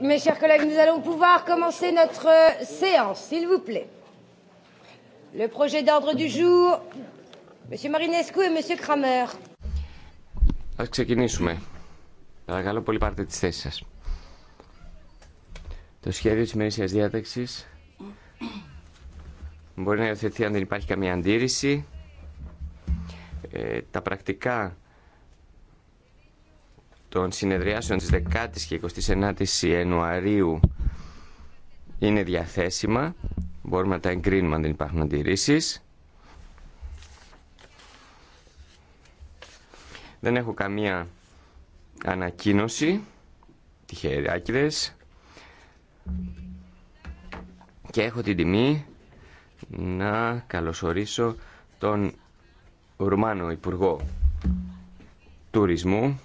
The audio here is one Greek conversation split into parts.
Mes chers collègues, nous allons pouvoir commencer notre euh, séance, s'il vous plaît. Le projet d'ordre du jour, M. Marinescu et M. Kramer. Ας ξεκινήσουμε. Παρακαλώ πολύ πάρτε τις θέσεις σας. Το σχέδιο της ημερήσιας διάταξης μπορεί να υιοθετηθεί αν δεν υπάρχει καμία αντίρρηση. Ε, τα πρακτικά των συνεδριάσεων της 10ης και 29ης Ιανουαρίου είναι διαθέσιμα. Μπορούμε να τα εγκρίνουμε αν δεν υπάρχουν αντιρρήσει. Δεν έχω καμία ανακοίνωση. Τυχεράκιδες. Και έχω την τιμή να καλωσορίσω τον Ρουμάνο Υπουργό Τουρισμού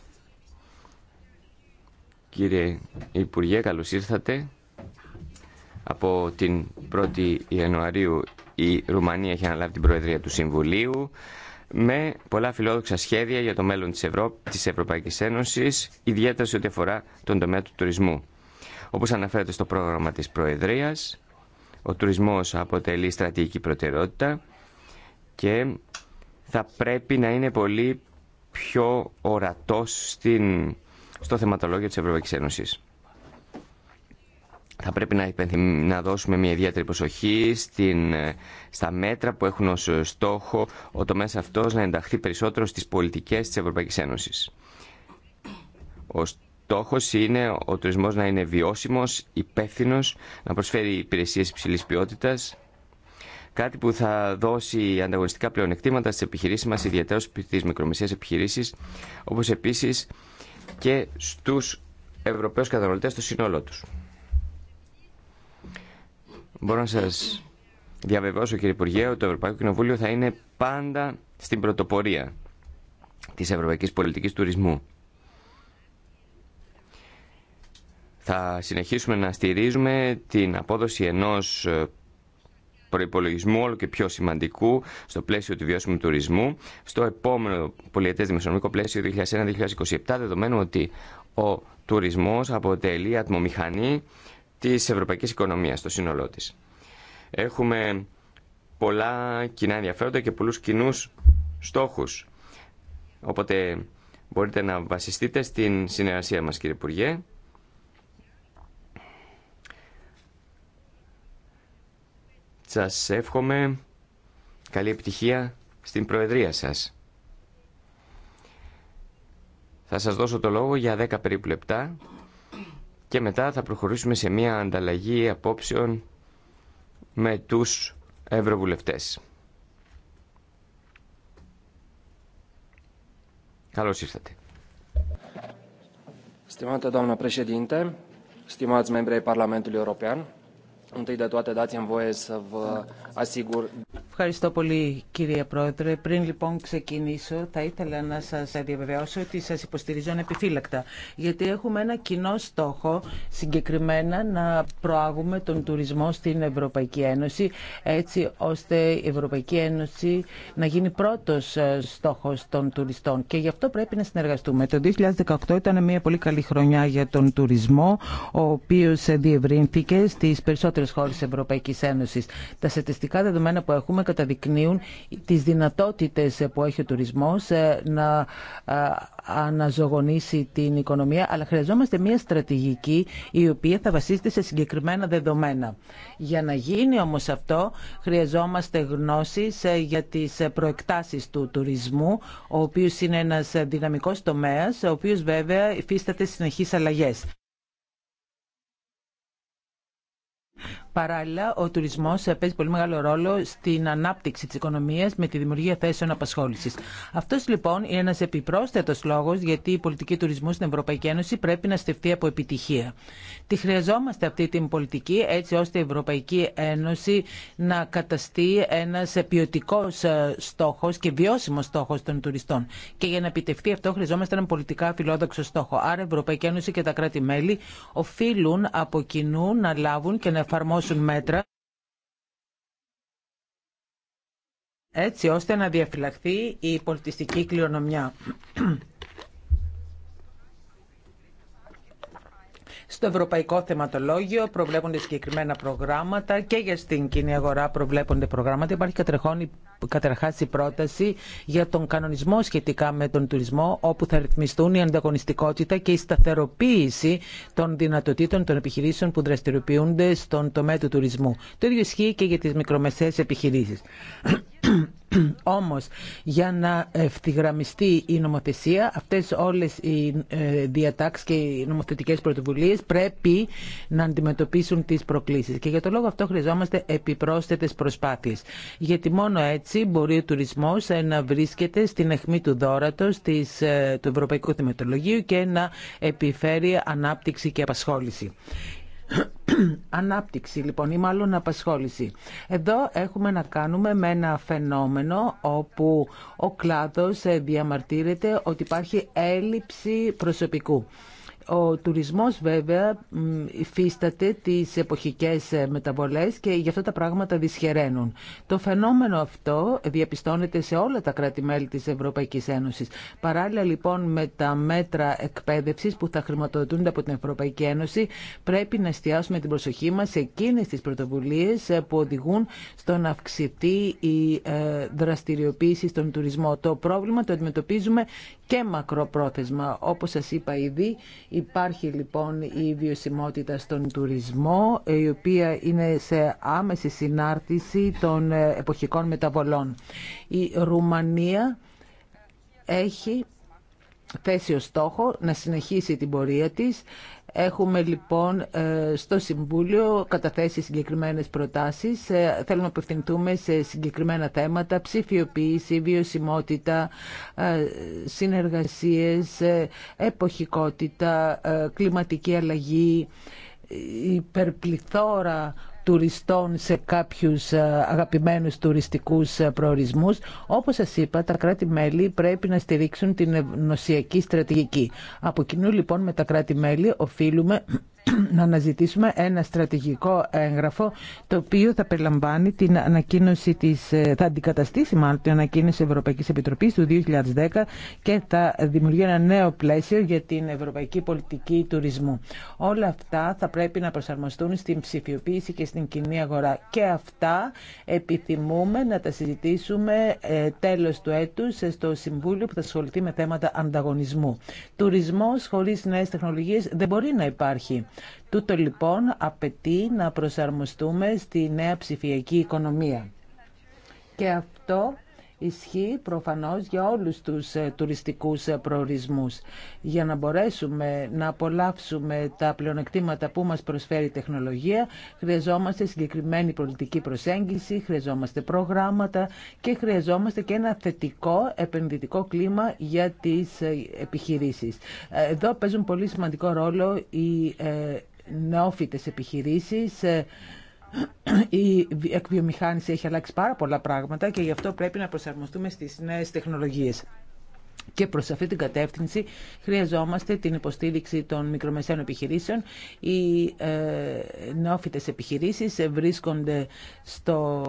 Κύριε Υπουργέ, καλώ ήρθατε. Από την 1η Ιανουαρίου η Ρουμανία έχει αναλάβει την Προεδρία του Συμβουλίου με πολλά φιλόδοξα σχέδια για το μέλλον της, Ευρω... της Ευρωπαϊκής Ένωσης, ιδιαίτερα σε ό,τι αφορά τον τομέα του τουρισμού. Όπως αναφέρεται στο πρόγραμμα της Προεδρίας, ο τουρισμός αποτελεί στρατηγική προτεραιότητα και θα πρέπει να είναι πολύ πιο ορατός στην στο θεματολόγιο της Ευρωπαϊκής Ένωσης. Θα πρέπει να, να δώσουμε μια ιδιαίτερη προσοχή στην, ε, στα μέτρα που έχουν ως στόχο ο τομέας αυτός να ενταχθεί περισσότερο στις πολιτικές της Ευρωπαϊκής Ένωσης. Ο στόχος είναι ο τουρισμός να είναι βιώσιμος, υπεύθυνο, να προσφέρει υπηρεσίες υψηλής ποιότητας, κάτι που θα δώσει ανταγωνιστικά πλεονεκτήματα στις επιχειρήσεις μας, ιδιαίτερα στις μικρομεσαίες επιχειρήσεις, όπω επίση και στους Ευρωπαίους καταναλωτές στο σύνολό τους. Μπορώ να σας διαβεβαιώσω κύριε Υπουργέ ότι το Ευρωπαϊκό Κοινοβούλιο θα είναι πάντα στην πρωτοπορία της ευρωπαϊκής πολιτικής τουρισμού. Θα συνεχίσουμε να στηρίζουμε την απόδοση ενός προπολογισμού όλο και πιο σημαντικού στο πλαίσιο του βιώσιμου τουρισμού στο επόμενο πολιετές δημοσιονομικό πλαίσιο 2001-2027 δεδομένου ότι ο τουρισμός αποτελεί ατμομηχανή της ευρωπαϊκής οικονομίας στο σύνολό της. Έχουμε πολλά κοινά ενδιαφέροντα και πολλούς κοινού στόχους. Οπότε μπορείτε να βασιστείτε στην συνεργασία μας κύριε Υπουργέ. Σας εύχομαι καλή επιτυχία στην Προεδρία σας. Θα σας δώσω το λόγο για 10 περίπου λεπτά και μετά θα προχωρήσουμε σε μια ανταλλαγή απόψεων με τους ευρωβουλευτές. Καλώς ήρθατε. Stimată doamnă președinte, stimați membri ai Parlamentului European, Întâi de toate dați-mi voie să vă asigur Ευχαριστώ πολύ κύριε Πρόεδρε. Πριν λοιπόν ξεκινήσω θα ήθελα να σας διαβεβαιώσω ότι σας υποστηρίζω ανεπιφύλακτα γιατί έχουμε ένα κοινό στόχο συγκεκριμένα να προάγουμε τον τουρισμό στην Ευρωπαϊκή Ένωση έτσι ώστε η Ευρωπαϊκή Ένωση να γίνει πρώτος ε, στόχος των τουριστών και γι' αυτό πρέπει να συνεργαστούμε. Το 2018 ήταν μια πολύ καλή χρονιά για τον τουρισμό ο οποίος διευρύνθηκε στις περισσότερες χώρες της Ευρωπαϊκής Ένωσης. Τα στατιστικά δεδομένα που έχουμε καταδεικνύουν τις δυνατότητες που έχει ο τουρισμός ε, να ε, αναζωογονήσει την οικονομία, αλλά χρειαζόμαστε μια στρατηγική η οποία θα βασίζεται σε συγκεκριμένα δεδομένα. Για να γίνει όμως αυτό, χρειαζόμαστε γνώσεις ε, για τις προεκτάσεις του τουρισμού, ο οποίος είναι ένας δυναμικός τομέας, ο οποίος βέβαια υφίσταται συνεχείς αλλαγές. Παράλληλα, ο τουρισμό παίζει πολύ μεγάλο ρόλο στην ανάπτυξη τη οικονομία με τη δημιουργία θέσεων απασχόληση. Αυτό λοιπόν είναι ένα επιπρόσθετο λόγο γιατί η πολιτική τουρισμού στην Ευρωπαϊκή Ένωση πρέπει να στεφτεί από επιτυχία. Τη χρειαζόμαστε αυτή την πολιτική έτσι ώστε η Ευρωπαϊκή Ένωση να καταστεί ένα ποιοτικό ε, στόχο και βιώσιμο στόχο των τουριστών. Και για να επιτευχθεί αυτό χρειαζόμαστε έναν πολιτικά φιλόδοξο στόχο. Άρα η Ευρωπαϊκή Ένωση και τα κράτη-μέλη οφείλουν από κοινού να λάβουν και να εφαρμόσουν εφαρμόσουν μέτρα έτσι ώστε να διαφυλαχθεί η πολιτιστική κληρονομιά. Στο Ευρωπαϊκό Θεματολόγιο προβλέπονται συγκεκριμένα προγράμματα και για στην κοινή αγορά προβλέπονται προγράμματα. Υπάρχει κατρεχόν καταρχά η πρόταση για τον κανονισμό σχετικά με τον τουρισμό όπου θα ρυθμιστούν η ανταγωνιστικότητα και η σταθεροποίηση των δυνατοτήτων των επιχειρήσεων που δραστηριοποιούνται στον τομέα του τουρισμού. Το ίδιο ισχύει και για τι μικρομεσαίε επιχειρήσει. Όμως, για να ευθυγραμμιστεί η νομοθεσία, αυτές όλες οι ε, διατάξεις και οι νομοθετικές πρωτοβουλίες πρέπει να αντιμετωπίσουν τις προκλήσεις. Και για το λόγο αυτό χρειαζόμαστε επιπρόσθετες προσπάθειες. Γιατί μόνο έτσι έτσι μπορεί ο τουρισμός ε, να βρίσκεται στην αιχμή του δώρατος της, ε, του Ευρωπαϊκού Θεματολογίου και να επιφέρει ανάπτυξη και απασχόληση. Ανάπτυξη λοιπόν ή μάλλον απασχόληση. Εδώ έχουμε να κάνουμε με ένα φαινόμενο όπου ο κλάδος ε, διαμαρτύρεται ότι υπάρχει έλλειψη προσωπικού. Ο τουρισμός βέβαια υφίσταται τις εποχικές ε, μεταβολές και γι' αυτό τα πράγματα δυσχεραίνουν. Το φαινόμενο αυτό διαπιστώνεται σε όλα τα κράτη-μέλη της Ευρωπαϊκής Ένωσης. Παράλληλα λοιπόν με τα μέτρα εκπαίδευσης που θα χρηματοδοτούνται από την Ευρωπαϊκή Ένωση πρέπει να εστιάσουμε την προσοχή μας σε εκείνες τις πρωτοβουλίες ε, που οδηγούν στο να αυξηθεί η ε, δραστηριοποίηση στον τουρισμό. Το πρόβλημα το αντιμετωπίζουμε και μακροπρόθεσμα. Όπως σας είπα ήδη, Υπάρχει λοιπόν η βιωσιμότητα στον τουρισμό, η οποία είναι σε άμεση συνάρτηση των ε, εποχικών μεταβολών. Η Ρουμανία έχει θέσει ως στόχο να συνεχίσει την πορεία της Έχουμε λοιπόν ε, στο Συμβούλιο καταθέσει συγκεκριμένε προτάσει. Ε, θέλουμε να απευθυνθούμε σε συγκεκριμένα θέματα, ψηφιοποίηση, βιωσιμότητα, ε, συνεργασίες, εποχικότητα, κλιματική αλλαγή, υπερπληθώρα τουριστών σε κάποιους ε, αγαπημένους τουριστικούς ε, προορισμούς. Όπως σας είπα, τα κράτη-μέλη πρέπει να στηρίξουν την νοσιακή στρατηγική. Από κοινού λοιπόν με τα κράτη-μέλη οφείλουμε να αναζητήσουμε ένα στρατηγικό έγγραφο το οποίο θα περιλαμβάνει την ανακοίνωση της, ε, θα αντικαταστήσει μάλλον την ανακοίνωση Ευρωπαϊκής Επιτροπής του 2010 και θα δημιουργεί ένα νέο πλαίσιο για την ευρωπαϊκή πολιτική τουρισμού. Όλα αυτά θα πρέπει να προσαρμοστούν στην ψηφιοποίηση και στην κοινή αγορά και αυτά επιθυμούμε να τα συζητήσουμε ε, τέλος του έτους ε, στο Συμβούλιο που θα ασχοληθεί με θέματα ανταγωνισμού. Τουρισμός χωρίς νέες τεχνολογίες δεν μπορεί να υπάρχει. Τούτο λοιπόν απαιτεί να προσαρμοστούμε στη νέα ψηφιακή οικονομία. Και αυτό ισχύει προφανώς για όλους τους ε, τουριστικούς ε, προορισμούς. Για να μπορέσουμε να απολαύσουμε τα πλεονεκτήματα που μας προσφέρει η τεχνολογία, χρειαζόμαστε συγκεκριμένη πολιτική προσέγγιση, χρειαζόμαστε προγράμματα και χρειαζόμαστε και ένα θετικό επενδυτικό κλίμα για τις ε, επιχειρήσεις. Εδώ παίζουν πολύ σημαντικό ρόλο οι νεόφυτες επιχειρήσεις, η εκβιομηχάνηση έχει αλλάξει πάρα πολλά πράγματα και γι' αυτό πρέπει να προσαρμοστούμε στις νέες τεχνολογίες. Και προς αυτή την κατεύθυνση χρειαζόμαστε την υποστήριξη των μικρομεσαίων επιχειρήσεων. Οι ε, νεόφυτες επιχειρήσεις βρίσκονται στο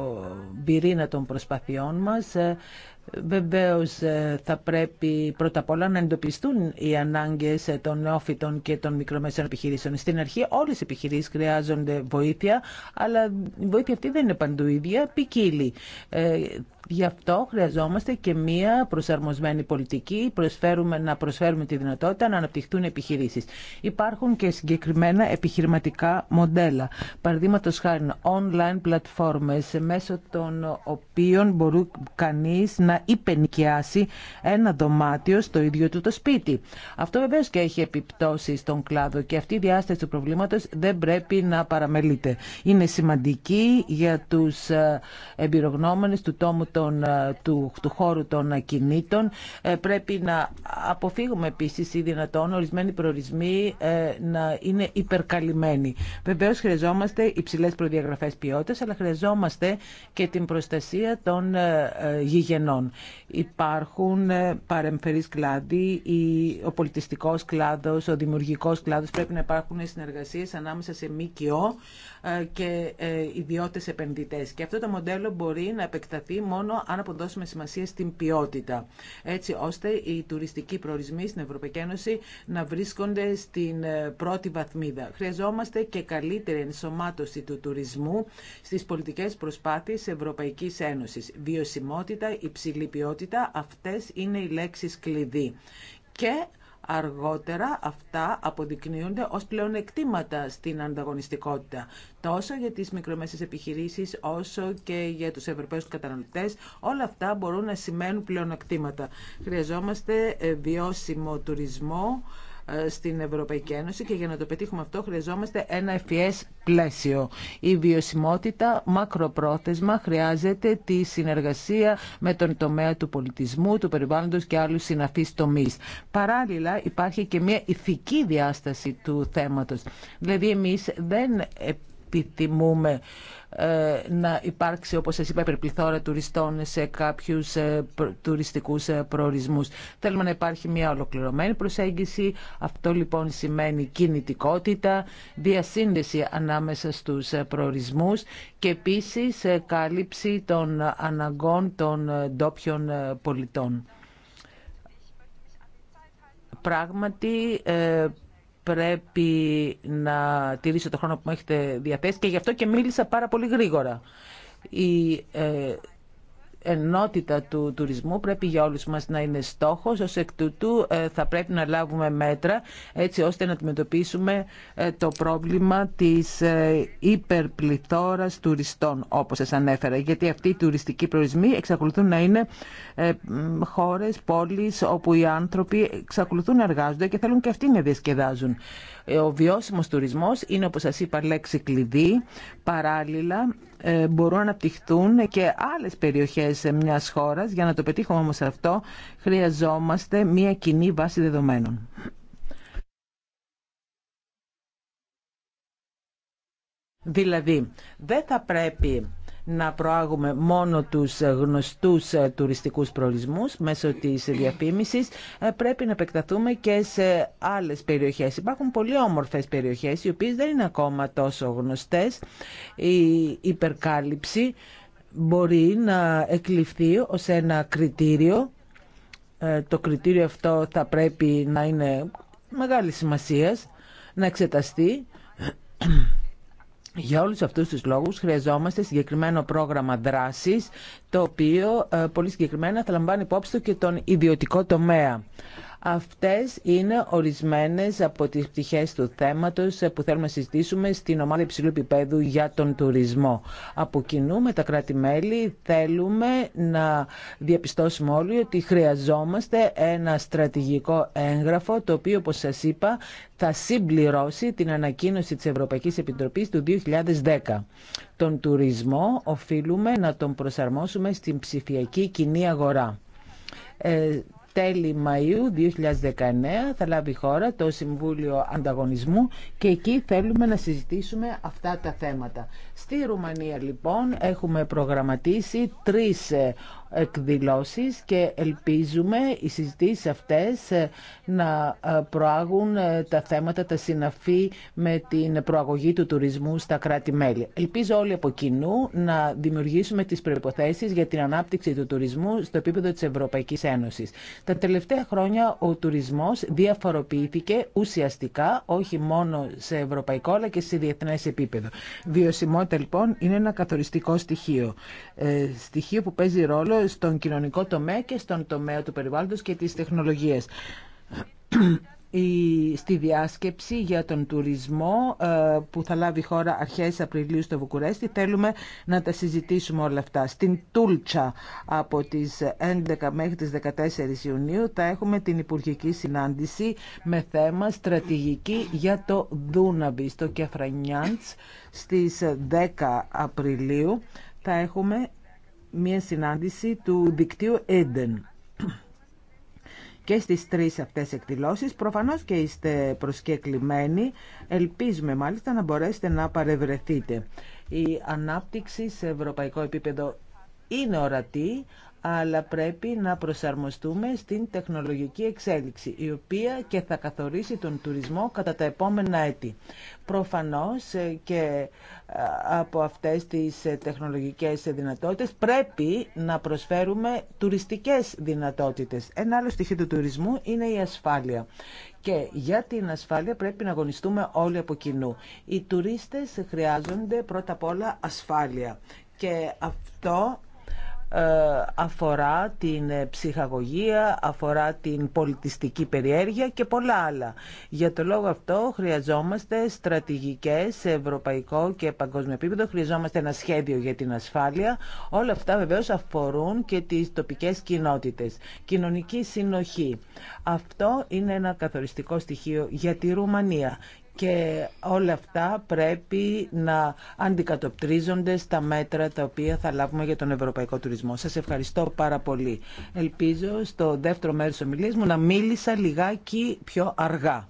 πυρήνα των προσπαθειών μας. Ε, Βεβαίως ε, θα πρέπει πρώτα απ' όλα να εντοπιστούν οι ανάγκες ε, των νεόφυτων και των μικρομεσαίων επιχειρήσεων. Στην αρχή όλες οι επιχειρήσεις χρειάζονται βοήθεια, αλλά η βοήθεια αυτή δεν είναι παντού ίδια, ποικίλει. Ε, Γι' αυτό χρειαζόμαστε και μία προσαρμοσμένη πολιτική, προσφέρουμε, να προσφέρουμε τη δυνατότητα να αναπτυχθούν επιχειρήσεις. Υπάρχουν και συγκεκριμένα επιχειρηματικά μοντέλα. Παραδείγματος χάρη online πλατφόρμες, μέσω των οποίων μπορεί κανείς να υπενικιάσει ένα δωμάτιο στο ίδιο του το σπίτι. Αυτό βεβαίως και έχει επιπτώσει στον κλάδο και αυτή η διάσταση του προβλήματος δεν πρέπει να παραμελείται. Είναι σημαντική για τους ε, εμπειρογνώμενες του τόμου ε, του, του χώρου των ακινήτων. Ε, πρέπει να αποφύγουμε επίση ή δυνατόν ορισμένοι προορισμοί ε, να είναι υπερκαλυμμένοι. Βεβαίω χρειαζόμαστε υψηλέ προδιαγραφέ ποιότητα, αλλά χρειαζόμαστε και την προστασία των γηγενών. Υπάρχουν παρεμφερείς κλάδοι, ο πολιτιστικός κλάδος, ο δημιουργικό κλάδος. Πρέπει να υπάρχουν συνεργασίε ανάμεσα σε ΜΚΟ, ε, και ε, ιδιώτες επενδυτές. Και αυτό το μοντέλο μπορεί να επεκταθεί μόνο αν αποδώσουμε σημασία στην ποιότητα, έτσι ώστε οι τουριστικοί προορισμοί στην Ευρωπαϊκή Ένωση να βρίσκονται στην ε, πρώτη βαθμίδα. Χρειαζόμαστε και καλύτερη ενσωμάτωση του τουρισμού στις πολιτικές προσπάθειες Ευρωπαϊκής Ένωσης. Βιωσιμότητα, υψηλή ποιότητα, αυτές είναι οι λέξεις κλειδί. Και Αργότερα αυτά αποδεικνύονται ως πλεονεκτήματα στην ανταγωνιστικότητα, τόσο για τις μικρομέσες επιχειρήσεις όσο και για τους Ευρωπαίους καταναλωτές. Όλα αυτά μπορούν να σημαίνουν πλεονεκτήματα. Χρειαζόμαστε ε, βιώσιμο τουρισμό, στην Ευρωπαϊκή Ένωση και για να το πετύχουμε αυτό χρειαζόμαστε ένα ευφυές πλαίσιο. Η βιωσιμότητα μακροπρόθεσμα χρειάζεται τη συνεργασία με τον τομέα του πολιτισμού, του περιβάλλοντος και άλλους συναφείς τομείς. Παράλληλα υπάρχει και μια ηθική διάσταση του θέματος. Δηλαδή εμείς δεν επιθυμούμε ε, να υπάρξει, όπως σας είπα, υπερπληθώρα τουριστών σε κάποιους ε, τουριστικούς ε, προορισμούς. Θέλουμε να υπάρχει μια ολοκληρωμένη προσέγγιση. Αυτό λοιπόν σημαίνει κινητικότητα, διασύνδεση ανάμεσα στους προορισμούς και επίσης κάλυψη των αναγκών των ντόπιων πολιτών. Πράγματι, πρέπει να τηρήσω το χρόνο που μου έχετε διαθέσει και γι' αυτό και μίλησα πάρα πολύ γρήγορα. Η ε, ενότητα του τουρισμού πρέπει για όλους μας να είναι στόχος. Ως εκ τούτου ε, θα πρέπει να λάβουμε μέτρα έτσι ώστε να αντιμετωπίσουμε ε, το πρόβλημα της ε, υπερπληθώρας τουριστών όπως σας ανέφερα. Γιατί αυτοί οι τουριστικοί προορισμοί εξακολουθούν να είναι χώρες, πόλεις όπου οι άνθρωποι εξακολουθούν να εργάζονται και θέλουν και αυτοί να διασκεδάζουν. Ο βιώσιμος τουρισμός είναι όπως σας είπα λέξη κλειδί. Παράλληλα ε, μπορούν να αναπτυχθούν και άλλες περιοχές μιας χώρας. Για να το πετύχουμε όμως αυτό, χρειαζόμαστε μια κοινή βάση δεδομένων. Δηλαδή, δεν θα πρέπει να προάγουμε μόνο τους γνωστούς ε, τουριστικούς προορισμούς μέσω της διαφήμισης. Ε, πρέπει να επεκταθούμε και σε άλλες περιοχές. Υπάρχουν πολύ όμορφες περιοχές οι οποίες δεν είναι ακόμα τόσο γνωστές. Η υπερκάλυψη μπορεί να εκλειφθεί ως ένα κριτήριο. Ε, το κριτήριο αυτό θα πρέπει να είναι μεγάλη σημασία, να εξεταστεί για όλους αυτούς τους λόγους χρειαζόμαστε συγκεκριμένο πρόγραμμα δράσης, το οποίο ε, πολύ συγκεκριμένα θα λαμβάνει υπόψη και τον ιδιωτικό τομέα. Αυτές είναι ορισμένες από τις πτυχές του θέματος που θέλουμε να συζητήσουμε στην ομάδα υψηλού επίπεδου για τον τουρισμό. Από κοινού με τα κράτη-μέλη θέλουμε να διαπιστώσουμε όλοι ότι χρειαζόμαστε ένα στρατηγικό έγγραφο το οποίο όπως σας είπα θα συμπληρώσει την ανακοίνωση της Ευρωπαϊκής Επιτροπής του 2010. Τον τουρισμό οφείλουμε να τον προσαρμόσουμε στην ψηφιακή κοινή αγορά. Ε, τέλη Μαΐου 2019 θα λάβει χώρα το Συμβούλιο Ανταγωνισμού και εκεί θέλουμε να συζητήσουμε αυτά τα θέματα. Στη Ρουμανία λοιπόν έχουμε προγραμματίσει τρεις ε, εκδηλώσεις και ελπίζουμε οι συζητήσεις αυτές ε, να ε, προάγουν ε, τα θέματα, τα συναφή με την προαγωγή του τουρισμού στα κράτη-μέλη. Ελπίζω όλοι από κοινού να δημιουργήσουμε τις προϋποθέσεις για την ανάπτυξη του τουρισμού στο επίπεδο της Ευρωπαϊκής Ένωσης. Τα τελευταία χρόνια ο τουρισμός διαφοροποιήθηκε ουσιαστικά όχι μόνο σε ευρωπαϊκό αλλά και σε διεθνές επίπεδο. Βιωσιμότητα λοιπόν είναι ένα καθοριστικό στοιχείο. στοιχείο που παίζει ρόλο στον κοινωνικό τομέα και στον τομέα του περιβάλλοντος και της τεχνολογίας. Στη διάσκεψη για τον τουρισμό ε, που θα λάβει η χώρα αρχές Απριλίου στο Βουκουρέστι θέλουμε να τα συζητήσουμε όλα αυτά. Στην Τούλτσα από τις 11 μέχρι τις 14 Ιουνίου θα έχουμε την Υπουργική Συνάντηση με θέμα στρατηγική για το Δούναμπι, στο Κεφρανιάντς στις 10 Απριλίου θα έχουμε μια συνάντηση του δικτύου Eden. Και στις τρεις αυτές εκδηλώσεις προφανώς και είστε προσκεκλημένοι. Ελπίζουμε μάλιστα να μπορέσετε να παρευρεθείτε. Η ανάπτυξη σε ευρωπαϊκό επίπεδο είναι ορατή, αλλά πρέπει να προσαρμοστούμε στην τεχνολογική εξέλιξη, η οποία και θα καθορίσει τον τουρισμό κατά τα επόμενα έτη. Προφανώς ε, και ε, από αυτές τις ε, τεχνολογικές δυνατότητες πρέπει να προσφέρουμε τουριστικές δυνατότητες. Ένα άλλο στοιχείο του τουρισμού είναι η ασφάλεια. Και για την ασφάλεια πρέπει να αγωνιστούμε όλοι από κοινού. Οι τουρίστες χρειάζονται πρώτα απ' όλα ασφάλεια. Και αυτό ε, αφορά την ε, ψυχαγωγία, αφορά την πολιτιστική περιέργεια και πολλά άλλα. Για το λόγο αυτό χρειαζόμαστε στρατηγικές σε ευρωπαϊκό και παγκόσμιο επίπεδο, χρειαζόμαστε ένα σχέδιο για την ασφάλεια. Όλα αυτά βεβαίως αφορούν και τις τοπικές κοινότητες. Κοινωνική συνοχή. Αυτό είναι ένα καθοριστικό στοιχείο για τη Ρουμανία και όλα αυτά πρέπει να αντικατοπτρίζονται στα μέτρα τα οποία θα λάβουμε για τον ευρωπαϊκό τουρισμό. Σας ευχαριστώ πάρα πολύ. Ελπίζω στο δεύτερο μέρος της ομιλίας μου να μίλησα λιγάκι πιο αργά.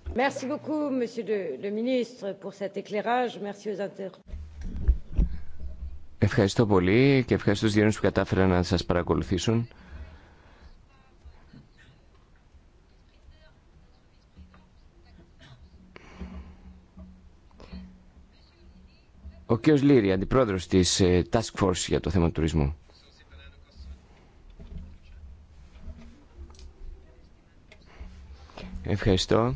Ευχαριστώ πολύ και ευχαριστώ στους που κατάφεραν να σας παρακολουθήσουν. Ο κ. Λύρη, αντιπρόεδρο της ε, Task Force για το θέμα του τουρισμού. Ευχαριστώ.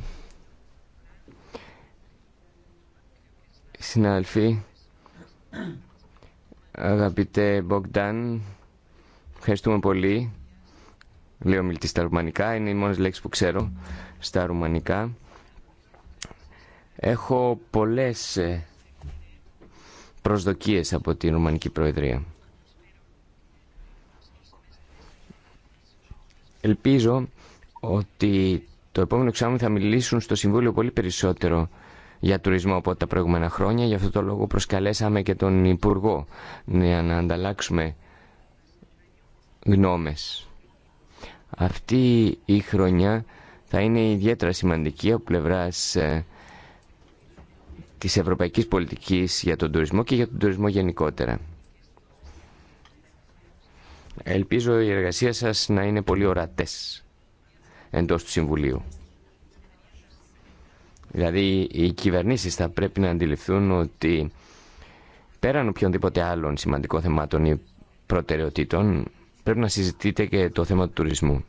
Συνάδελφοι, αγαπητέ Μπογκδάν, ευχαριστούμε πολύ. Λέω μιλτή στα ρουμανικά, είναι η μόνη λέξη που ξέρω στα ρουμανικά. Έχω πολλές ε, προσδοκίες από την Ρουμανική Προεδρία. Ελπίζω ότι το επόμενο εξάμεινο θα μιλήσουν στο Συμβούλιο πολύ περισσότερο για τουρισμό από τα προηγούμενα χρόνια. Γι' αυτό το λόγο προσκαλέσαμε και τον Υπουργό για να ανταλλάξουμε γνώμες. Αυτή η χρονιά θα είναι ιδιαίτερα σημαντική από πλευράς ε, της ευρωπαϊκής πολιτικής για τον τουρισμό και για τον τουρισμό γενικότερα. Ελπίζω η εργασία σας να είναι πολύ ορατές εντός του Συμβουλίου. Δηλαδή οι κυβερνήσεις θα πρέπει να αντιληφθούν ότι πέραν οποιονδήποτε άλλων σημαντικών θεμάτων ή προτεραιοτήτων πρέπει να συζητείτε και το θέμα του τουρισμού.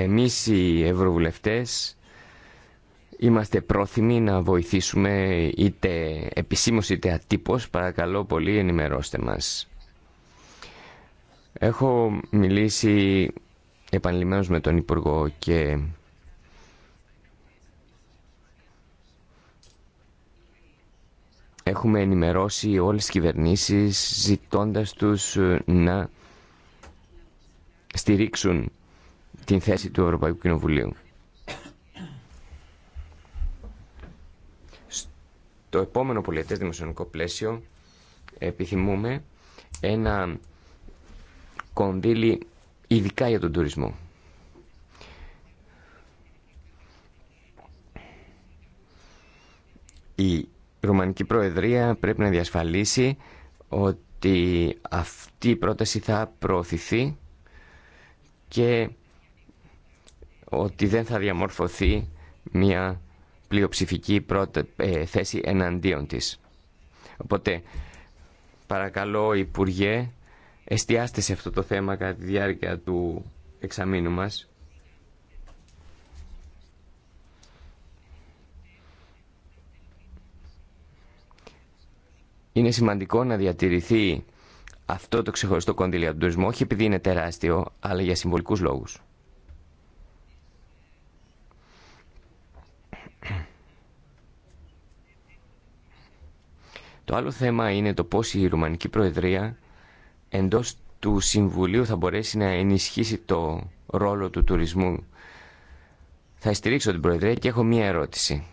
Εμείς οι ευρωβουλευτές είμαστε πρόθυμοι να βοηθήσουμε είτε επισήμως είτε ατύπως. Παρακαλώ πολύ ενημερώστε μας. Έχω μιλήσει επανειλημμένως με τον Υπουργό και έχουμε ενημερώσει όλες τις κυβερνήσεις ζητώντας τους να στηρίξουν την θέση του Ευρωπαϊκού Κοινοβουλίου. Το επόμενο πολιετές δημοσιονομικό πλαίσιο επιθυμούμε ένα κονδύλι ειδικά για τον τουρισμό. Η Ρουμανική Προεδρία πρέπει να διασφαλίσει ότι αυτή η πρόταση θα προωθηθεί και ότι δεν θα διαμορφωθεί μια πλειοψηφική πρώτη, ε, θέση εναντίον της. Οπότε, παρακαλώ Υπουργέ, εστιάστε σε αυτό το θέμα κατά τη διάρκεια του εξαμήνου μας. Είναι σημαντικό να διατηρηθεί αυτό το ξεχωριστό κονδύλι από τον όχι επειδή είναι τεράστιο, αλλά για συμβολικούς λόγους. Το άλλο θέμα είναι το πώς η Ρουμανική Προεδρία εντός του Συμβουλίου θα μπορέσει να ενισχύσει το ρόλο του τουρισμού. Θα στηρίξω την Προεδρία και έχω μία ερώτηση.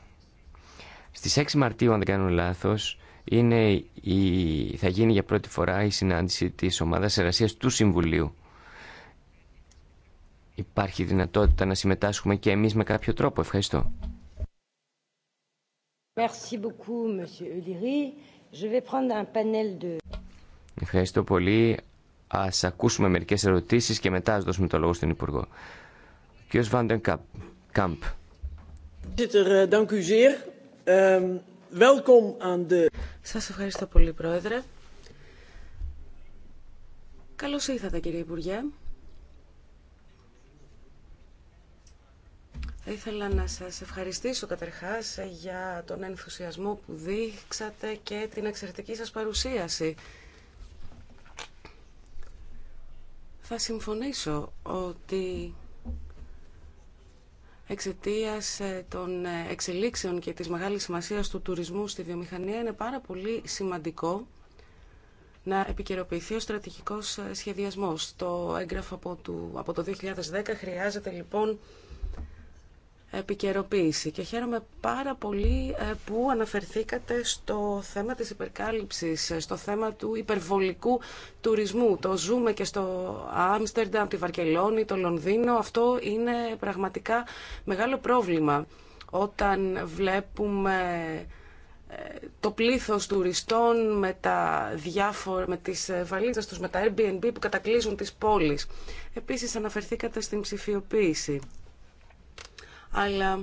Στις 6 Μαρτίου, αν δεν κάνω λάθος, είναι η... θα γίνει για πρώτη φορά η συνάντηση της ομάδας εργασίας του Συμβουλίου. Υπάρχει δυνατότητα να συμμετάσχουμε και εμείς με κάποιο τρόπο. Ευχαριστώ. Merci beaucoup, monsieur Ευχαριστώ πολύ. Α ακούσουμε μερικέ ερωτήσει και μετά α δώσουμε το λόγο στον Υπουργό. Κ. Βάντεν Κάμπ. Er, eh, ehm, Σα ευχαριστώ πολύ, Πρόεδρε. Καλώ ήρθατε, κύριε Υπουργέ. Θα ήθελα να σας ευχαριστήσω καταρχάς για τον ενθουσιασμό που δείξατε και την εξαιρετική σας παρουσίαση. Θα συμφωνήσω ότι εξαιτία ε, των ε, εξελίξεων και της μεγάλης σημασίας του τουρισμού στη βιομηχανία είναι πάρα πολύ σημαντικό να επικαιροποιηθεί ο στρατηγικός ε, σχεδιασμός. Το έγγραφο από το 2010 χρειάζεται λοιπόν επικαιροποίηση και χαίρομαι πάρα πολύ ε, που αναφερθήκατε στο θέμα της υπερκάλυψης, ε, στο θέμα του υπερβολικού τουρισμού. Το ζούμε και στο Άμστερνταμ, τη Βαρκελόνη, το Λονδίνο. Αυτό είναι πραγματικά μεγάλο πρόβλημα όταν βλέπουμε ε, το πλήθος τουριστών με, τα διάφορα, με τις βαλίτσες τους, με τα Airbnb που κατακλείζουν τις πόλεις. Επίσης αναφερθήκατε στην ψηφιοποίηση αλλά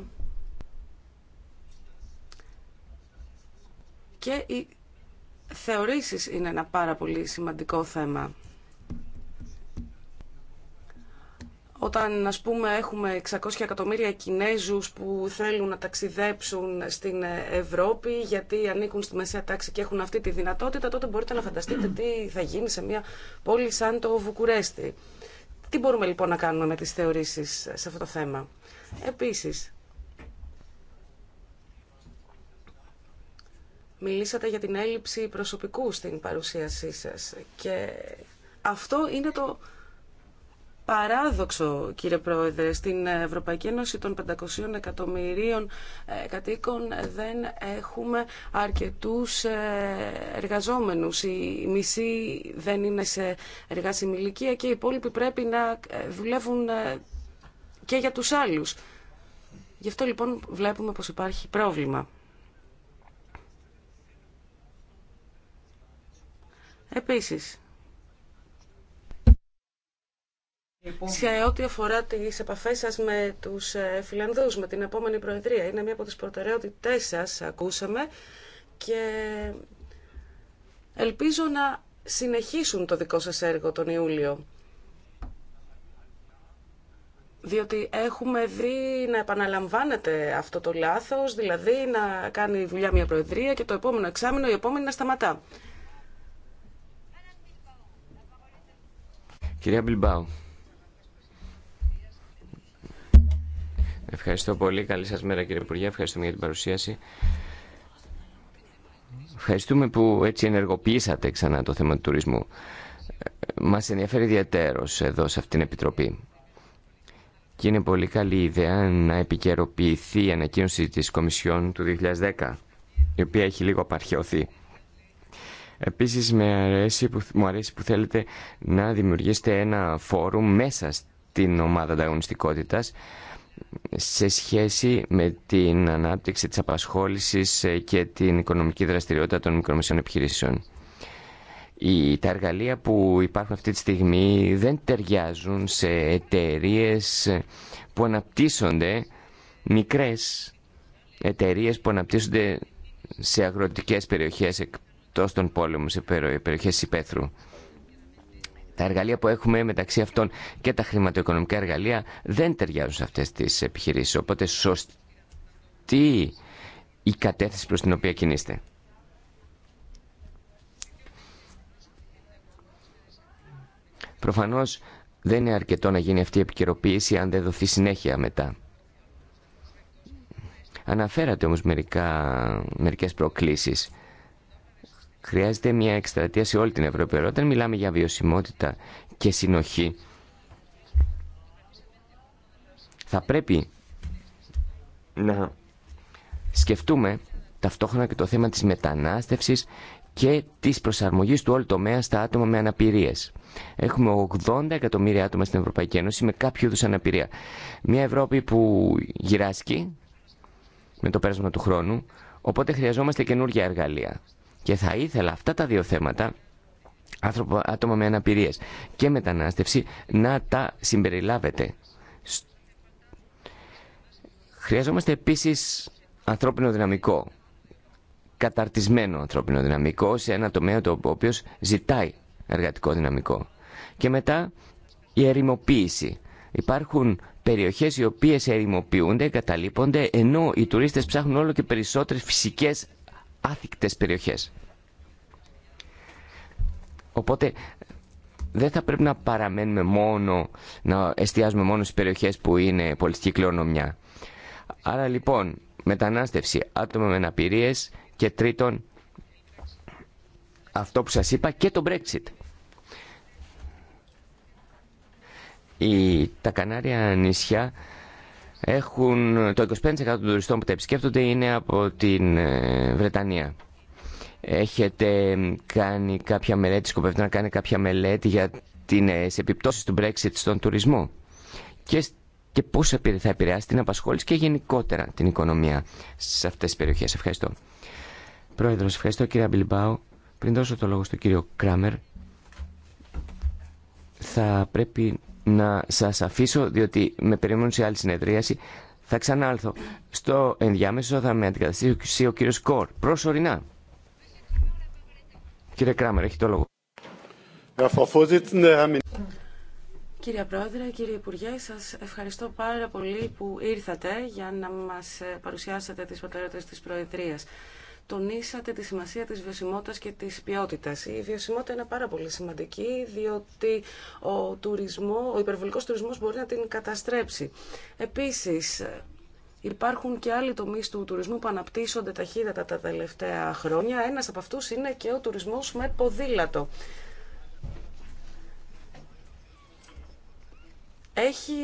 και οι θεωρήσεις είναι ένα πάρα πολύ σημαντικό θέμα. Όταν, ας πούμε, έχουμε 600 εκατομμύρια Κινέζους που θέλουν να ταξιδέψουν στην Ευρώπη γιατί ανήκουν στη μεσαία τάξη και έχουν αυτή τη δυνατότητα, τότε μπορείτε να φανταστείτε τι θα γίνει σε μια πόλη σαν το Βουκουρέστι. Τι μπορούμε λοιπόν να κάνουμε με τις θεωρήσεις σε αυτό το θέμα. Επίσης, μιλήσατε για την έλλειψη προσωπικού στην παρουσίασή σας και αυτό είναι το παράδοξο, κύριε Πρόεδρε, στην Ευρωπαϊκή Ένωση των 500 εκατομμυρίων ε, κατοίκων δεν έχουμε αρκετούς ε, εργαζόμενους. Οι μισοί δεν είναι σε εργάσιμη ηλικία και οι υπόλοιποι πρέπει να ε, δουλεύουν και για τους άλλους. Γι' αυτό λοιπόν βλέπουμε πως υπάρχει πρόβλημα. Επίσης, σε ό,τι αφορά τις επαφές σας με τους ε, Φιλανδούς, με την επόμενη Προεδρία, είναι μία από τις προτεραιότητές σας, ακούσαμε, και ελπίζω να συνεχίσουν το δικό σας έργο τον Ιούλιο διότι έχουμε δει να επαναλαμβάνεται αυτό το λάθος, δηλαδή να κάνει δουλειά μια προεδρία και το επόμενο εξάμεινο η επόμενη να σταματά. Κυρία Μπιλμπάου, ευχαριστώ πολύ. Καλή σας μέρα κύριε Υπουργέ, ευχαριστούμε για την παρουσίαση. Ευχαριστούμε που έτσι ενεργοποιήσατε ξανά το θέμα του τουρισμού. Ε, μας ενδιαφέρει ιδιαίτερος εδώ σε αυτήν την Επιτροπή και είναι πολύ καλή ιδέα να επικαιροποιηθεί η ανακοίνωση της Κομισιόν του 2010, η οποία έχει λίγο απαρχαιωθεί. Επίσης με αρέσει που, μου αρέσει που θέλετε να δημιουργήσετε ένα φόρουμ μέσα στην ομάδα ανταγωνιστικότητας σε σχέση με την ανάπτυξη της απασχόλησης και την οικονομική δραστηριότητα των μικρομεσαίων επιχειρήσεων. Οι, τα εργαλεία που υπάρχουν αυτή τη στιγμή δεν ταιριάζουν σε εταιρείε που αναπτύσσονται, μικρές εταιρείε που αναπτύσσονται σε αγροτικές περιοχές εκτός των πόλεμων, σε περιοχές υπαίθρου. Τα εργαλεία που έχουμε μεταξύ αυτών και τα χρηματοοικονομικά εργαλεία δεν ταιριάζουν σε αυτές τις επιχειρήσεις. Οπότε σωστή η κατεύθυνση προς την οποία κινείστε. Προφανώ δεν είναι αρκετό να γίνει αυτή η επικαιροποίηση αν δεν δοθεί συνέχεια μετά. Αναφέρατε όμως μερικά, μερικές προκλήσεις. Χρειάζεται μια εκστρατεία σε όλη την Ευρώπη. Όταν μιλάμε για βιωσιμότητα και συνοχή, θα πρέπει να σκεφτούμε ταυτόχρονα και το θέμα της μετανάστευσης και της προσαρμογής του όλου τομέα στα άτομα με αναπηρίες. Έχουμε 80 εκατομμύρια άτομα στην Ευρωπαϊκή Ένωση με κάποιο είδου αναπηρία. Μια Ευρώπη που γυράσκει με το πέρασμα του χρόνου, οπότε χρειαζόμαστε καινούργια εργαλεία. Και θα ήθελα αυτά τα δύο θέματα, άτομα με αναπηρίες και μετανάστευση, να τα συμπεριλάβετε. Χρειαζόμαστε επίσης ανθρώπινο δυναμικό, καταρτισμένο ανθρώπινο δυναμικό σε ένα τομέα το οποίο ζητάει εργατικό δυναμικό. Και μετά η ερημοποίηση. Υπάρχουν περιοχές οι οποίες ερημοποιούνται, καταλείπονται, ενώ οι τουρίστες ψάχνουν όλο και περισσότερες φυσικές άθικτες περιοχές. Οπότε δεν θα πρέπει να παραμένουμε μόνο, να εστιάζουμε μόνο στις περιοχές που είναι πολιτική κληρονομιά. Άρα λοιπόν, μετανάστευση, άτομα με αναπηρίες και τρίτον, αυτό που σας είπα και το Brexit. Οι, τα Κανάρια νησιά έχουν το 25% των τουριστών που τα επισκέπτονται είναι από την ε, Βρετανία. Έχετε κάνει κάποια μελέτη, σκοπεύετε να κάνει κάποια μελέτη για ε, τις επιπτώσεις του Brexit στον τουρισμό και, και πώς θα επηρεάσει την απασχόληση και γενικότερα την οικονομία σε αυτές τις περιοχές. Ευχαριστώ. Πρόεδρος, ευχαριστώ κύριε Αμπιλμπάου. Πριν δώσω το λόγο στον κύριο Κράμερ, θα πρέπει να σας αφήσω, διότι με περιμένουν σε άλλη συνεδρίαση. Θα ξανάλθω. Στο ενδιάμεσο θα με αντικαταστήσει ο κύριος Κορ, προσωρινά. Κύριε Κράμερ, έχει το λόγο. Κύριε Πρόεδρε, κύριε Υπουργέ, σας ευχαριστώ πάρα πολύ που ήρθατε για να μα παρουσιάσετε τι προτεραιότητε τη Προεδρία τονίσατε τη σημασία της βιωσιμότητας και της ποιότητας. Η βιωσιμότητα είναι πάρα πολύ σημαντική, διότι ο, τουρισμό, ο υπερβολικός τουρισμός μπορεί να την καταστρέψει. Επίσης, Υπάρχουν και άλλοι τομείς του τουρισμού που αναπτύσσονται ταχύτατα τα τελευταία χρόνια. Ένας από αυτούς είναι και ο τουρισμός με ποδήλατο. Έχει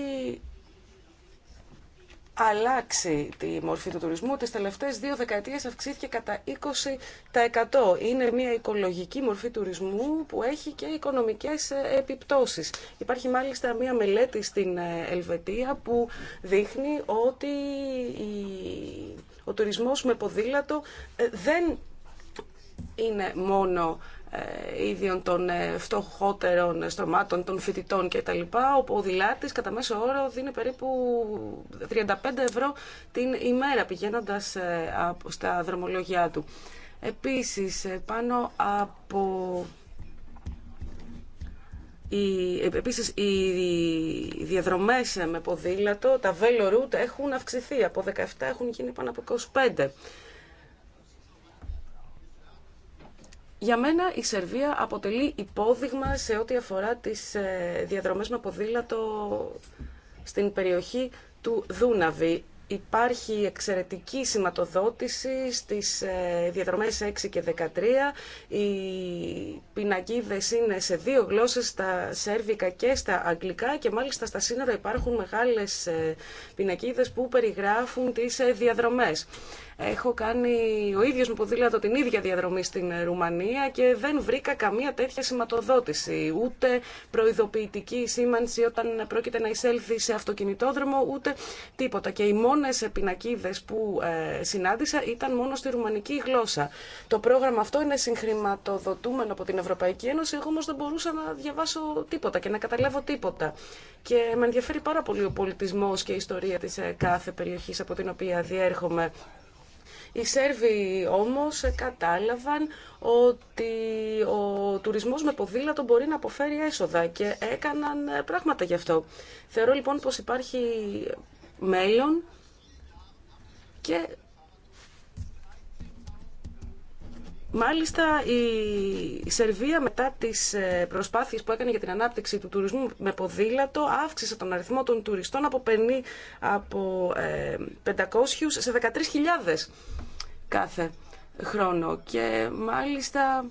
αλλάξει τη μορφή του τουρισμού. Τις τελευταίες δύο δεκαετίες αυξήθηκε κατά 20%. Είναι μια οικολογική μορφή τουρισμού που έχει και οικονομικές ε, επιπτώσεις. Υπάρχει μάλιστα μια μελέτη στην ε, Ελβετία που δείχνει ότι ο τουρισμός με ποδήλατο ε, δεν είναι μόνο ε, ίδιων των ε, φτωχότερων στρωμάτων, των φοιτητών κτλ. Ο ποδηλάτης κατά μέσο όρο δίνει περίπου 35 ευρώ την ημέρα πηγαίνοντας ε, στα δρομολόγια του. Επίσης, πάνω από... Οι, επίσης, οι διαδρομές με ποδήλατο, τα Velo Route έχουν αυξηθεί. Από 17 έχουν γίνει πάνω από 25. Για μένα η Σερβία αποτελεί υπόδειγμα σε ό,τι αφορά τις ε, διαδρομές με ποδήλατο στην περιοχή του Δούναβη. Υπάρχει εξαιρετική σηματοδότηση στις ε, διαδρομές 6 και 13. Οι πινακίδες είναι σε δύο γλώσσες, στα σέρβικα και στα αγγλικά και μάλιστα στα σύνορα υπάρχουν μεγάλες ε, πινακίδες που περιγράφουν τις ε, διαδρομές. Έχω κάνει ο ίδιος μου ποδήλατο την ίδια διαδρομή στην Ρουμανία και δεν βρήκα καμία τέτοια σηματοδότηση, ούτε προειδοποιητική σήμανση όταν πρόκειται να εισέλθει σε αυτοκινητόδρομο, ούτε τίποτα. Και η σε πινακίδες που ε, συνάντησα ήταν μόνο στη ρουμανική γλώσσα. Το πρόγραμμα αυτό είναι συγχρηματοδοτούμενο από την Ευρωπαϊκή Ένωση, εγώ όμως δεν μπορούσα να διαβάσω τίποτα και να καταλάβω τίποτα. Και με ενδιαφέρει πάρα πολύ ο πολιτισμός και η ιστορία της ε, κάθε περιοχής από την οποία διέρχομαι. Οι Σέρβοι όμως ε, κατάλαβαν ότι ο τουρισμός με ποδήλατο μπορεί να αποφέρει έσοδα και έκαναν πράγματα γι' αυτό. Θεωρώ λοιπόν πως υπάρχει μέλλον και Μάλιστα η Σερβία μετά τις ε, προσπάθειες που έκανε για την ανάπτυξη του τουρισμού με ποδήλατο αύξησε τον αριθμό των τουριστών από, από 500 ε, σε 13.000 κάθε χρόνο και μάλιστα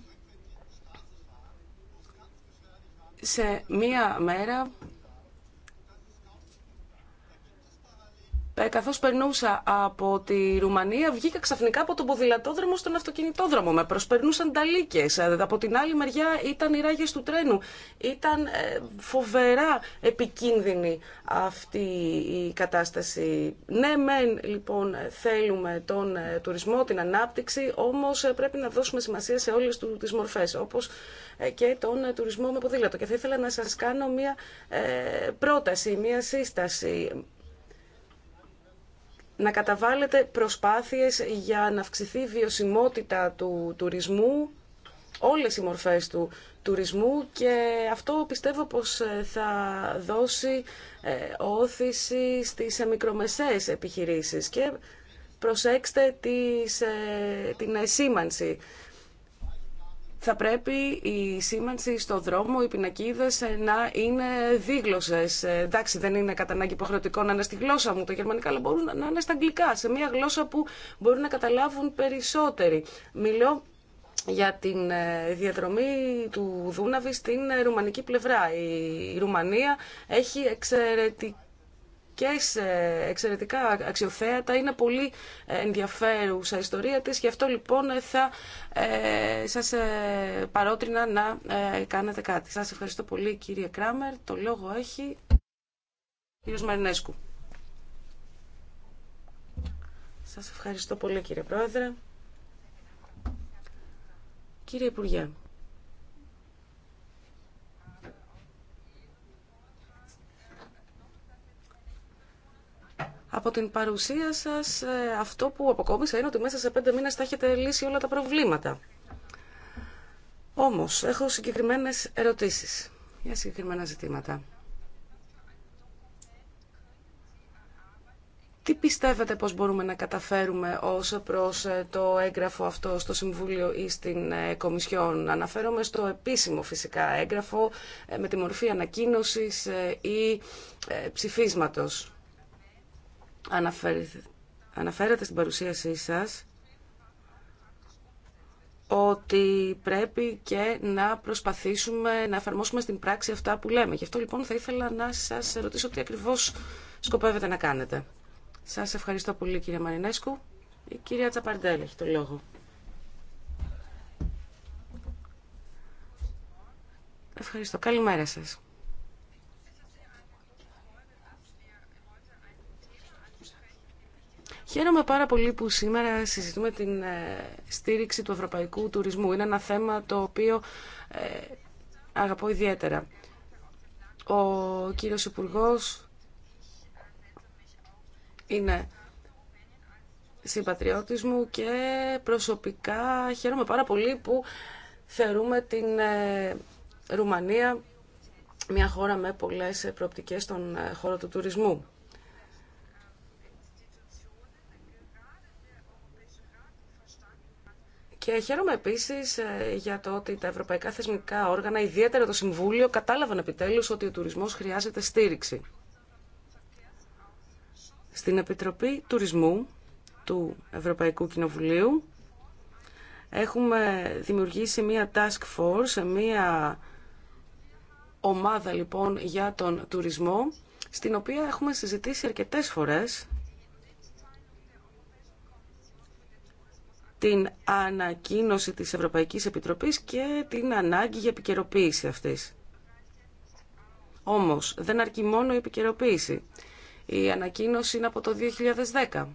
σε μία μέρα Ε, καθώς περνούσα από τη Ρουμανία, βγήκα ξαφνικά από τον ποδηλατόδρομο στον αυτοκινητόδρομο. Με προσπερνούσαν ταλίκες. Ε, από την άλλη μεριά ήταν οι ράγες του τρένου. Ήταν ε, φοβερά επικίνδυνη αυτή η κατάσταση. Ναι, μεν λοιπόν θέλουμε τον τουρισμό, την ανάπτυξη, όμως πρέπει να δώσουμε σημασία σε όλες τις μορφές, όπως και τον τουρισμό με ποδήλατο. Και θα ήθελα να σας κάνω μία πρόταση, μία σύσταση να καταβάλλετε προσπάθειες για να αυξηθεί η βιωσιμότητα του τουρισμού, όλες οι μορφές του τουρισμού και αυτό πιστεύω πως ε, θα δώσει ε, όθηση στις ε, μικρομεσαίες επιχειρήσεις και προσέξτε την εσήμανση θα πρέπει η σήμανση στο δρόμο, οι πινακίδε ε, να είναι Ε, Εντάξει, δεν είναι κατά ανάγκη υποχρεωτικό να είναι στη γλώσσα μου τα γερμανικά, αλλά μπορούν να είναι στα αγγλικά, σε μια γλώσσα που μπορούν να καταλάβουν περισσότεροι. Μιλώ για την ε, διαδρομή του Δούναβη στην ε, ρουμανική πλευρά. Η Ρουμανία έχει εξαιρετική και ε, εξαιρετικά αξιοθέατα. Είναι πολύ ενδιαφέρουσα η ιστορία της. Γι' αυτό λοιπόν θα ε, σας ε, παρότρινα να ε, κάνετε κάτι. Σας ευχαριστώ πολύ κύριε Κράμερ. Το λόγο έχει κύριος Μαρινέσκου. Σας ευχαριστώ πολύ κύριε Πρόεδρε. Κύριε Υπουργέ, Από την παρουσία σας ε, αυτό που αποκόμισα είναι ότι μέσα σε πέντε μήνες θα έχετε λύσει όλα τα προβλήματα. Όμως, έχω συγκεκριμένες ερωτήσεις για συγκεκριμένα ζητήματα. Τι πιστεύετε πως μπορούμε να καταφέρουμε ως προς ε, το έγγραφο αυτό στο Συμβούλιο ή στην ε, Κομισιόν. Αναφέρομαι στο επίσημο φυσικά έγγραφο με τη μορφή ανακοίνωσης ή ψηφίσματος αναφέρατε στην παρουσίασή σας ότι πρέπει και να προσπαθήσουμε να εφαρμόσουμε στην πράξη αυτά που λέμε. Γι' αυτό λοιπόν θα ήθελα να σας ρωτήσω τι ακριβώς σκοπεύετε να κάνετε. Σας ευχαριστώ πολύ κύριε Μαρινέσκου. Η κυρία Τσαπαρντέλ έχει το λόγο. Ευχαριστώ. Καλημέρα σας. Χαίρομαι πάρα πολύ που σήμερα συζητούμε την ε, στήριξη του ευρωπαϊκού τουρισμού. Είναι ένα θέμα το οποίο ε, αγαπώ ιδιαίτερα. Ο κύριος Υπουργό είναι συμπατριώτης μου και προσωπικά χαίρομαι πάρα πολύ που θεωρούμε την ε, Ρουμανία μια χώρα με πολλές προοπτικές στον χώρο του τουρισμού. Και χαίρομαι επίση ε, για το ότι τα ευρωπαϊκά θεσμικά όργανα, ιδιαίτερα το Συμβούλιο, κατάλαβαν επιτέλου ότι ο τουρισμό χρειάζεται στήριξη. Στην Επιτροπή Τουρισμού του Ευρωπαϊκού Κοινοβουλίου έχουμε δημιουργήσει μία task force, μία ομάδα λοιπόν για τον τουρισμό, στην οποία έχουμε συζητήσει αρκετές φορές την ανακοίνωση της Ευρωπαϊκής Επιτροπής και την ανάγκη για επικαιροποίηση αυτής. Όμως, δεν αρκεί μόνο η επικαιροποίηση. Η ανακοίνωση είναι από το 2010.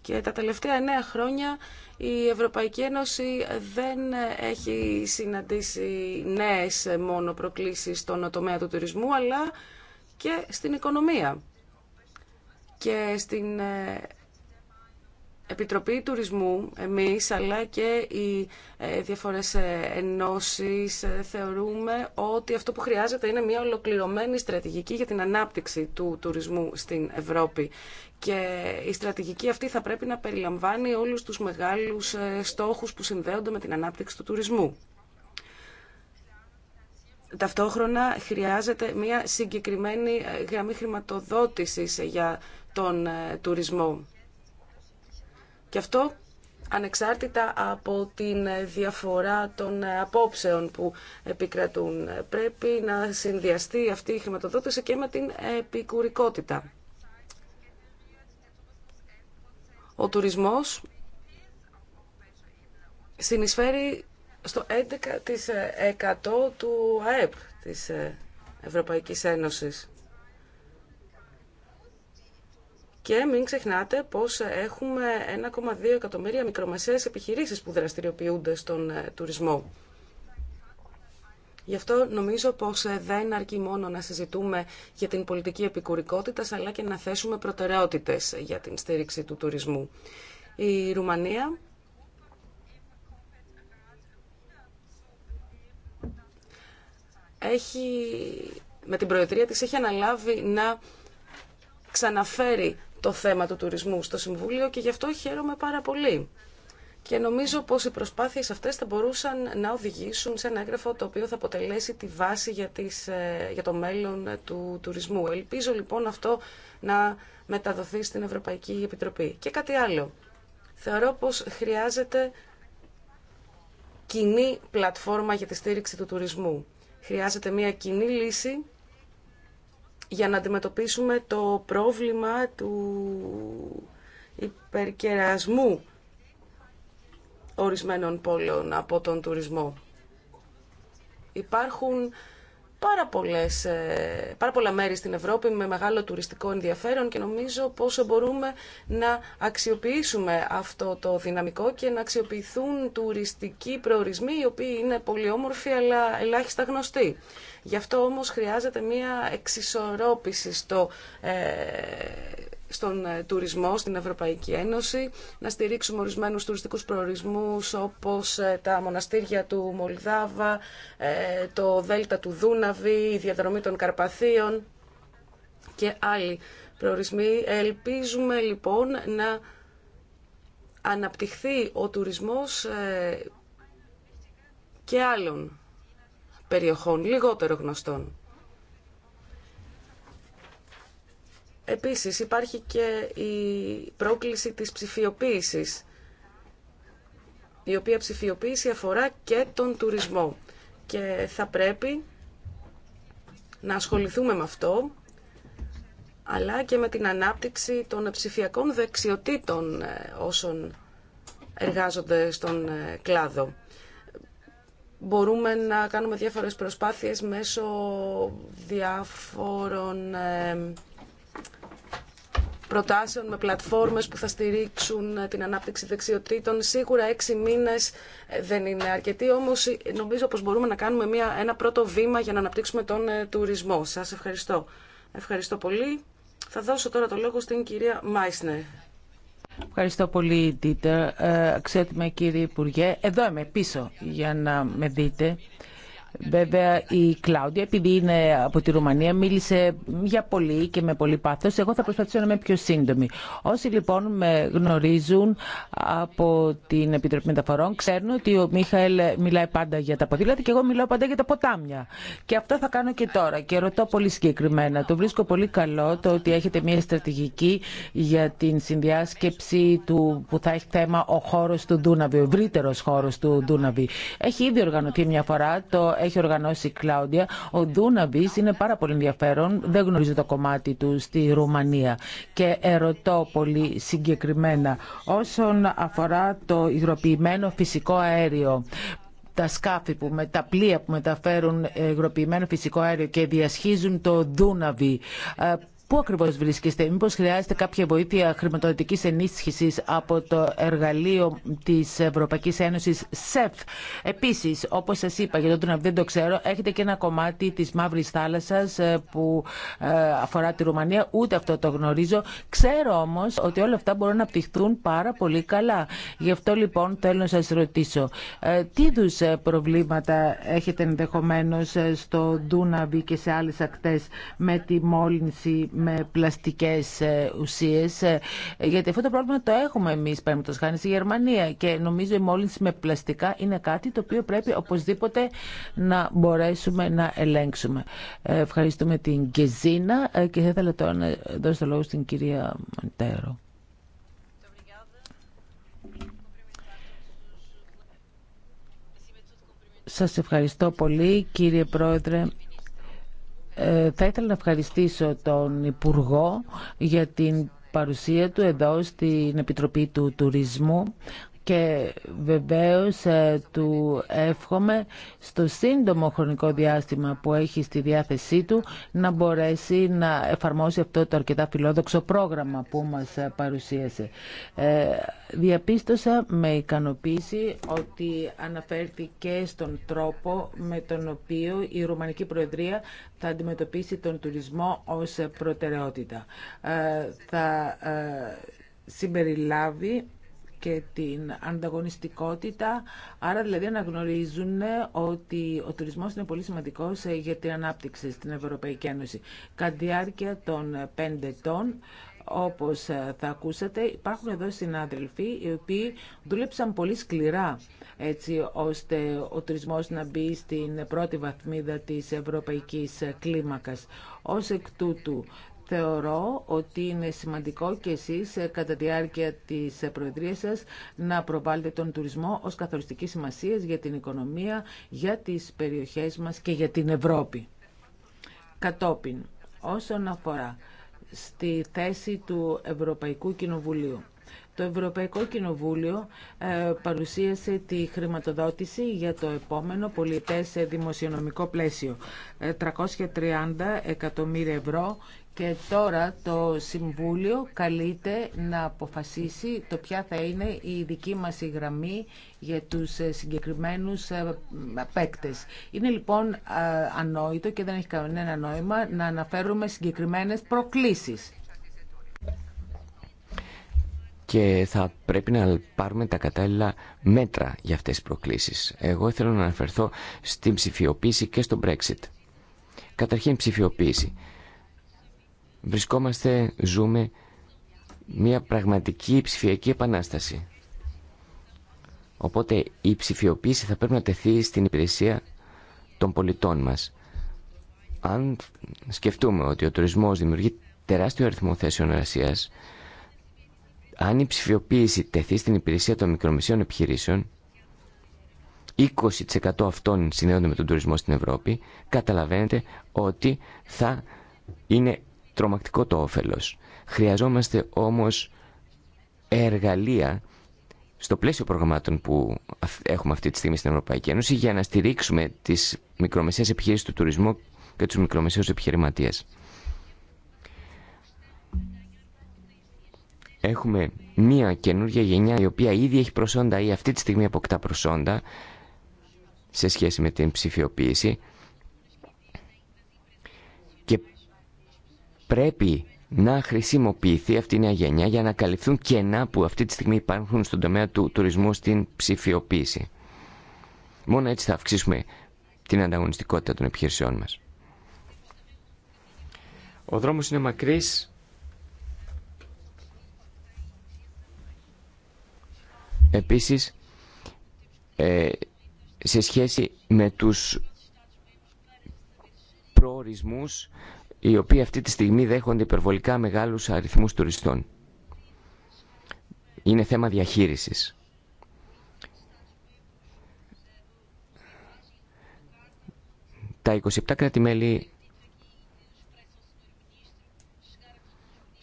Και τα τελευταία εννέα χρόνια η Ευρωπαϊκή Ένωση δεν έχει συναντήσει νέες μόνο προκλήσεις στον τομέα του τουρισμού, αλλά και στην οικονομία και στην ε, Επιτροπή Τουρισμού εμείς αλλά και οι ε, διαφορές ε, ενώσεις θεωρούμε ότι αυτό που χρειάζεται είναι μια ολοκληρωμένη στρατηγική για την ανάπτυξη του τουρισμού στην Ευρώπη και η στρατηγική αυτή θα πρέπει να περιλαμβάνει όλους τους μεγάλους στόχους που συνδέονται με την ανάπτυξη του τουρισμού. Ταυτόχρονα χρειάζεται μια συγκεκριμένη ε, γραμμή χρηματοδότησης για τον ε, τουρισμό. Και αυτό ανεξάρτητα από την ε, διαφορά των απόψεων που επικρατούν. Πρέπει να συνδυαστεί αυτή η χρηματοδότηση και με την επικουρικότητα. Ο τουρισμός συνεισφέρει στο 11% του ΑΕΠ της ε, Ευρωπαϊκής Ένωσης. Και μην ξεχνάτε πως ε, έχουμε 1,2 εκατομμύρια μικρομεσαίες επιχειρήσεις που δραστηριοποιούνται στον ε, τουρισμό. Γι' αυτό νομίζω πως δεν αρκεί μόνο να συζητούμε για την πολιτική επικουρικότητα, αλλά και να θέσουμε προτεραιότητες για την στήριξη του τουρισμού. Η Ρουμανία έχει, με την Προεδρία της έχει αναλάβει να ξαναφέρει το θέμα του τουρισμού στο Συμβούλιο και γι' αυτό χαίρομαι πάρα πολύ. Και νομίζω πως οι προσπάθειες αυτές θα μπορούσαν να οδηγήσουν σε ένα έγγραφο το οποίο θα αποτελέσει τη βάση για, τις, ε, για το μέλλον του τουρισμού. Ελπίζω λοιπόν αυτό να μεταδοθεί στην Ευρωπαϊκή Επιτροπή. Και κάτι άλλο. Θεωρώ πως χρειάζεται κοινή πλατφόρμα για τη στήριξη του τουρισμού. Χρειάζεται μια κοινή λύση για να αντιμετωπίσουμε το πρόβλημα του υπερκερασμού ορισμένων πόλεων από τον τουρισμό. Υπάρχουν πάρα, πολλές, ε, πάρα πολλά μέρη στην Ευρώπη με μεγάλο τουριστικό ενδιαφέρον και νομίζω πόσο μπορούμε να αξιοποιήσουμε αυτό το δυναμικό και να αξιοποιηθούν τουριστικοί προορισμοί οι οποίοι είναι πολύ όμορφοι αλλά ελάχιστα γνωστοί. Γι' αυτό όμως χρειάζεται μία εξισορρόπηση στο, ε, στον ε, τουρισμό στην Ευρωπαϊκή Ένωση, να στηρίξουμε ορισμένους τουριστικούς προορισμούς όπως ε, τα μοναστήρια του Μολδάβα, ε, το Δέλτα του Δούναβη, η διαδρομή των Καρπαθίων και άλλοι προορισμοί. Ελπίζουμε λοιπόν να αναπτυχθεί ο τουρισμός και άλλων περιοχών λιγότερο γνωστών. Επίσης υπάρχει και η πρόκληση της ψηφιοποίησης, η οποία ψηφιοποίηση αφορά και τον τουρισμό. Και θα πρέπει να ασχοληθούμε με αυτό, αλλά και με την ανάπτυξη των ψηφιακών δεξιοτήτων ε, όσων εργάζονται στον ε, κλάδο. Μπορούμε να κάνουμε διάφορες προσπάθειες μέσω διάφορων ε, προτάσεων, με πλατφόρμες που θα στηρίξουν ε, την ανάπτυξη δεξιοτήτων. Σίγουρα έξι μήνες ε, δεν είναι αρκετοί, όμως ε, νομίζω πως μπορούμε να κάνουμε μια, ένα πρώτο βήμα για να αναπτύξουμε τον τουρισμό. Σας ευχαριστώ. Ευχαριστώ πολύ. Θα δώσω τώρα το λόγο στην κυρία Μάισνερ. Ευχαριστώ πολύ, Τίτερ. με, κύριε Υπουργέ. Εδώ είμαι πίσω για να με δείτε. Βέβαια η Κλάουδια, επειδή είναι από τη Ρουμανία, μίλησε για πολύ και με πολύ πάθο. Εγώ θα προσπαθήσω να είμαι πιο σύντομη. Όσοι λοιπόν με γνωρίζουν από την Επιτροπή Μεταφορών, ξέρουν ότι ο Μίχαελ μιλάει πάντα για τα ποδήλατα και εγώ μιλάω πάντα για τα ποτάμια. Και αυτό θα κάνω και τώρα και ρωτώ πολύ συγκεκριμένα. Το βρίσκω πολύ καλό το ότι έχετε μια στρατηγική για την συνδιάσκεψη του, που θα έχει θέμα ο χώρο του Ντούναβη, ο ευρύτερο χώρο του Ντούναβη. Έχει ήδη οργανωθεί μια φορά, το έχει οργανώσει η Κλάουντια. Ο Δούναβη είναι πάρα πολύ ενδιαφέρον. Δεν γνωρίζω το κομμάτι του στη Ρουμανία. Και ερωτώ πολύ συγκεκριμένα όσον αφορά το υγροποιημένο φυσικό αέριο τα σκάφη, που με, τα πλοία που μεταφέρουν ε, υγροποιημένο φυσικό αέριο και διασχίζουν το Δούναβι. Ε, Πού ακριβώ βρίσκεστε, μήπω χρειάζεται κάποια βοήθεια χρηματοδοτική ενίσχυση από το εργαλείο τη Ευρωπαϊκή Ένωση ΣΕΦ. Επίση, όπω σα είπα, για τον δεν το ξέρω, έχετε και ένα κομμάτι τη μαύρη θάλασσα ε, που ε, αφορά τη Ρουμανία, ούτε αυτό το γνωρίζω. Ξέρω όμω ότι όλα αυτά μπορούν να πτυχθούν πάρα πολύ καλά. Γι' αυτό λοιπόν θέλω να σα ρωτήσω, ε, τι είδου προβλήματα έχετε ενδεχομένω στο Ντούναβι και σε άλλε ακτέ με τη μόλυνση με πλαστικές ε, ουσίες, ε, γιατί αυτό το πρόβλημα το έχουμε εμείς, το χάρη, στη Γερμανία και νομίζω η μόλυνση με πλαστικά είναι κάτι το οποίο πρέπει οπωσδήποτε να μπορέσουμε να ελέγξουμε. Ε, ευχαριστούμε την Γκεζίνα και θα ήθελα τώρα να δώσω το λόγο στην κυρία Μοντέρο. Σας ευχαριστώ πολύ κύριε Πρόεδρε. Ε, θα ήθελα να ευχαριστήσω τον Υπουργό για την παρουσία του εδώ στην Επιτροπή του Τουρισμού και βεβαίως ε, του εύχομαι στο σύντομο χρονικό διάστημα που έχει στη διάθεσή του να μπορέσει να εφαρμόσει αυτό το αρκετά φιλόδοξο πρόγραμμα που μας ε, παρουσίασε. Ε, διαπίστωσα με ικανοποίηση ότι αναφέρθηκε στον τρόπο με τον οποίο η Ρουμανική Προεδρία θα αντιμετωπίσει τον τουρισμό ως προτεραιότητα. Θα συμπεριλάβει και την ανταγωνιστικότητα. Άρα δηλαδή αναγνωρίζουν ότι ο τουρισμός είναι πολύ σημαντικός ε, για την ανάπτυξη στην Ευρωπαϊκή Ένωση. Κατά διάρκεια των πέντε ετών, όπως ε, θα ακούσατε, υπάρχουν εδώ συνάδελφοι οι οποίοι δούλεψαν πολύ σκληρά έτσι ώστε ο τουρισμός να μπει στην πρώτη βαθμίδα της ευρωπαϊκής ε, κλίμακας. Ως εκ τούτου θεωρώ ότι είναι σημαντικό και εσείς ε, κατά τη διάρκεια της ε, Προεδρίας σας να προβάλλετε τον τουρισμό ως καθοριστική σημασία για την οικονομία, για τις περιοχές μας και για την Ευρώπη. Κατόπιν, όσον αφορά στη θέση του Ευρωπαϊκού Κοινοβουλίου. Το Ευρωπαϊκό Κοινοβούλιο ε, παρουσίασε τη χρηματοδότηση για το επόμενο πολιτές δημοσιονομικό πλαίσιο. 330 εκατομμύρια ευρώ και τώρα το Συμβούλιο καλείται να αποφασίσει το ποια θα είναι η δική μας η γραμμή για τους ε, συγκεκριμένους ε, παίκτες. Είναι λοιπόν ανόητο και δεν έχει κανένα νόημα να αναφέρουμε συγκεκριμένες προκλήσεις. Και θα πρέπει να πάρουμε τα κατάλληλα μέτρα για αυτές τις προκλήσεις. Εγώ θέλω να αναφερθώ στην ψηφιοποίηση και στο Brexit. Καταρχήν ψηφιοποίηση βρισκόμαστε, ζούμε μια πραγματική ψηφιακή επανάσταση. Οπότε η ψηφιοποίηση θα πρέπει να τεθεί στην υπηρεσία των πολιτών μας. Αν σκεφτούμε ότι ο τουρισμός δημιουργεί τεράστιο αριθμό θέσεων εργασία, αν η ψηφιοποίηση τεθεί στην υπηρεσία των μικρομεσαίων επιχειρήσεων, 20% αυτών συνδέονται με τον τουρισμό στην Ευρώπη, καταλαβαίνετε ότι θα είναι τρομακτικό το όφελος. Χρειαζόμαστε όμως εργαλεία στο πλαίσιο προγραμμάτων που έχουμε αυτή τη στιγμή στην Ευρωπαϊκή Ένωση για να στηρίξουμε τις μικρομεσαίες επιχειρήσεις του τουρισμού και τους μικρομεσαίους επιχειρηματίες. Έχουμε μία καινούργια γενιά η οποία ήδη έχει προσόντα ή αυτή τη στιγμή αποκτά προσόντα σε σχέση με την ψηφιοποίηση και πρέπει να χρησιμοποιηθεί αυτή η νέα γενιά για να καλυφθούν κενά που αυτή τη στιγμή υπάρχουν στον τομέα του τουρισμού στην ψηφιοποίηση. Μόνο έτσι θα αυξήσουμε την ανταγωνιστικότητα των επιχειρησιών μας. Ο δρόμος είναι μακρύς. Επίσης, ε, σε σχέση με τους προορισμούς οι οποίοι αυτή τη στιγμή δέχονται υπερβολικά μεγάλους αριθμούς τουριστών. Είναι θέμα διαχείρισης. Τα 27 κράτη-μέλη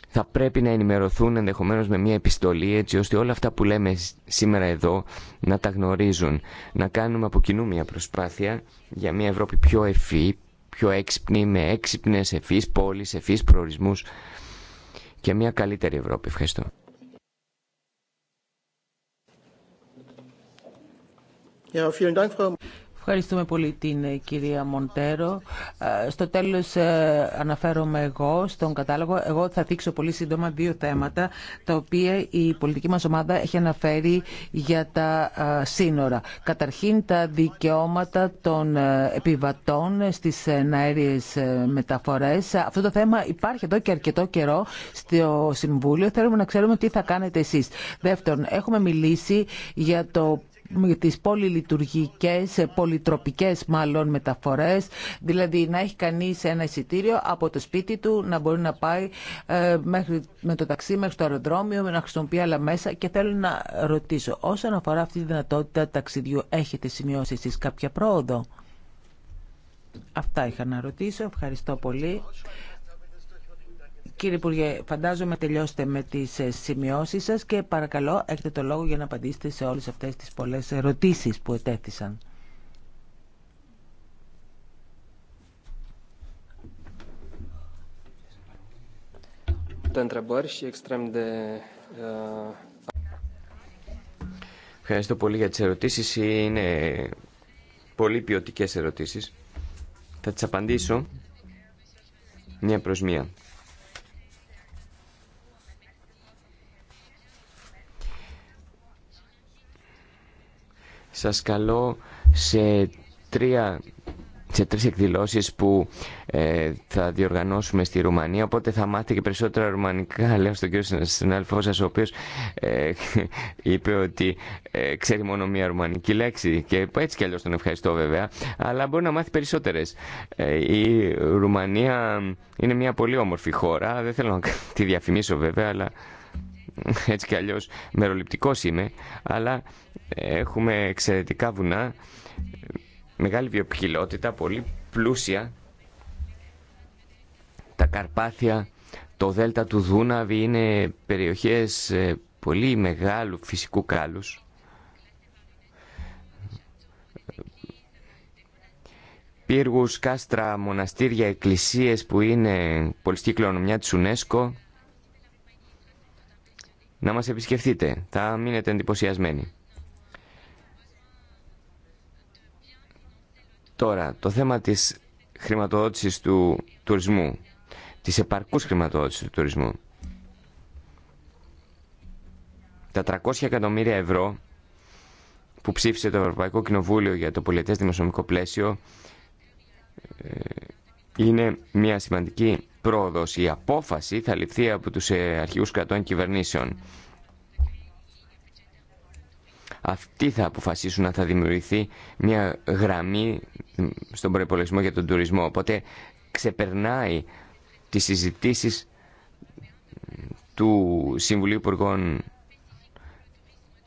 θα πρέπει να ενημερωθούν ενδεχομένως με μια επιστολή έτσι ώστε όλα αυτά που λέμε σήμερα εδώ να τα γνωρίζουν. Να κάνουμε από κοινού μια προσπάθεια για μια Ευρώπη πιο ευφύ, πιο έξυπνη, με έξυπνε ευφύ πόλεις, ευφύ προορισμούς και μια καλύτερη Ευρώπη. Ευχαριστώ. Ευχαριστούμε πολύ την ε, κυρία Μοντέρο. Ε, στο τέλος ε, αναφέρομαι εγώ στον κατάλογο. Εγώ θα δείξω πολύ σύντομα δύο θέματα τα οποία η πολιτική μας ομάδα έχει αναφέρει για τα σύνορα. Καταρχήν τα δικαιώματα των επιβατών στις αέριες μεταφορές. Αυτό το θέμα υπάρχει εδώ και αρκετό καιρό στο Συμβούλιο. Θέλουμε να ξέρουμε τι θα κάνετε εσείς. Δεύτερον, έχουμε μιλήσει για το τις πολυλειτουργικές, πολυτροπικές μάλλον μεταφορές, δηλαδή να έχει κανείς ένα εισιτήριο από το σπίτι του, να μπορεί να πάει ε, μέχρι, με το ταξί μέχρι το αεροδρόμιο, να χρησιμοποιεί άλλα μέσα και θέλω να ρωτήσω, όσον αφορά αυτή τη δυνατότητα ταξιδιού, έχετε σημειώσει εσείς κάποια πρόοδο. Αυτά είχα να ρωτήσω. Ευχαριστώ πολύ. Κύριε Υπουργέ, φαντάζομαι τελειώστε με τι ε, σημειώσει σα και παρακαλώ έχετε το λόγο για να απαντήσετε σε όλε αυτέ τι πολλέ ερωτήσει που ετέθησαν. Ε, Ευχαριστώ πολύ για τις ερωτήσεις. Είναι πολύ ποιοτικέ ερωτήσεις. Θα τις απαντήσω μία προς μία. Σας καλώ σε τρία σε τρεις εκδηλώσεις που ε, θα διοργανώσουμε στη Ρουμανία οπότε θα μάθετε και περισσότερα ρουμανικά λέω στον κύριο συνάδελφό σας ο οποίος ε, είπε ότι ε, ξέρει μόνο μία ρουμανική λέξη και έτσι κι αλλιώς τον ευχαριστώ βέβαια αλλά μπορεί να μάθει περισσότερες η Ρουμανία είναι μια πολύ όμορφη χώρα δεν θέλω να τη διαφημίσω βέβαια αλλά έτσι κι αλλιώς μεροληπτικός είμαι, αλλά έχουμε εξαιρετικά βουνά, μεγάλη βιοποικιλότητα, πολύ πλούσια. Τα Καρπάθια, το Δέλτα του Δούναβη είναι περιοχές ε, πολύ μεγάλου φυσικού κάλους. Πύργους, κάστρα, μοναστήρια, εκκλησίες που είναι πολιστική κληρονομιά της UNESCO να μας επισκεφτείτε. Θα μείνετε εντυπωσιασμένοι. Τώρα, το θέμα της χρηματοδότησης του τουρισμού, της επαρκούς χρηματοδότησης του τουρισμού. Τα 300 εκατομμύρια ευρώ που ψήφισε το Ευρωπαϊκό Κοινοβούλιο για το πολιτές δημοσιονομικό πλαίσιο ε, είναι μια σημαντική η απόφαση θα ληφθεί από τους ε, αρχηγού κρατών κυβερνήσεων. Αυτοί θα αποφασίσουν να θα δημιουργηθεί μια γραμμή στον προπολογισμό για τον τουρισμό. Οπότε ξεπερνάει τις συζητήσεις του Συμβουλίου Υπουργών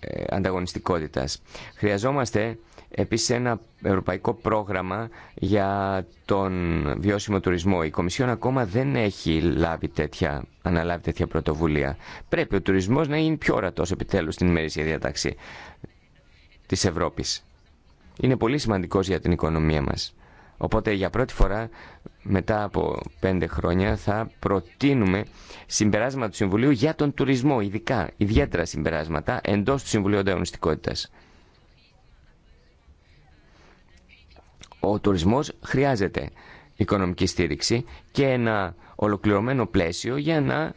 ε, Ανταγωνιστικότητας. Χρειαζόμαστε Επίσης ένα ευρωπαϊκό πρόγραμμα για τον βιώσιμο τουρισμό. Η Κομισιόν ακόμα δεν έχει λάβει τέτοια, αναλάβει τέτοια πρωτοβουλία. Πρέπει ο τουρισμός να είναι πιο ορατός επιτέλους στην ημερήσια διατάξη της Ευρώπης. Είναι πολύ σημαντικός για την οικονομία μας. Οπότε για πρώτη φορά μετά από πέντε χρόνια θα προτείνουμε συμπεράσματα του Συμβουλίου για τον τουρισμό, ειδικά ιδιαίτερα συμπεράσματα εντός του Συμβουλίου Ανταγωνιστικότητας. ο τουρισμός χρειάζεται οικονομική στήριξη και ένα ολοκληρωμένο πλαίσιο για να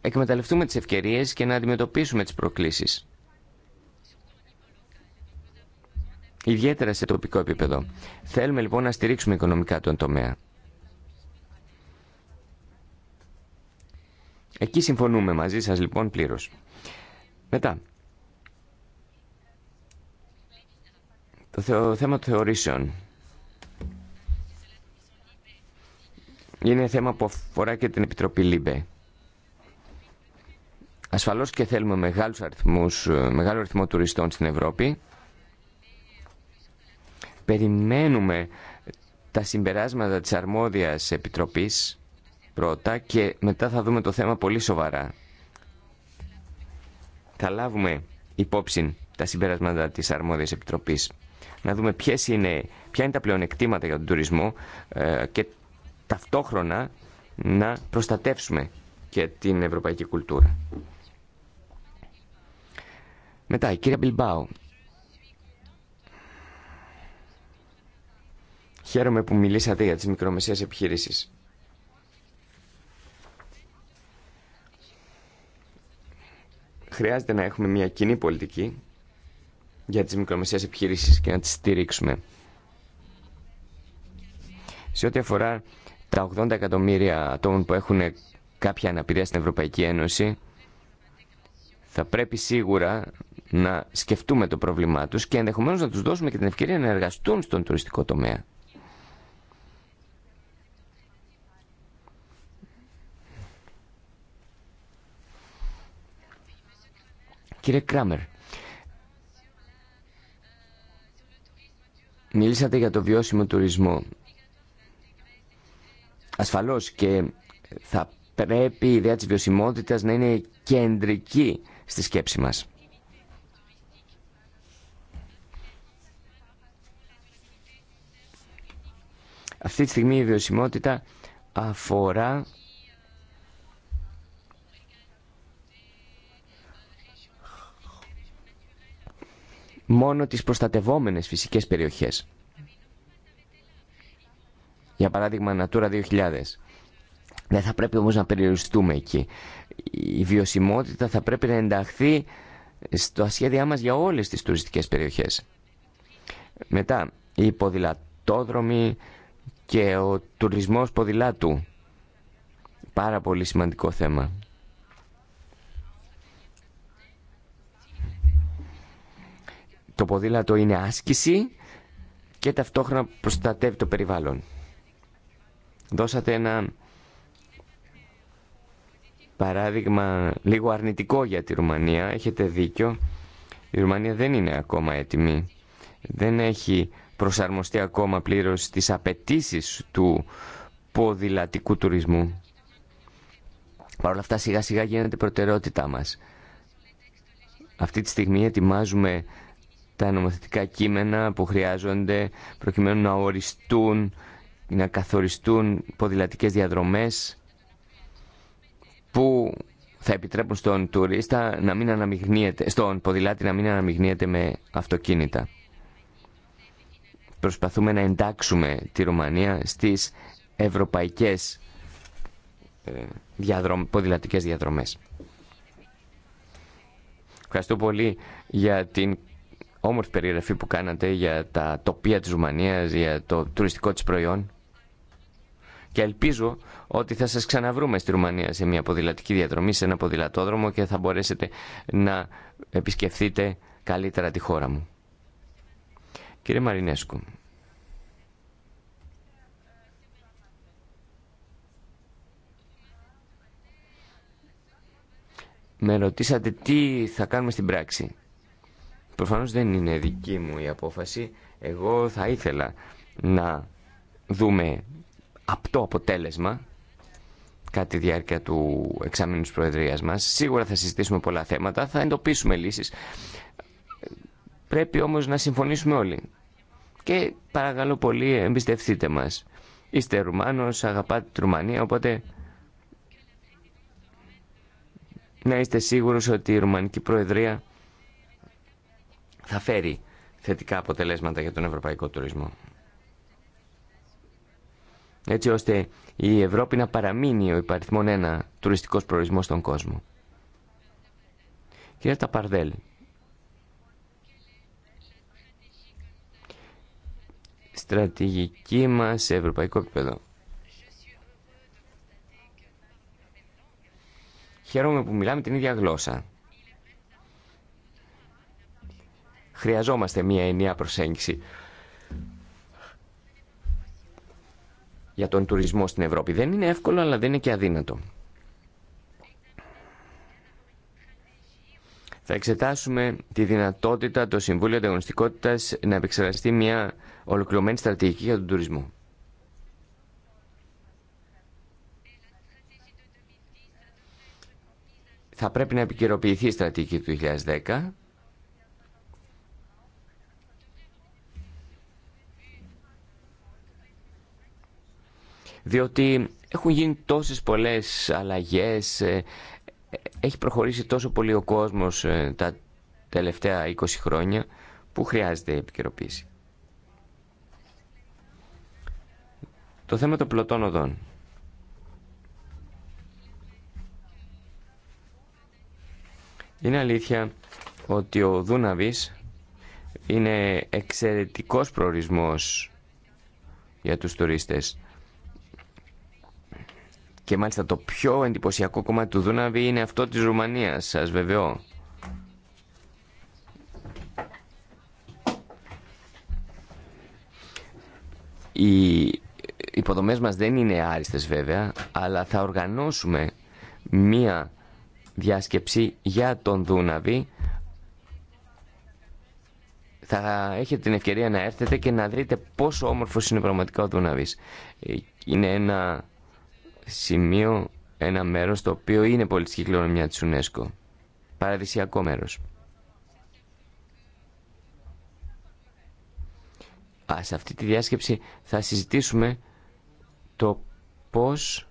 εκμεταλλευτούμε τις ευκαιρίες και να αντιμετωπίσουμε τις προκλήσεις. Ιδιαίτερα σε τοπικό επίπεδο. Θέλουμε λοιπόν να στηρίξουμε οικονομικά τον τομέα. Εκεί συμφωνούμε μαζί σας λοιπόν πλήρως. Μετά, Το θέμα των θεωρήσεων. Είναι θέμα που αφορά και την Επιτροπή ΛΥΜΠΕ. Ασφαλώς και θέλουμε μεγάλους αριθμούς, ε, μεγάλο αριθμό τουριστών στην Ευρώπη. Περιμένουμε τα συμπεράσματα της αρμόδιας επιτροπής πρώτα και μετά θα δούμε το θέμα πολύ σοβαρά. Θα λάβουμε υπόψη τα συμπεράσματα της αρμόδιας επιτροπής να δούμε ποιες είναι, ποια είναι τα πλεονεκτήματα για τον τουρισμό ε, και ταυτόχρονα να προστατεύσουμε και την ευρωπαϊκή κουλτούρα. Μετά, η κυρία Μπιλμπάου. Χαίρομαι που μιλήσατε για τις μικρομεσαίες επιχειρήσεις. Χρειάζεται να έχουμε μια κοινή πολιτική για τις μικρομεσαίες επιχειρήσεις και να τις στηρίξουμε. Σε ό,τι αφορά τα 80 εκατομμύρια ατόμων που έχουν κάποια αναπηρία στην Ευρωπαϊκή Ένωση, θα πρέπει σίγουρα να σκεφτούμε το πρόβλημά τους και ενδεχομένως να τους δώσουμε και την ευκαιρία να εργαστούν στον τουριστικό τομέα. Κύριε Κράμερ, Μιλήσατε για το βιώσιμο τουρισμό. Ασφαλώς και θα πρέπει η ιδέα της βιωσιμότητας να είναι κεντρική στη σκέψη μας. Αυτή τη στιγμή η βιωσιμότητα αφορά μόνο τις προστατευόμενες φυσικές περιοχές. Για παράδειγμα, Natura 2000. Δεν θα πρέπει όμως να περιοριστούμε εκεί. Η βιωσιμότητα θα πρέπει να ενταχθεί στο σχέδιά μας για όλες τις τουριστικές περιοχές. Μετά, οι ποδηλατόδρομοι και ο τουρισμός ποδηλάτου. Πάρα πολύ σημαντικό θέμα. το ποδήλατο είναι άσκηση και ταυτόχρονα προστατεύει το περιβάλλον. Δώσατε ένα παράδειγμα λίγο αρνητικό για τη Ρουμανία. Έχετε δίκιο. Η Ρουμανία δεν είναι ακόμα έτοιμη. Δεν έχει προσαρμοστεί ακόμα πλήρως στις απαιτήσει του ποδηλατικού τουρισμού. Παρ' όλα αυτά σιγά σιγά γίνεται προτεραιότητά μας. Αυτή τη στιγμή ετοιμάζουμε τα νομοθετικά κείμενα που χρειάζονται προκειμένου να οριστούν, ή να καθοριστούν ποδηλατικές διαδρομές που θα επιτρέπουν στον τουρίστα να μην αναμειγνύεται, στον ποδηλάτη να μην αναμειγνύεται με αυτοκίνητα. Προσπαθούμε να εντάξουμε τη Ρουμανία στις ευρωπαϊκές ε, διαδρομ, ποδηλατικές διαδρομές. Ευχαριστώ πολύ για την όμορφη περιγραφή που κάνατε για τα τοπία της Ρουμανίας, για το τουριστικό της προϊόν. Και ελπίζω ότι θα σας ξαναβρούμε στη Ρουμανία σε μια ποδηλατική διαδρομή, σε ένα ποδηλατόδρομο και θα μπορέσετε να επισκεφθείτε καλύτερα τη χώρα μου. Κύριε Μαρινέσκου. Με ρωτήσατε τι θα κάνουμε στην πράξη. Προφανώς δεν είναι δική μου η απόφαση. Εγώ θα ήθελα να δούμε απτό αποτέλεσμα κατά τη διάρκεια του εξάμεινου της Προεδρίας μας. Σίγουρα θα συζητήσουμε πολλά θέματα, θα εντοπίσουμε λύσεις. Πρέπει όμως να συμφωνήσουμε όλοι. Και παρακαλώ πολύ εμπιστευτείτε μας. Είστε Ρουμάνος, αγαπάτε τη Ρουμανία, οπότε να είστε σίγουροι ότι η Ρουμανική Προεδρία θα φέρει θετικά αποτελέσματα για τον ευρωπαϊκό τουρισμό. Έτσι ώστε η Ευρώπη να παραμείνει ο υπαριθμόν ένα τουριστικός προορισμός στον κόσμο. Κυρία Ταπαρδέλ, στρατηγική μας σε ευρωπαϊκό επίπεδο. Χαίρομαι που μιλάμε την ίδια γλώσσα. Χρειαζόμαστε μια ενιαία προσέγγιση για τον τουρισμό στην Ευρώπη. Δεν είναι εύκολο, αλλά δεν είναι και αδύνατο. Θα εξετάσουμε τη δυνατότητα το Συμβούλιο Ανταγωνιστικότητα να επεξεργαστεί μια ολοκληρωμένη στρατηγική για τον τουρισμό. Θα πρέπει να επικαιροποιηθεί η στρατηγική του 2010 διότι έχουν γίνει τόσες πολλές αλλαγές, ε, έχει προχωρήσει τόσο πολύ ο κόσμος ε, τα τελευταία 20 χρόνια που χρειάζεται επικαιροποίηση. Το θέμα των πλωτών οδών. Είναι αλήθεια ότι ο Δούναβης είναι εξαιρετικός προορισμός για τους τουρίστες. Και μάλιστα το πιο εντυπωσιακό κομμάτι του Δούναβη είναι αυτό της Ρουμανίας, σας βεβαιώ. Οι υποδομές μας δεν είναι άριστες βέβαια, αλλά θα οργανώσουμε μία διάσκεψη για τον Δούναβη. Θα έχετε την ευκαιρία να έρθετε και να δείτε πόσο όμορφος είναι πραγματικά ο Δούναβης. Ε, είναι ένα σημείο, ένα μέρος το οποίο είναι πολύ κληρονομιά της UNESCO. Παραδοσιακό μέρος. σε αυτή τη διάσκεψη θα συζητήσουμε το πώς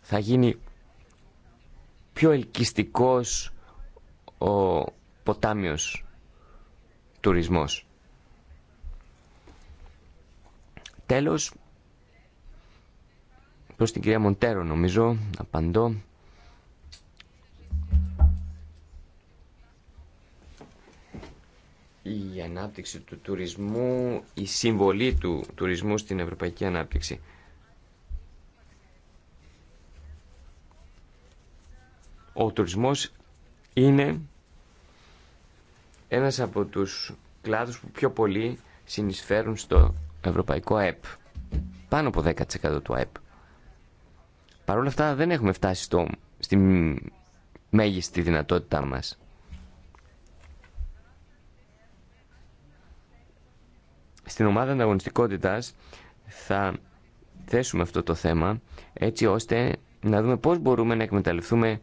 θα γίνει πιο ελκυστικός ο ποτάμιος τουρισμός. Τέλος, Προς την κυρία Μοντέρο νομίζω, απαντώ. Η ανάπτυξη του τουρισμού, η συμβολή του τουρισμού στην ευρωπαϊκή ανάπτυξη. Ο τουρισμός είναι ένας από τους κλάδους που πιο πολύ συνεισφέρουν στο ευρωπαϊκό ΑΕΠ. Πάνω από 10% του ΑΕΠ. Παρ' όλα αυτά δεν έχουμε φτάσει στο, στη μέγιστη δυνατότητά μας. Στην ομάδα ανταγωνιστικότητας θα θέσουμε αυτό το θέμα έτσι ώστε να δούμε πώς μπορούμε να εκμεταλλευτούμε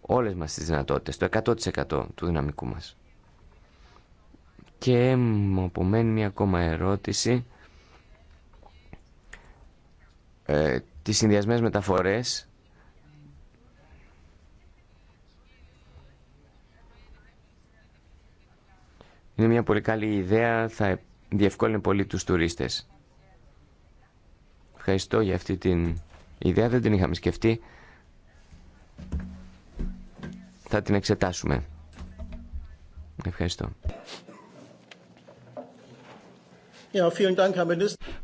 όλες μας τις δυνατότητες, το 100% του δυναμικού μας. Και μου απομένει μια ακόμα ερώτηση. Ε, τις συνδυασμένες μεταφορές είναι μια πολύ καλή ιδέα, θα διευκόλυνε πολύ τους τουρίστες. Ευχαριστώ για αυτή την ιδέα, δεν την είχαμε σκεφτεί. Θα την εξετάσουμε. Ευχαριστώ.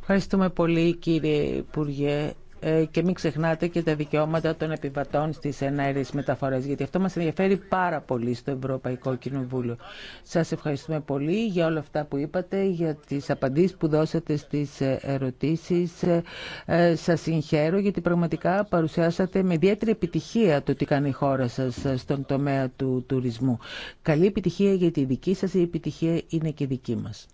Ευχαριστούμε πολύ κύριε Υπουργέ. Ε, και μην ξεχνάτε και τα δικαιώματα των επιβατών στις ενέργειε μεταφορές, γιατί αυτό μας ενδιαφέρει πάρα πολύ στο Ευρωπαϊκό Κοινοβούλιο. Σας ευχαριστούμε πολύ για όλα αυτά που είπατε, για τις απαντήσεις που δώσατε στις ε, ερωτήσεις. Ε, σας συγχαίρω γιατί πραγματικά παρουσιάσατε με ιδιαίτερη επιτυχία το τι κάνει η χώρα σας στον τομέα του τουρισμού. Καλή επιτυχία γιατί η δική σας επιτυχία είναι και δική μας.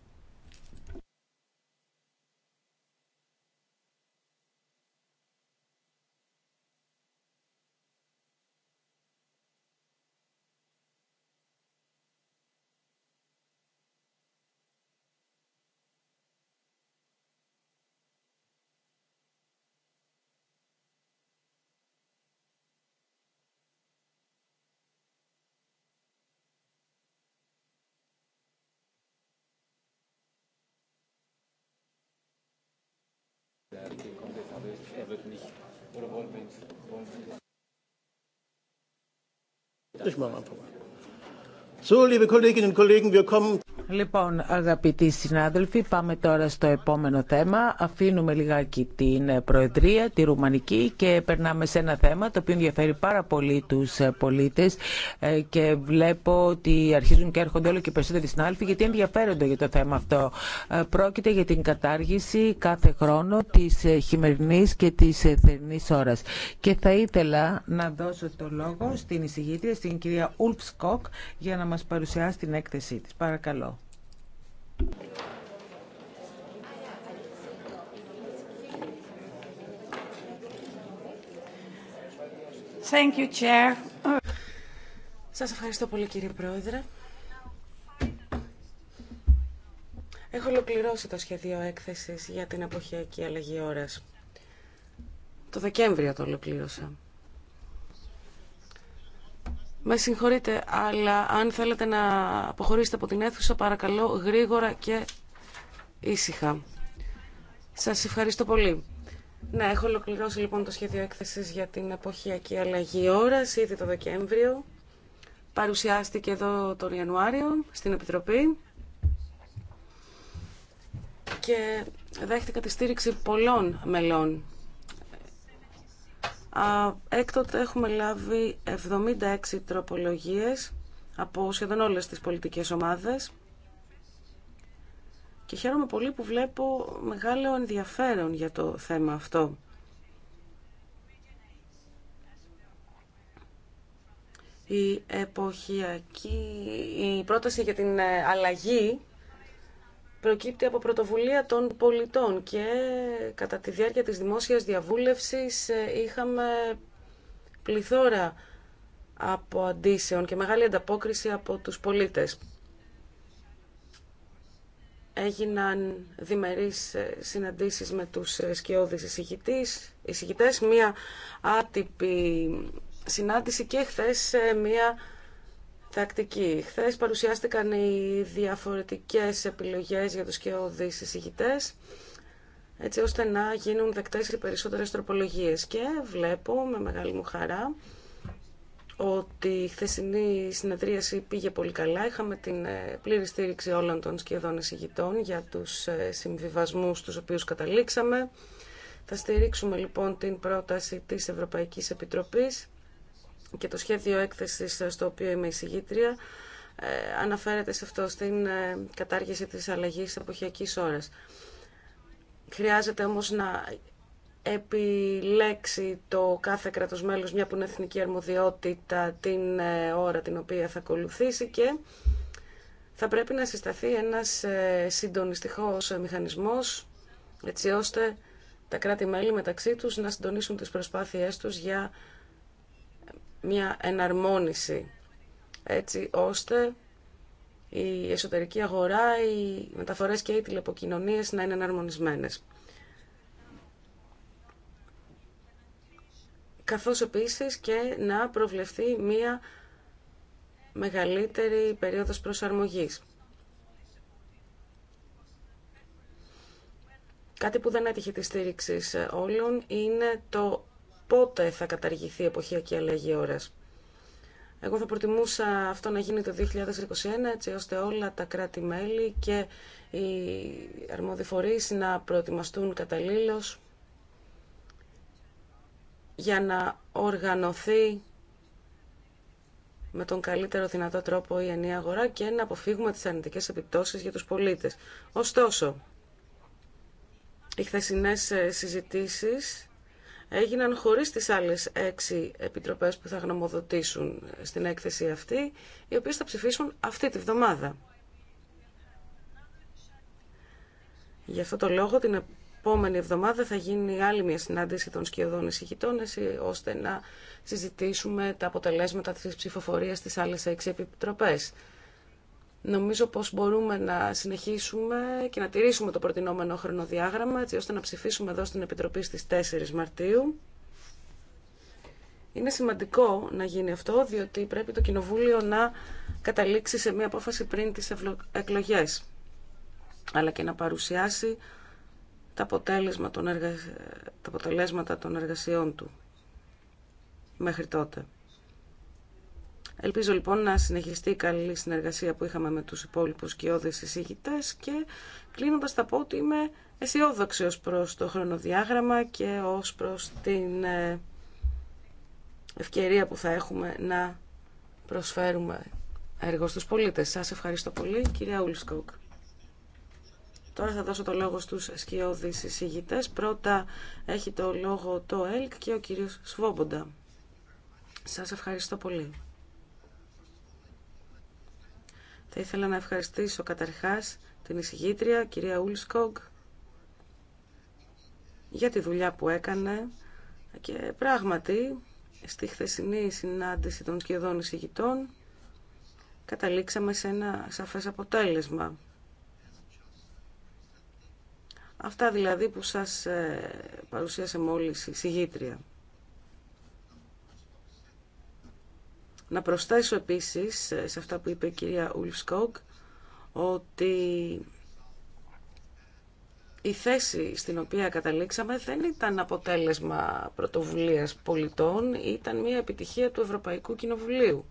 Ich mache einfach mal. So, liebe Kolleginnen und Kollegen, wir kommen Λοιπόν, αγαπητοί συνάδελφοι, πάμε τώρα στο επόμενο θέμα. Αφήνουμε λιγάκι την Προεδρία, τη Ρουμανική και περνάμε σε ένα θέμα το οποίο ενδιαφέρει πάρα πολύ του πολίτε ε, και βλέπω ότι αρχίζουν και έρχονται όλο και περισσότεροι συνάδελφοι γιατί ενδιαφέρονται για το θέμα αυτό. Ε, πρόκειται για την κατάργηση κάθε χρόνο τη χειμερινή και τη θερινή ώρα. Και θα ήθελα να δώσω το λόγο στην εισηγήτρια, στην κυρία Σκοκ, για να μα παρουσιάσει την έκθεσή τη. Παρακαλώ. Thank you, Chair. Σας ευχαριστώ πολύ κύριε Πρόεδρε. Έχω ολοκληρώσει το σχέδιο έκθεσης για την εποχιακή αλλαγή ώρας. Το Δεκέμβριο το ολοκλήρωσα. Με συγχωρείτε, αλλά αν θέλετε να αποχωρήσετε από την αίθουσα, παρακαλώ γρήγορα και ήσυχα. Σας ευχαριστώ πολύ. Ναι, έχω ολοκληρώσει λοιπόν το σχέδιο έκθεσης για την εποχιακή αλλαγή ώρας, ήδη το Δεκέμβριο. Παρουσιάστηκε εδώ τον Ιανουάριο στην Επιτροπή και δέχτηκα τη στήριξη πολλών μελών Έκτοτε έχουμε λάβει 76 τροπολογίες από σχεδόν όλες τις πολιτικές ομάδες και χαίρομαι πολύ που βλέπω μεγάλο ενδιαφέρον για το θέμα αυτό. Η εποχιακή, η πρόταση για την ε, αλλαγή προκύπτει από πρωτοβουλία των πολιτών και κατά τη διάρκεια της δημόσιας διαβούλευσης ε, είχαμε πληθώρα από αντίσεων και μεγάλη ανταπόκριση από τους πολίτες. Έγιναν διμερείς ε, συναντήσεις με τους ε, σκιώδεις εισηγητές, μία άτυπη συνάντηση και χθε μία τακτική. Χθε παρουσιάστηκαν οι διαφορετικέ επιλογές για του και εισηγητέ, έτσι ώστε να γίνουν δεκτέ οι περισσότερε τροπολογίες. Και βλέπω με μεγάλη μου χαρά ότι η χθεσινή συνεδρίαση πήγε πολύ καλά. Είχαμε την ε, πλήρη στήριξη όλων των σχεδόν εισηγητών για τους ε, συμβιβασμούς τους οποίους καταλήξαμε. Θα στηρίξουμε λοιπόν την πρόταση της Ευρωπαϊκής Επιτροπής και το σχέδιο έκθεσης στο οποίο είμαι εισηγήτρια ε, αναφέρεται σε αυτό, στην ε, κατάργηση της αλλαγής εποχιακής ώρας. Χρειάζεται όμως να επιλέξει το κάθε κράτος μέλος, μια που είναι εθνική αρμοδιότητα, την ε, ώρα την οποία θα ακολουθήσει και θα πρέπει να συσταθεί ένας συντονιστικός μηχανισμός, έτσι ώστε τα κράτη-μέλη μεταξύ τους να συντονίσουν τις προσπάθειές τους για μια εναρμόνιση έτσι ώστε η εσωτερική αγορά, οι μεταφορές και οι τηλεποκοινωνίες να είναι εναρμονισμένες. Καθώς επίσης και να προβλεφθεί μία μεγαλύτερη περίοδος προσαρμογής. Κάτι που δεν έτυχε τη στήριξη όλων είναι το πότε θα καταργηθεί η εποχιακή αλλαγή ώρα. Εγώ θα προτιμούσα αυτό να γίνει το 2021, έτσι ώστε όλα τα κράτη-μέλη και οι αρμόδιοι να προετοιμαστούν καταλήλως για να οργανωθεί με τον καλύτερο δυνατό τρόπο η ενιαία αγορά και να αποφύγουμε τις αρνητικές επιπτώσεις για τους πολίτες. Ωστόσο, οι χθεσινές ε, συζητήσεις έγιναν χωρίς τις άλλες έξι επιτροπές που θα γνωμοδοτήσουν στην έκθεση αυτή, οι οποίες θα ψηφίσουν αυτή τη βδομάδα. Γι' αυτό το λόγο την επόμενη εβδομάδα θα γίνει άλλη μια συνάντηση των σκιωδών εισηγητών, ώστε να συζητήσουμε τα αποτελέσματα της ψηφοφορίας στις άλλες έξι επιτροπές. Νομίζω πως μπορούμε να συνεχίσουμε και να τηρήσουμε το προτινόμενο χρονοδιάγραμμα, έτσι ώστε να ψηφίσουμε εδώ στην Επιτροπή στις 4 Μαρτίου. Είναι σημαντικό να γίνει αυτό, διότι πρέπει το Κοινοβούλιο να καταλήξει σε μια απόφαση πριν τις εκλογές, αλλά και να παρουσιάσει τα, εργα... τα αποτελέσματα των εργασιών του μέχρι τότε. Ελπίζω λοιπόν να συνεχιστεί η καλή συνεργασία που είχαμε με τους υπόλοιπους κοιόδες εισηγητές και κλείνοντας θα πω ότι είμαι αισιόδοξη ω προς το χρονοδιάγραμμα και ως προς την ε, ευκαιρία που θα έχουμε να προσφέρουμε έργο στους πολίτες. Σας ευχαριστώ πολύ, κυρία Ουλσκοκ. Τώρα θα δώσω το λόγο στους σκιώδεις εισηγητές. Πρώτα έχει το λόγο το ΕΛΚ και ο κύριος Σβόμποντα. Σας ευχαριστώ πολύ. Θα ήθελα να ευχαριστήσω καταρχάς την εισηγήτρια, κυρία Ούλσκογκ, για τη δουλειά που έκανε και πράγματι στη χθεσινή συνάντηση των σχεδόν εισηγητών καταλήξαμε σε ένα σαφές αποτέλεσμα. Αυτά δηλαδή που σας ε, παρουσίασε μόλις η εισηγήτρια. Να προσθέσω επίσης ε, σε αυτά που είπε η κυρία Ουλφσκόγκ ότι η θέση στην οποία καταλήξαμε δεν ήταν αποτέλεσμα πρωτοβουλίας πολιτών, ήταν μια επιτυχία του Ευρωπαϊκού Κοινοβουλίου.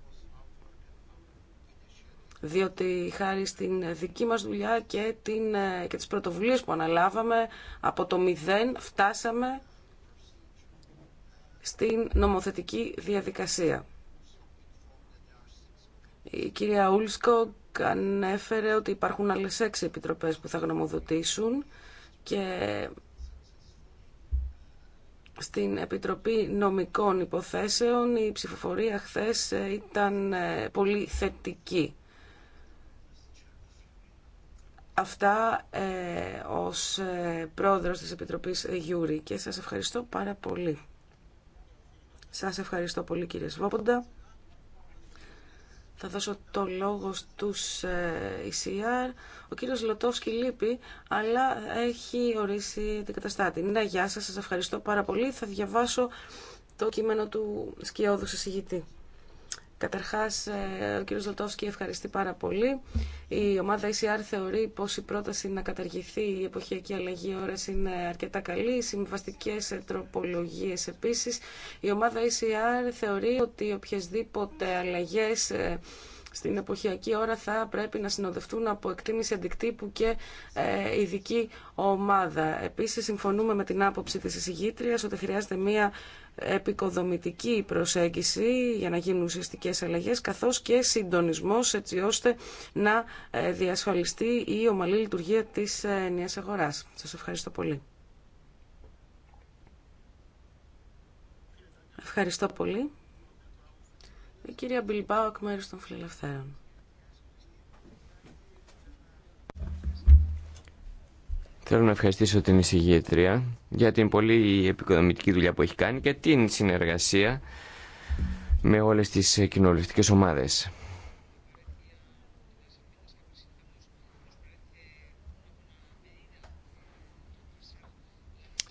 Διότι χάρη στην δική μας δουλειά και, την, ε, και τις πρωτοβουλίες που αναλάβαμε, από το μηδέν φτάσαμε στην νομοθετική διαδικασία. Η κυρία Ούλσκο ανέφερε ότι υπάρχουν άλλες έξι επιτροπές που θα γνωμοδοτήσουν και στην Επιτροπή Νομικών Υποθέσεων η ψηφοφορία χθες ήταν ε, πολύ θετική. Αυτά ε, ως ε, πρόεδρος της Επιτροπής Γιούρη και σας ευχαριστώ πάρα πολύ. Σας ευχαριστώ πολύ κύριε Σβόποντα. Θα δώσω το λόγο στους ECR. Ε, Ο κύριος Λωτόφσκι λείπει, αλλά έχει ορίσει την καταστάτη. Ναι, γεια σας, σας ευχαριστώ πάρα πολύ. Θα διαβάσω το κείμενο του σκιώδου εισηγητή. Καταρχάς, ε, ο κ. Ζωτόφσκι ευχαριστεί πάρα πολύ. Η ομάδα ECR θεωρεί πως η πρόταση να καταργηθεί η εποχιακή αλλαγή ώρας είναι αρκετά καλή. Οι συμβαστικές ε, τροπολογίες επίσης. Η ομάδα ECR θεωρεί ότι οποιασδήποτε αλλαγές ε, στην εποχιακή ώρα θα πρέπει να συνοδευτούν από εκτίμηση αντικτύπου και ειδική ομάδα. Επίσης, συμφωνούμε με την άποψη της εισηγήτριας ότι χρειάζεται μία επικοδομητική προσέγγιση για να γίνουν ουσιαστικές αλλαγές καθώς και συντονισμός έτσι ώστε να ε, διασφαλιστεί η ομαλή λειτουργία της ε, νέας αγοράς. Σας ευχαριστώ πολύ. Ευχαριστώ πολύ. Η κυρία Μπιλμπάου εκ μέρους των Φιλελευθέρων. Θέλω να ευχαριστήσω την εισηγήτρια για την πολύ επικοδομητική δουλειά που έχει κάνει και την συνεργασία με όλες τις κοινοβουλευτικές ομάδες.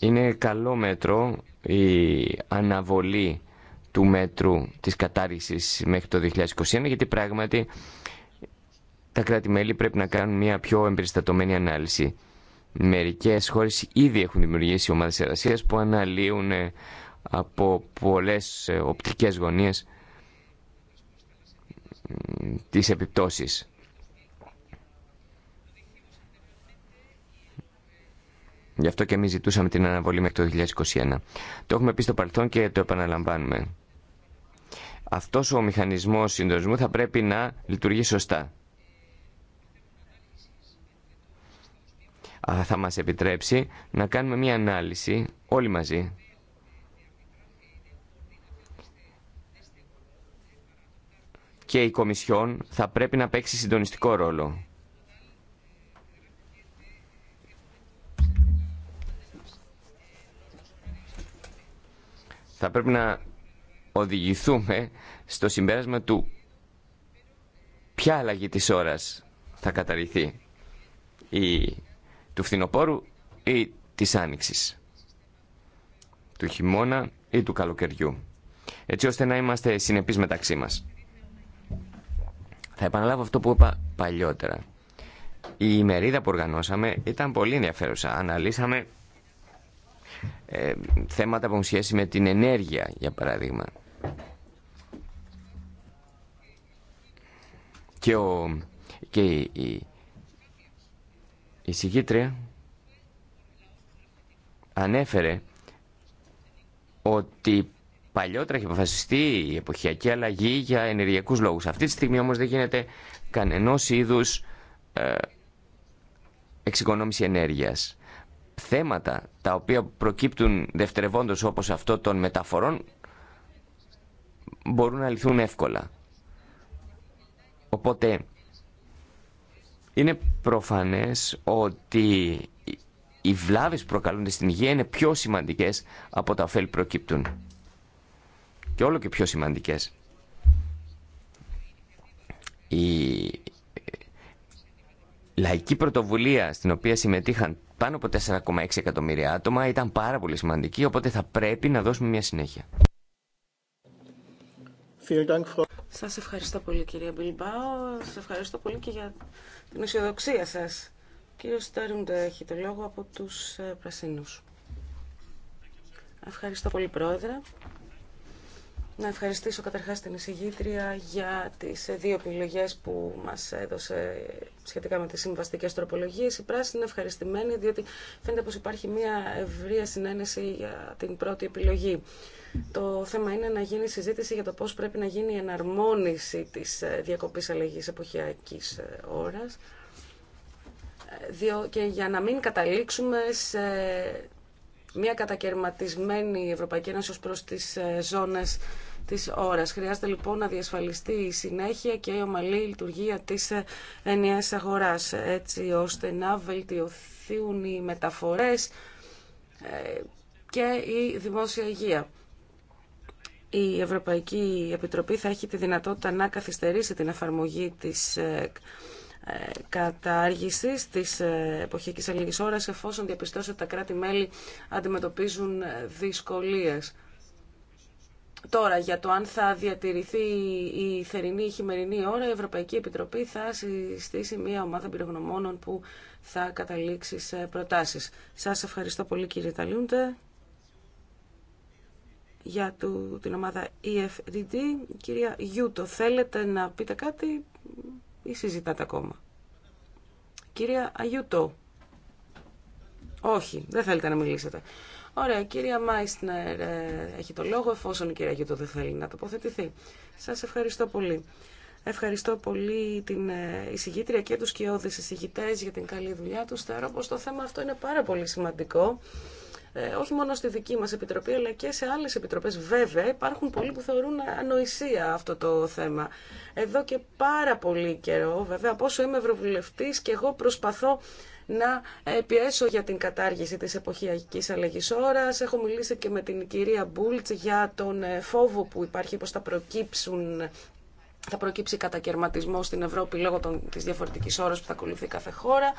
Είναι καλό μέτρο η αναβολή του μέτρου της κατάργησης μέχρι το 2021 γιατί πράγματι τα κράτη-μέλη πρέπει να κάνουν μια πιο εμπεριστατωμένη ανάλυση Μερικές χώρε ήδη έχουν δημιουργήσει ομάδες εργασία που αναλύουν ε, από πολλές ε, οπτικές γωνίες τις επιπτώσεις. Γι' αυτό και εμεί ζητούσαμε την αναβολή μέχρι το 2021. Το έχουμε πει στο παρελθόν και το επαναλαμβάνουμε. Αυτός ο μηχανισμός συντονισμού θα πρέπει να λειτουργεί σωστά. θα μας επιτρέψει να κάνουμε μία ανάλυση όλοι μαζί και η Κομισιόν θα πρέπει να παίξει συντονιστικό ρόλο. Θα πρέπει να οδηγηθούμε στο συμπέρασμα του ποια αλλαγή της ώρας θα καταρριθεί. Η του φθινοπόρου ή της άνοιξης, του χειμώνα ή του καλοκαιριού, έτσι ώστε να είμαστε συνεπείς μεταξύ μας. Θα επαναλάβω αυτό που είπα παλιότερα. Η ημερίδα που οργανώσαμε ήταν πολύ ενδιαφέρουσα. Αναλύσαμε ε, θέματα που έχουν σχέση με την ενέργεια, για παράδειγμα. Και, ο, και η η ανέφερε ότι παλιότερα έχει αποφασιστεί η εποχιακή αλλαγή για ενεργειακούς λόγους. Αυτή τη στιγμή όμως δεν γίνεται κανενός είδους ε, εξοικονόμηση ενέργειας. Θέματα τα οποία προκύπτουν δευτερευόντως όπως αυτό των μεταφορών μπορούν να λυθούν εύκολα. Οπότε είναι προφανές ότι οι βλάβες που προκαλούνται στην υγεία είναι πιο σημαντικές από τα ωφέλη που προκύπτουν. Και όλο και πιο σημαντικές. Η λαϊκή πρωτοβουλία στην οποία συμμετείχαν πάνω από 4,6 εκατομμύρια άτομα ήταν πάρα πολύ σημαντική, οπότε θα πρέπει να δώσουμε μια συνέχεια. Σας ευχαριστώ πολύ κυρία Μπιλμπάου, σας ευχαριστώ πολύ και για την αισιοδοξία σας. Κύριο Στέρντ έχει το λόγο από τους ε, Πρασίνους. Ευχαριστώ πολύ πρόεδρε. Να ευχαριστήσω καταρχάς την εισηγήτρια για τις δύο επιλογές που μας έδωσε σχετικά με τις συμβαστικές τροπολογίες. Η πράσινη είναι ευχαριστημένη διότι φαίνεται πως υπάρχει μια ευρεία συνένεση για την πρώτη επιλογή. Το θέμα είναι να γίνει συζήτηση για το πώς πρέπει να γίνει η εναρμόνιση της διακοπής αλλαγής εποχιακής ώρας και για να μην καταλήξουμε σε μια κατακαιρματισμένη Ευρωπαϊκή Ένωση ως προς τις ε, ζώνες Χρειάζεται λοιπόν να διασφαλιστεί η συνέχεια και η ομαλή λειτουργία της ε, ενιαίας αγοράς, έτσι ώστε να βελτιωθούν οι μεταφορές ε, και η δημόσια υγεία. Η Ευρωπαϊκή Επιτροπή θα έχει τη δυνατότητα να καθυστερήσει την εφαρμογή της ε, κατάργησης της εποχικής αλληλής ώρας εφόσον διαπιστώσει ότι τα κράτη-μέλη αντιμετωπίζουν δυσκολίες. Τώρα, για το αν θα διατηρηθεί η θερινή ή χειμερινή ώρα, η Ευρωπαϊκή Επιτροπή θα συστήσει μια ομάδα πυρογνωμόνων που θα καταλήξει σε προτάσεις. Σας ευχαριστώ πολύ κύριε Ταλούντε Για του, την ομάδα EFDD, κυρία Γιούτο, θέλετε να πείτε κάτι ή συζητάτε ακόμα. Κυρία Αγιούτο, όχι, δεν θέλετε να μιλήσετε. Ωραία, κυρία Μάισνερ ε, έχει το λόγο, εφόσον η κυρία Γιώτο δεν θέλει να τοποθετηθεί. Σας ευχαριστώ πολύ. Ευχαριστώ πολύ την ε, εισηγήτρια και τους κοιόδης εισηγητές για την καλή δουλειά τους. Θεωρώ πως το θέμα αυτό είναι πάρα πολύ σημαντικό. Ε, όχι μόνο στη δική μας επιτροπή, αλλά και σε άλλες επιτροπές. Βέβαια, υπάρχουν πολλοί που θεωρούν ανοησία αυτό το θέμα. Εδώ και πάρα πολύ καιρό, βέβαια, από όσο είμαι ευρωβουλευτής και εγώ προσπαθώ να πιέσω για την κατάργηση της εποχιακής αλλαγής ώρας. Έχω μιλήσει και με την κυρία Μπούλτ για τον ε, φόβο που υπάρχει πως θα προκύψουν θα προκύψει κατακαιρματισμό στην Ευρώπη λόγω των, της διαφορετικής ώρας που θα ακολουθεί κάθε χώρα.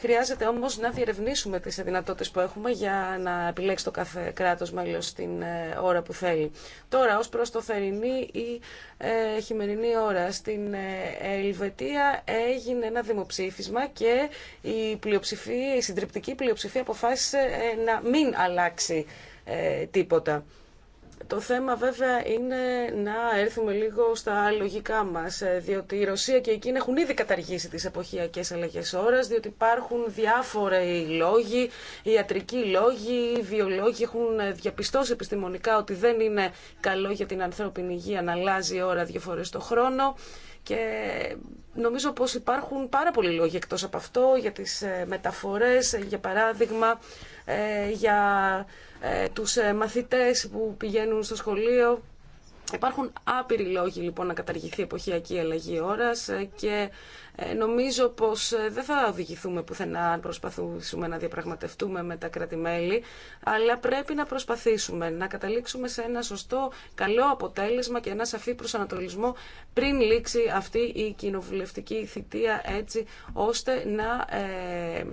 Χρειάζεται όμως να διερευνήσουμε τις δυνατότητες που έχουμε για να επιλέξει το κάθε κράτος μέλος την ε, ώρα που θέλει. Τώρα, ως προς το θερινή ή ε, χειμερινή ώρα, στην ε, Ελβετία έγινε ένα δημοψήφισμα και η, πλειοψηφία, η συντριπτική πλειοψηφία αποφάσισε να μην αλλάξει τίποτα. Το θέμα βέβαια είναι να έρθουμε λίγο στα λογικά μας, ε, διότι η Ρωσία και η Κίνα έχουν ήδη καταργήσει τις εποχιακές αλλαγές ώρες διότι υπάρχουν διάφοροι λόγοι, ιατρικοί λόγοι, οι βιολόγοι έχουν διαπιστώσει επιστημονικά ότι δεν είναι καλό για την ανθρώπινη υγεία να αλλάζει η ώρα δύο φορές το χρόνο. Και νομίζω πως υπάρχουν πάρα πολλοί λόγοι εκτός από αυτό για τις ε, μεταφορές, για παράδειγμα, ε, για ε, τους ε, μαθητές που πηγαίνουν στο σχολείο. Υπάρχουν άπειροι λόγοι λοιπόν να καταργηθεί η εποχιακή αλλαγή ώρας ε, και ε, νομίζω πως ε, δεν θα οδηγηθούμε πουθενά αν προσπαθούμε να διαπραγματευτούμε με τα κρατη αλλά πρέπει να προσπαθήσουμε να καταλήξουμε σε ένα σωστό, καλό αποτέλεσμα και ένα σαφή προσανατολισμό πριν λήξει αυτή η κοινοβουλευτική θητεία έτσι ώστε να ε,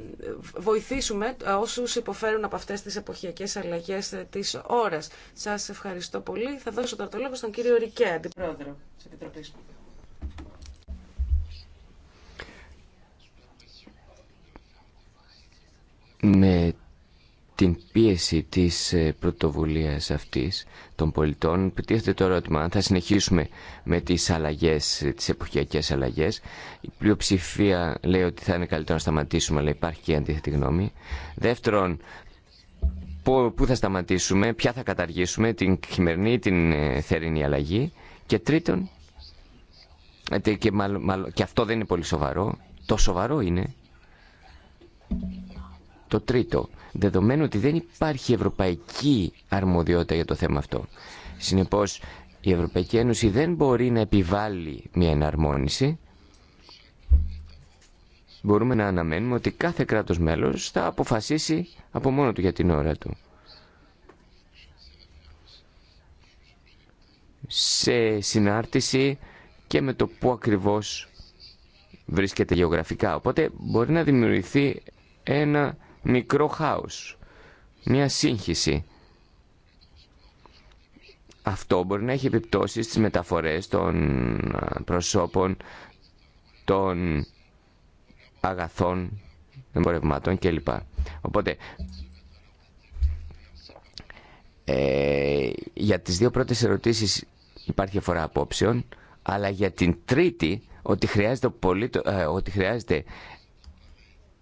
βοηθήσουμε όσους υποφέρουν από αυτές τις εποχιακές αλλαγές της ώρας. Σας ευχαριστώ πολύ. Θα δώσω τώρα το λόγο στον κύριο Ρικέ, Αντιπρόεδρο της Επιτροπής. με την πίεση της ε, πρωτοβουλίας αυτής των πολιτών τίθεται το ερώτημα αν θα συνεχίσουμε με τις αλλαγές, ε, τις εποχιακές αλλαγές η πλειοψηφία λέει ότι θα είναι καλύτερο να σταματήσουμε αλλά υπάρχει και αντίθετη γνώμη δεύτερον πού θα σταματήσουμε, ποια θα καταργήσουμε την χειμερινή ή την ε, θερινή αλλαγή και τρίτον και, και αυτό δεν είναι πολύ σοβαρό το σοβαρό είναι το τρίτο, δεδομένου ότι δεν υπάρχει ευρωπαϊκή αρμοδιότητα για το θέμα αυτό. Συνεπώς, η Ευρωπαϊκή Ένωση δεν μπορεί να επιβάλλει μια εναρμόνιση. Μπορούμε να αναμένουμε ότι κάθε κράτος μέλος θα αποφασίσει από μόνο του για την ώρα του. Σε συνάρτηση και με το που ακριβώς βρίσκεται γεωγραφικά. Οπότε μπορεί να δημιουργηθεί ένα μικρό χάος, μια σύγχυση. Αυτό μπορεί να έχει επιπτώσει στις μεταφορές των προσώπων, των αγαθών, εμπορευμάτων κλπ. Οπότε, ε, για τις δύο πρώτες ερωτήσεις υπάρχει αφορά απόψεων, αλλά για την τρίτη, ότι χρειάζεται, πολύ, ε, ότι χρειάζεται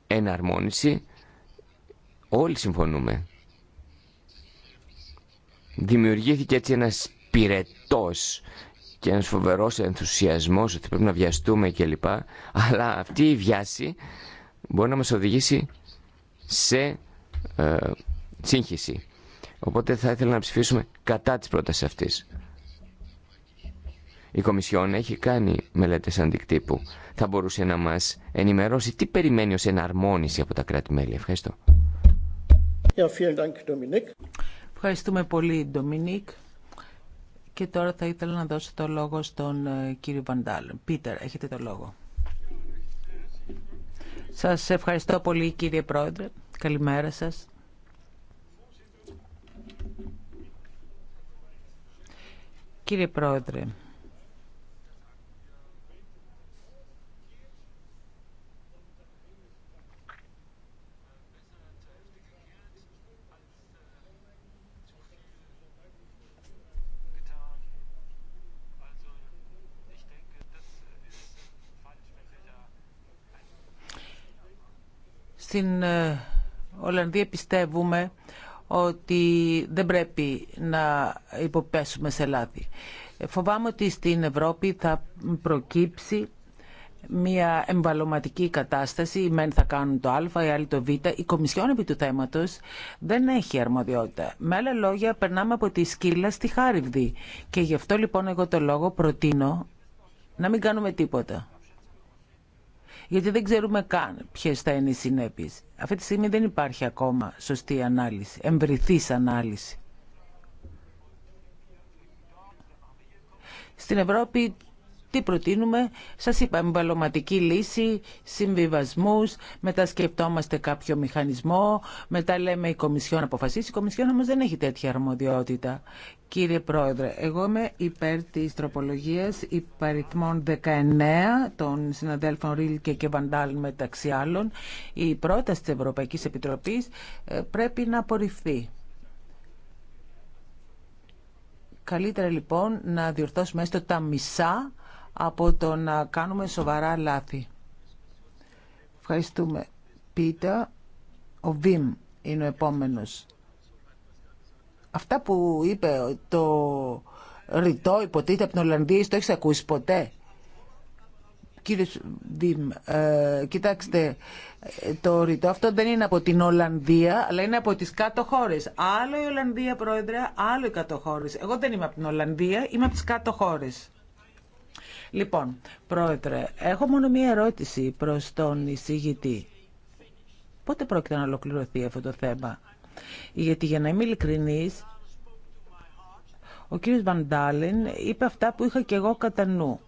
εναρμόνιση, Όλοι συμφωνούμε. Δημιουργήθηκε έτσι ένας πυρετός και ένας φοβερός ενθουσιασμός ότι πρέπει να βιαστούμε κλπ. Αλλά αυτή η βιάση μπορεί να μας οδηγήσει σε ε, σύγχυση. Οπότε θα ήθελα να ψηφίσουμε κατά της πρότασης αυτής. Η Κομισιόν έχει κάνει μελέτες αντικτύπου. Θα μπορούσε να μας ενημερώσει τι περιμένει ως εναρμόνιση από τα κράτη-μέλη. Ευχαριστώ. Ευχαριστούμε πολύ, Ντομινίκ. Και τώρα θα ήθελα να δώσω το λόγο στον ε, κύριο Βαντάλ. Πίτερ, έχετε το λόγο. Σας ευχαριστώ πολύ, κύριε Πρόεδρε. Καλημέρα σας. Κύριε Πρόεδρε, Στην ε, Ολλανδία πιστεύουμε ότι δεν πρέπει να υποπέσουμε σε λάθη. Ε, φοβάμαι ότι στην Ευρώπη θα προκύψει μια εμβαλωματική κατάσταση. Οι μεν θα κάνουν το Α, οι άλλοι το Β. Η Κομισιόν επί του θέματο δεν έχει αρμοδιότητα. Με άλλα λόγια, περνάμε από τη σκύλα στη χάριβδη. Και γι' αυτό λοιπόν εγώ το λόγο προτείνω να μην κάνουμε τίποτα γιατί δεν ξέρουμε καν ποιες θα είναι οι συνέπειε. Αυτή τη στιγμή δεν υπάρχει ακόμα σωστή ανάλυση, εμβριθής ανάλυση. Στην Ευρώπη τι προτείνουμε, σας είπα, εμβαλωματική λύση, συμβιβασμούς, μετά σκεπτόμαστε κάποιο μηχανισμό, μετά λέμε η Κομισιόν αποφασίσει, η Κομισιόν όμως δεν έχει τέτοια αρμοδιότητα. Κύριε Πρόεδρε, εγώ είμαι υπέρ της τροπολογίας υπαριθμών 19 των συναδέλφων Ρίλ και Κεβαντάλ μεταξύ άλλων. Η πρόταση της Ευρωπαϊκής Επιτροπής ε, πρέπει να απορριφθεί. Καλύτερα λοιπόν να διορθώσουμε έστω τα μισά από το να κάνουμε σοβαρά λάθη. Ευχαριστούμε. Πίτα, ο Βιμ είναι ο επόμενος. Αυτά που είπε το ρητό υποτίθεται από την Ολλανδία, το έχεις ακούσει ποτέ. Κύριε Βιμ, ε, κοιτάξτε, το ρητό αυτό δεν είναι από την Ολλανδία, αλλά είναι από τις κάτω χώρες. Άλλο η Ολλανδία, πρόεδρε, άλλο οι κάτω χώρες. Εγώ δεν είμαι από την Ολλανδία, είμαι από τις κάτω χώρες. Λοιπόν, Πρόεδρε, έχω μόνο μία ερώτηση προς τον εισηγητή. Πότε πρόκειται να ολοκληρωθεί αυτό το θέμα. Γιατί για να είμαι ειλικρινής, ο κύριος Βαντάλεν είπε αυτά που είχα και εγώ κατά νου.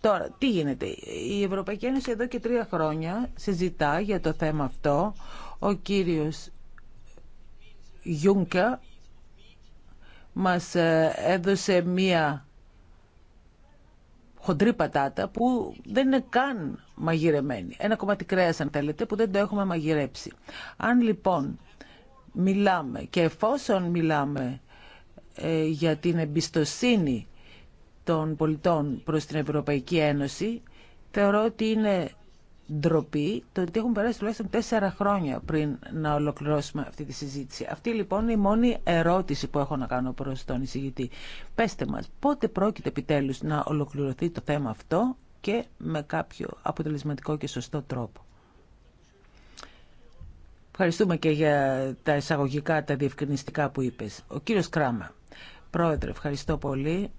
Τώρα, τι γίνεται. Η Ευρωπαϊκή Ένωση εδώ και τρία χρόνια συζητά για το θέμα αυτό. Ο κύριος Γιούνκα μας ε, έδωσε μία χοντρή πατάτα που δεν είναι καν μαγειρεμένη. Ένα κομμάτι κρέας αν θέλετε που δεν το έχουμε μαγειρέψει. Αν λοιπόν μιλάμε και εφόσον μιλάμε ε, για την εμπιστοσύνη των πολιτών προς την Ευρωπαϊκή Ένωση θεωρώ ότι είναι ντροπή το ότι έχουν περάσει τουλάχιστον τέσσερα χρόνια πριν να ολοκληρώσουμε αυτή τη συζήτηση. Αυτή λοιπόν είναι η μόνη ερώτηση που έχω να κάνω προς τον εισηγητή. Πέστε μας, πότε πρόκειται επιτέλου να ολοκληρωθεί το θέμα αυτό και με κάποιο αποτελεσματικό και σωστό τρόπο. Ευχαριστούμε και για τα εισαγωγικά, τα διευκρινιστικά που είπες. Ο κύριος Κράμα. Πρόεδρε, ευχαριστώ πολύ.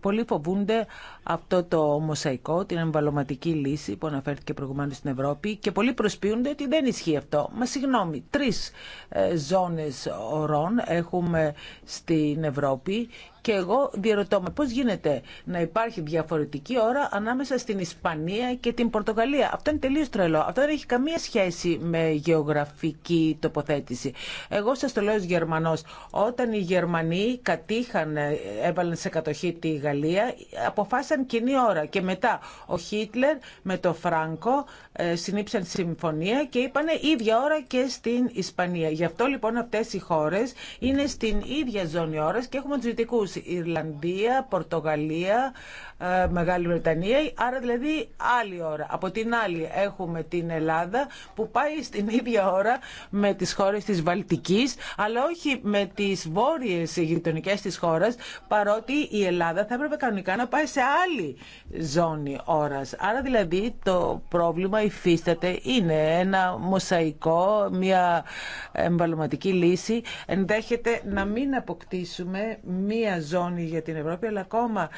Πολλοί φοβούνται αυτό το μοσαϊκό, την εμβαλωματική λύση που αναφέρθηκε προηγουμένως στην Ευρώπη και πολλοί προσποιούνται ότι δεν ισχύει αυτό. Μα συγγνώμη, τρεις ε, ζώνες ορών έχουμε στην Ευρώπη και εγώ διαρωτώ με πώς γίνεται να υπάρχει διαφορετική ώρα ανάμεσα στην Ισπανία και την Πορτογαλία. Αυτό είναι τελείως τρελό. Αυτό δεν έχει καμία σχέση με γεωγραφική τοποθέτηση. Εγώ σας το λέω ως Γερμανός. Όταν οι Γερμανοί κατήχαν, ε, έβαλαν σε κατοχή τη Γαλλία, αποφάσισαν κοινή ώρα. Και μετά ο Χίτλερ με το Φράνκο ε, συνήψαν συμφωνία και είπαν ίδια ώρα και στην Ισπανία. Γι' αυτό λοιπόν αυτές οι χώρες είναι στην ίδια ζώνη ώρα και έχουμε του δυτικού. Ιρλανδία, Πορτογαλία, ε, Μεγάλη Βρετανία, άρα δηλαδή άλλη ώρα. Από την άλλη έχουμε την Ελλάδα που πάει στην ίδια ώρα με τις χώρες της Βαλτικής, αλλά όχι με τις βόρειες γειτονικέ της χώρας, παρότι η Ελλάδα θα έπρεπε κανονικά να πάει σε άλλη ζώνη ώρας. Άρα δηλαδή το πρόβλημα υφίσταται, είναι ένα μοσαϊκό, μια εμβαλωματική λύση, ενδέχεται να μην αποκτήσουμε μία ζώνη για την Ευρώπη, αλλά ακόμα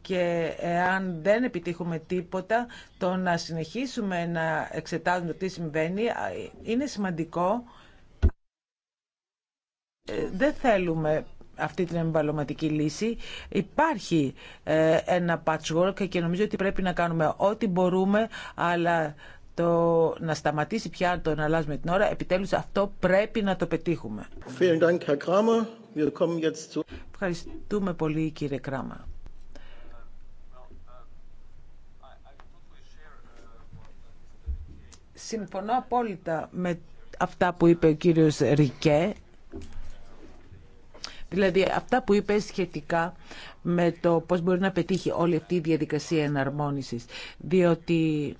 και εάν δεν επιτύχουμε τίποτα, το να συνεχίσουμε να εξετάζουμε τι συμβαίνει είναι σημαντικό. Ε, δεν θέλουμε αυτή την εμβαλωματική λύση. Υπάρχει ε, ένα patchwork και νομίζω ότι πρέπει να κάνουμε ό,τι μπορούμε, αλλά το να σταματήσει πια το να αλλάζουμε την ώρα. Επιτέλους αυτό πρέπει να το πετύχουμε. Ευχαριστούμε πολύ κύριε Κράμα. Συμφωνώ απόλυτα με αυτά που είπε ο κύριος Ρικέ. Δηλαδή αυτά που είπε σχετικά με το πώς μπορεί να πετύχει όλη αυτή η διαδικασία εναρμόνισης. Διότι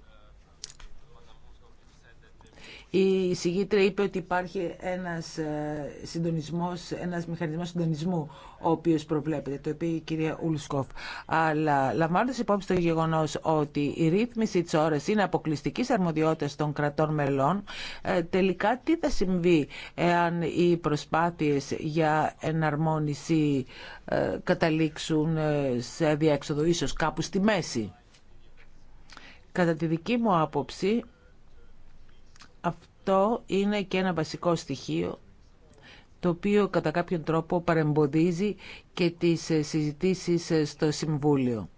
η συγγήτρια είπε ότι υπάρχει ένας ε, συντονισμός, ένας μηχανισμός συντονισμού ο οποίος προβλέπεται, το είπε η κυρία Ουλσκοφ. Αλλά λαμβάνοντα υπόψη το γεγονός ότι η ρύθμιση της ώρας είναι αποκλειστική αρμοδιότητα των κρατών μελών, ε, τελικά τι θα συμβεί εάν οι προσπάθειες για εναρμόνιση ε, καταλήξουν σε διέξοδο, ίσως κάπου στη μέση. Κατά τη δική μου άποψη, αυτό είναι και ένα βασικό στοιχείο το οποίο κατά κάποιον τρόπο παρεμποδίζει και τις συζητήσεις στο Συμβούλιο.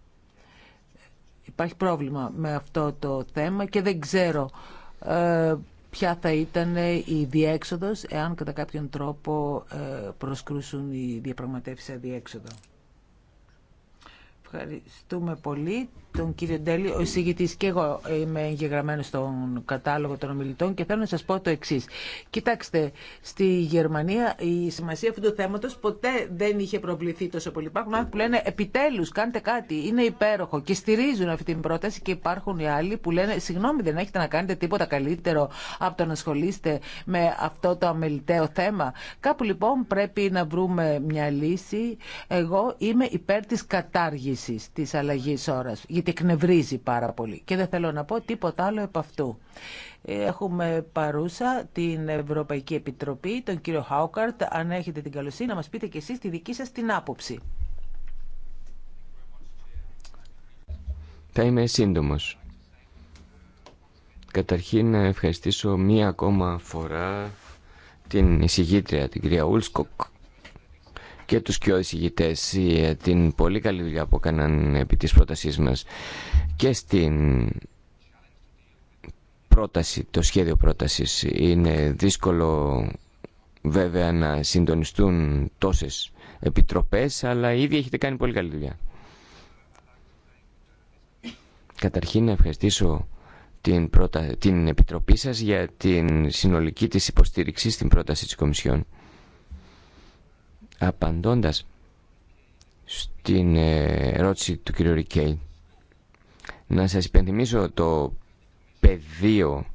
Υπάρχει πρόβλημα με αυτό το θέμα και δεν ξέρω ε, ποια θα ήταν η διέξοδος εάν κατά κάποιον τρόπο ε, προσκρούσουν οι διαπραγματεύσεις αδιέξοδο. Ευχαριστούμε πολύ τον κύριο Ντέλη, ο εισηγητή και εγώ είμαι εγγεγραμμένο στον κατάλογο των ομιλητών και θέλω να σα πω το εξή. Κοιτάξτε, στη Γερμανία η σημασία αυτού του θέματο ποτέ δεν είχε προβληθεί τόσο πολύ. Υπάρχουν άνθρωποι που λένε επιτέλου κάντε κάτι, είναι υπέροχο και στηρίζουν αυτή την πρόταση και υπάρχουν οι άλλοι που λένε συγγνώμη δεν έχετε να κάνετε τίποτα καλύτερο από το να ασχολείστε με αυτό το αμεληταίο θέμα. Κάπου λοιπόν πρέπει να βρούμε μια λύση. Εγώ είμαι υπέρ τη κατάργηση τη αλλαγή ώρα γιατί εκνευρίζει πάρα πολύ. Και δεν θέλω να πω τίποτα άλλο επ' αυτού. Έχουμε παρούσα την Ευρωπαϊκή Επιτροπή, τον κύριο Χάουκαρτ. Αν έχετε την καλοσύνη να μας πείτε και εσείς τη δική σας την άποψη. Θα είμαι σύντομος. Καταρχήν να ευχαριστήσω μία ακόμα φορά την εισηγήτρια, την κυρία Ούλσκοκ, και τους και εισηγητές για ε, την πολύ καλή δουλειά που έκαναν επί της πρότασής μας και στην πρόταση, το σχέδιο πρότασης. Είναι δύσκολο βέβαια να συντονιστούν τόσες επιτροπές, αλλά ήδη έχετε κάνει πολύ καλή δουλειά. Καταρχήν να ευχαριστήσω την, την Επιτροπή σας για την συνολική της υποστήριξη στην πρόταση της Κομισιόν. Απαντώντας στην ε, ερώτηση του κ. Ρικέι, να σας υπενθυμίσω το πεδίο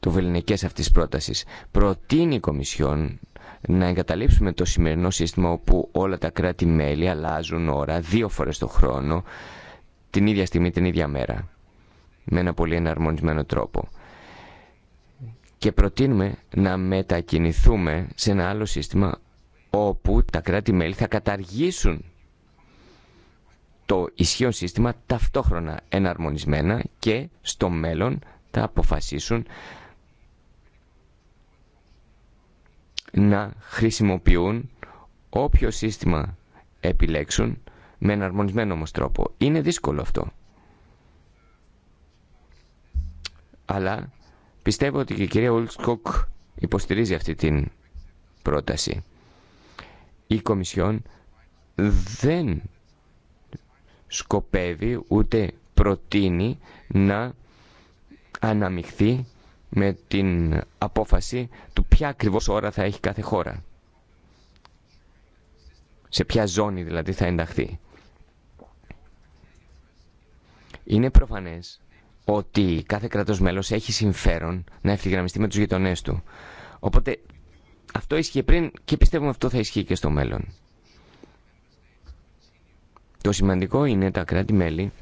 του Βελληνικές αυτής πρότασης. Προτείνει η Κομισιόν να εγκαταλείψουμε το σημερινό σύστημα όπου όλα τα κράτη-μέλη αλλάζουν ώρα δύο φορές το χρόνο, την ίδια στιγμή, την ίδια μέρα, με ένα πολύ εναρμονισμένο τρόπο και προτείνουμε να μετακινηθούμε σε ένα άλλο σύστημα όπου τα κράτη-μέλη θα καταργήσουν το ισχύον σύστημα ταυτόχρονα εναρμονισμένα και στο μέλλον θα αποφασίσουν να χρησιμοποιούν όποιο σύστημα επιλέξουν με εναρμονισμένο όμως τρόπο. Είναι δύσκολο αυτό. Αλλά Πιστεύω ότι και η κυρία Ουλσκοκ υποστηρίζει αυτή την πρόταση. Η Κομισιόν δεν σκοπεύει ούτε προτείνει να αναμειχθεί με την απόφαση του ποια ακριβώς ώρα θα έχει κάθε χώρα. Σε ποια ζώνη δηλαδή θα ενταχθεί. Είναι προφανές ότι κάθε κρατό μέλο έχει συμφέρον να ευθυγραμμιστεί με τους γειτονές του. Οπότε αυτό ισχύει πριν και πιστεύουμε αυτό θα ισχύει και στο μέλλον. Το σημαντικό είναι τα κράτη-μέλη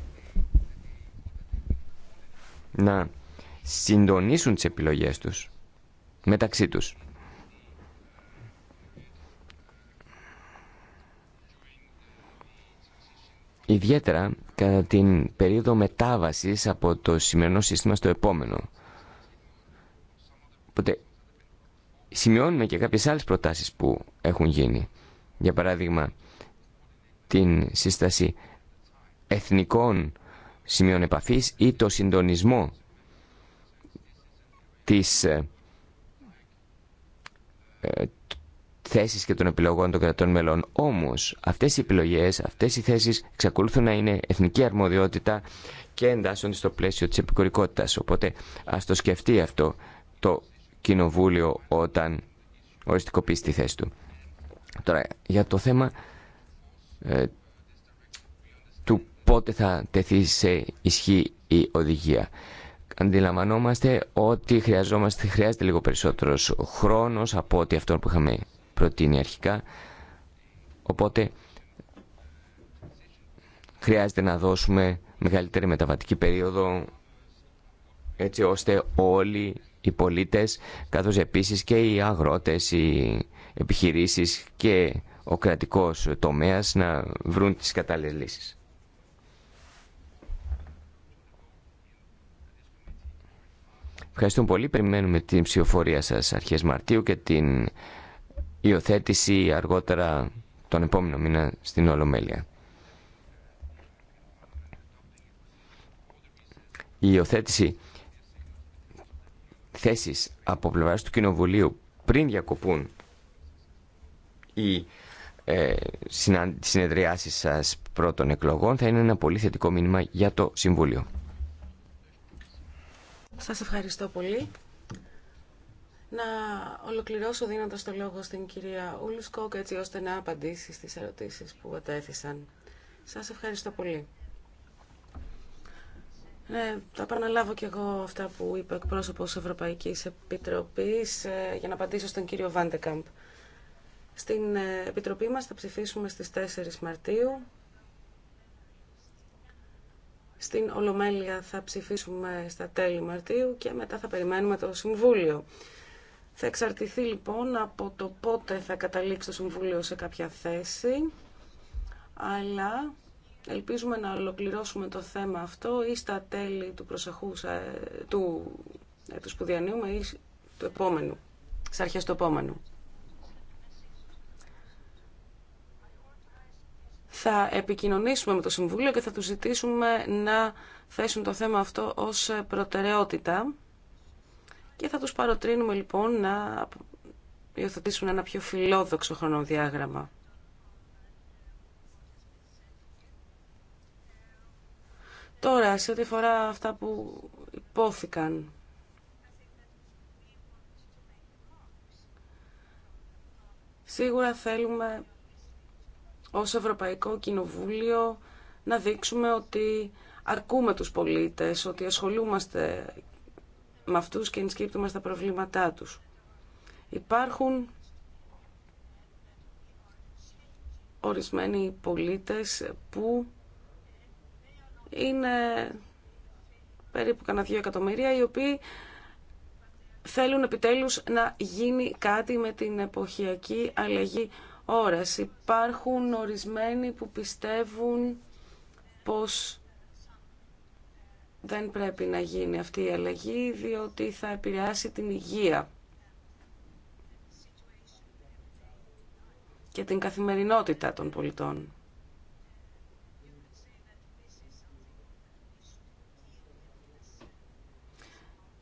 να συντονίσουν τις επιλογές τους μεταξύ τους. Ιδιαίτερα κατά την περίοδο μετάβασης από το σημερινό σύστημα στο επόμενο. Οπότε σημειώνουμε και κάποιες άλλες προτάσεις που έχουν γίνει. Για παράδειγμα, την σύσταση εθνικών σημείων επαφής ή το συντονισμό της, ε, ε, θέσεις και των επιλογών των κρατών μελών. Όμως αυτές οι επιλογές, αυτές οι θέσεις εξακολουθούν να είναι εθνική αρμοδιότητα και εντάσσονται στο πλαίσιο της επικορικότητας. Οπότε ας το σκεφτεί αυτό το Κοινοβούλιο όταν οριστικοποιήσει τη θέση του. Τώρα, για το θέμα ε, του πότε θα τεθεί σε ισχύ η οδηγία. Αντιλαμβανόμαστε ότι χρειάζεται λίγο περισσότερος χρόνος από ό,τι αυτό που είχαμε προτείνει αρχικά. Οπότε χρειάζεται να δώσουμε μεγαλύτερη μεταβατική περίοδο έτσι ώστε όλοι οι πολίτες καθώς επίσης και οι αγρότες, οι επιχειρήσεις και ο κρατικός τομέας να βρουν τις κατάλληλες λύσεις. Ευχαριστούμε πολύ. Περιμένουμε την ψηφοφορία σας αρχές Μαρτίου και την υιοθέτηση αργότερα τον επόμενο μήνα στην Ολομέλεια. Η υιοθέτηση θέσεις από πλευράς του Κοινοβουλίου πριν διακοπούν οι ε, συνεδριάσεις σας πρώτων εκλογών θα είναι ένα πολύ θετικό μήνυμα για το Συμβούλιο. Σας ευχαριστώ πολύ να ολοκληρώσω δίνοντας το λόγο στην κυρία Ουλουσκόκ έτσι ώστε να απαντήσει στις ερωτήσεις που ατέθησαν. Σας ευχαριστώ πολύ. Ναι, θα επαναλάβω και εγώ αυτά που είπε ο εκπρόσωπος Ευρωπαϊκής Επιτροπής ε, για να απαντήσω στον κύριο Βάντεκαμπ. Στην ε, Επιτροπή μας θα ψηφίσουμε στις 4 Μαρτίου. Στην Ολομέλεια θα ψηφίσουμε στα τέλη Μαρτίου και μετά θα περιμένουμε το Συμβούλιο. Θα εξαρτηθεί λοιπόν από το πότε θα καταλήξει το Συμβούλιο σε κάποια θέση, αλλά ελπίζουμε να ολοκληρώσουμε το θέμα αυτό ή στα τέλη του προσεχού ε, του, του σπουδιανίου ή του επόμενου, στις αρχές του επόμενου. θα επικοινωνήσουμε με το Συμβούλιο και θα του ζητήσουμε να θέσουν το θέμα αυτό ως προτεραιότητα και θα τους παροτρύνουμε λοιπόν να υιοθετήσουν ένα πιο φιλόδοξο χρονοδιάγραμμα. Τώρα, σε ό,τι αφορά αυτά που υπόθηκαν, σίγουρα θέλουμε ως Ευρωπαϊκό Κοινοβούλιο να δείξουμε ότι αρκούμε τους πολίτες, ότι ασχολούμαστε με αυτούς και ενσκύπτουμε στα προβλήματά τους. Υπάρχουν ορισμένοι πολίτες που είναι περίπου κανένα δύο εκατομμύρια οι οποίοι θέλουν επιτέλους να γίνει κάτι με την εποχιακή αλλαγή ώρας. Υπάρχουν ορισμένοι που πιστεύουν πως δεν πρέπει να γίνει αυτή η αλλαγή διότι θα επηρεάσει την υγεία και την καθημερινότητα των πολιτών.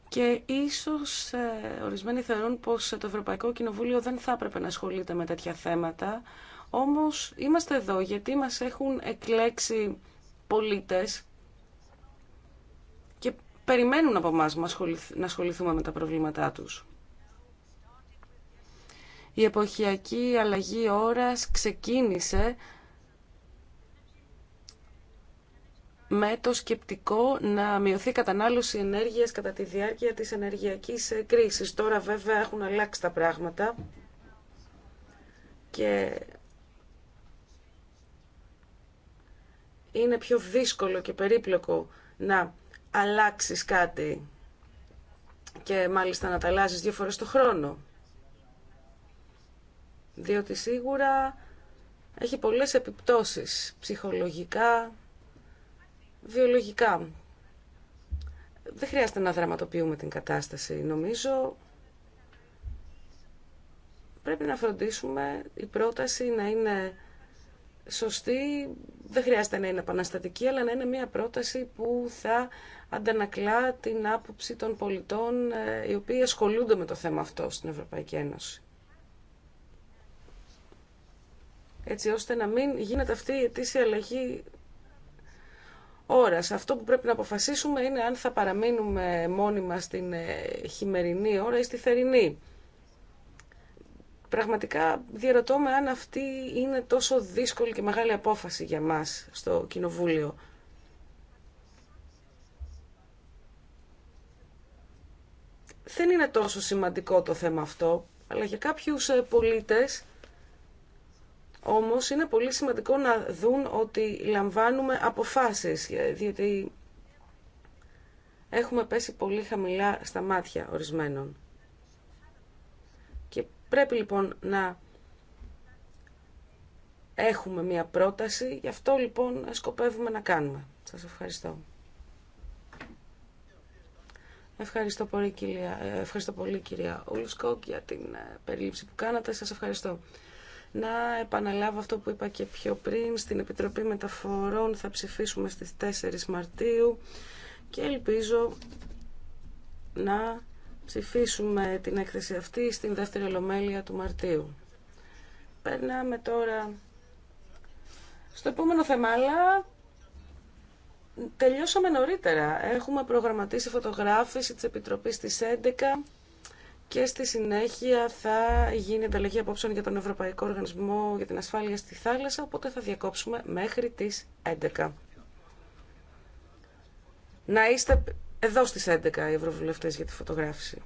Και ίσως ε, ορισμένοι θεωρούν πως το Ευρωπαϊκό Κοινοβούλιο δεν θα έπρεπε να ασχολείται με τέτοια θέματα, όμως είμαστε εδώ γιατί μας έχουν εκλέξει πολίτες περιμένουν από εμά να ασχοληθούμε με τα προβλήματά τους. Η εποχιακή αλλαγή ώρας ξεκίνησε με το σκεπτικό να μειωθεί η κατανάλωση ενέργειας κατά τη διάρκεια της ενεργειακής ε, κρίσης. Τώρα βέβαια έχουν αλλάξει τα πράγματα και είναι πιο δύσκολο και περίπλοκο να αλλάξεις κάτι και μάλιστα να τα αλλάζεις δύο φορές το χρόνο. Διότι σίγουρα έχει πολλές επιπτώσεις ψυχολογικά, βιολογικά. Δεν χρειάζεται να δραματοποιούμε την κατάσταση. Νομίζω πρέπει να φροντίσουμε η πρόταση να είναι σωστή. Δεν χρειάζεται να είναι επαναστατική, αλλά να είναι μια πρόταση που θα αντανακλά την άποψη των πολιτών ε, οι οποίοι ασχολούνται με το θέμα αυτό στην Ευρωπαϊκή Ένωση. Έτσι ώστε να μην γίνεται αυτή η αιτήσια αλλαγή ώρας. Αυτό που πρέπει να αποφασίσουμε είναι αν θα παραμείνουμε μόνιμα στην ε, χειμερινή ώρα ή στη θερινή. Πραγματικά διαρωτώ με αν αυτή είναι τόσο δύσκολη και μεγάλη απόφαση για μας στο Κοινοβούλιο. δεν είναι τόσο σημαντικό το θέμα αυτό, αλλά για κάποιους ε, πολίτες όμως είναι πολύ σημαντικό να δουν ότι λαμβάνουμε αποφάσεις, ε, διότι έχουμε πέσει πολύ χαμηλά στα μάτια ορισμένων. Και πρέπει λοιπόν να έχουμε μία πρόταση, γι' αυτό λοιπόν σκοπεύουμε να κάνουμε. Σας ευχαριστώ. Ευχαριστώ πολύ κυρία, ε, ευχαριστώ πολύ, κυρία Ουλσκοκ για την ε, περίληψη που κάνατε. Σας ευχαριστώ. Να επαναλάβω αυτό που είπα και πιο πριν. Στην Επιτροπή Μεταφορών θα ψηφίσουμε στις 4 Μαρτίου και ελπίζω να ψηφίσουμε την έκθεση αυτή στην δεύτερη ολομέλεια του Μαρτίου. Περνάμε τώρα στο επόμενο θέμα, Τελειώσαμε νωρίτερα. Έχουμε προγραμματίσει φωτογράφηση της Επιτροπής στις 11 και στη συνέχεια θα γίνει ανταλλαγή απόψεων για τον Ευρωπαϊκό Οργανισμό για την Ασφάλεια στη Θάλασσα, οπότε θα διακόψουμε μέχρι τις 11. Να είστε εδώ στις 11 οι ευρωβουλευτές για τη φωτογράφηση.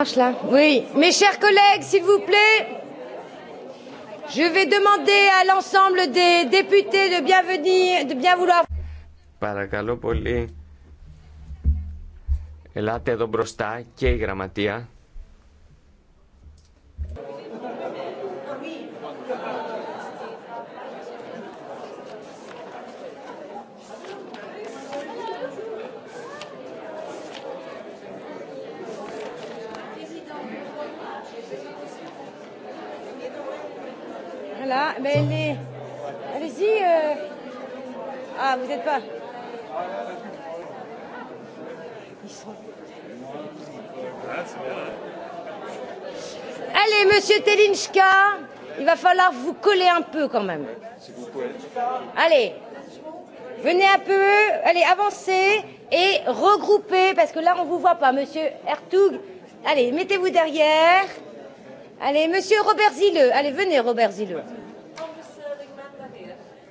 Oui, mes chers collègues, s'il vous plaît, je vais demander à l'ensemble des députés de bien venir, de bien vouloir. Παρακαλώ πολύ, ελάτε εδώ μπροστά και η là. mais elle est... Allez-y. Euh... Ah, vous n'êtes pas... Allez, monsieur Telinchka, il va falloir vous coller un peu quand même. Allez, venez un peu, allez, avancez et regroupez, parce que là, on ne vous voit pas, monsieur Hertoug. Allez, mettez-vous derrière. Allez, monsieur Robert Zilleux. Allez, venez, Robert Zilleux.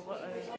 door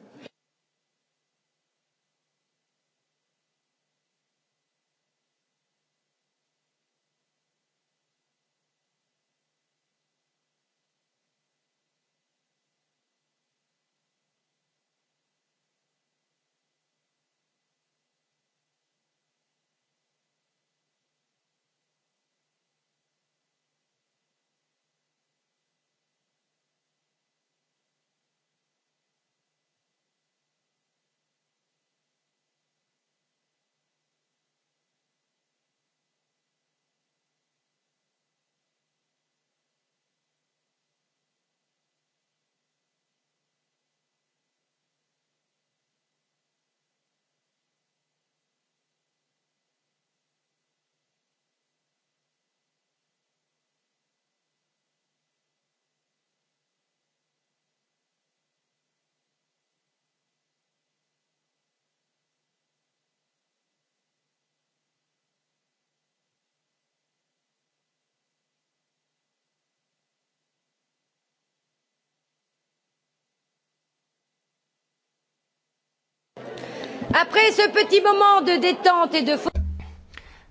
Après ce petit moment de détente et de...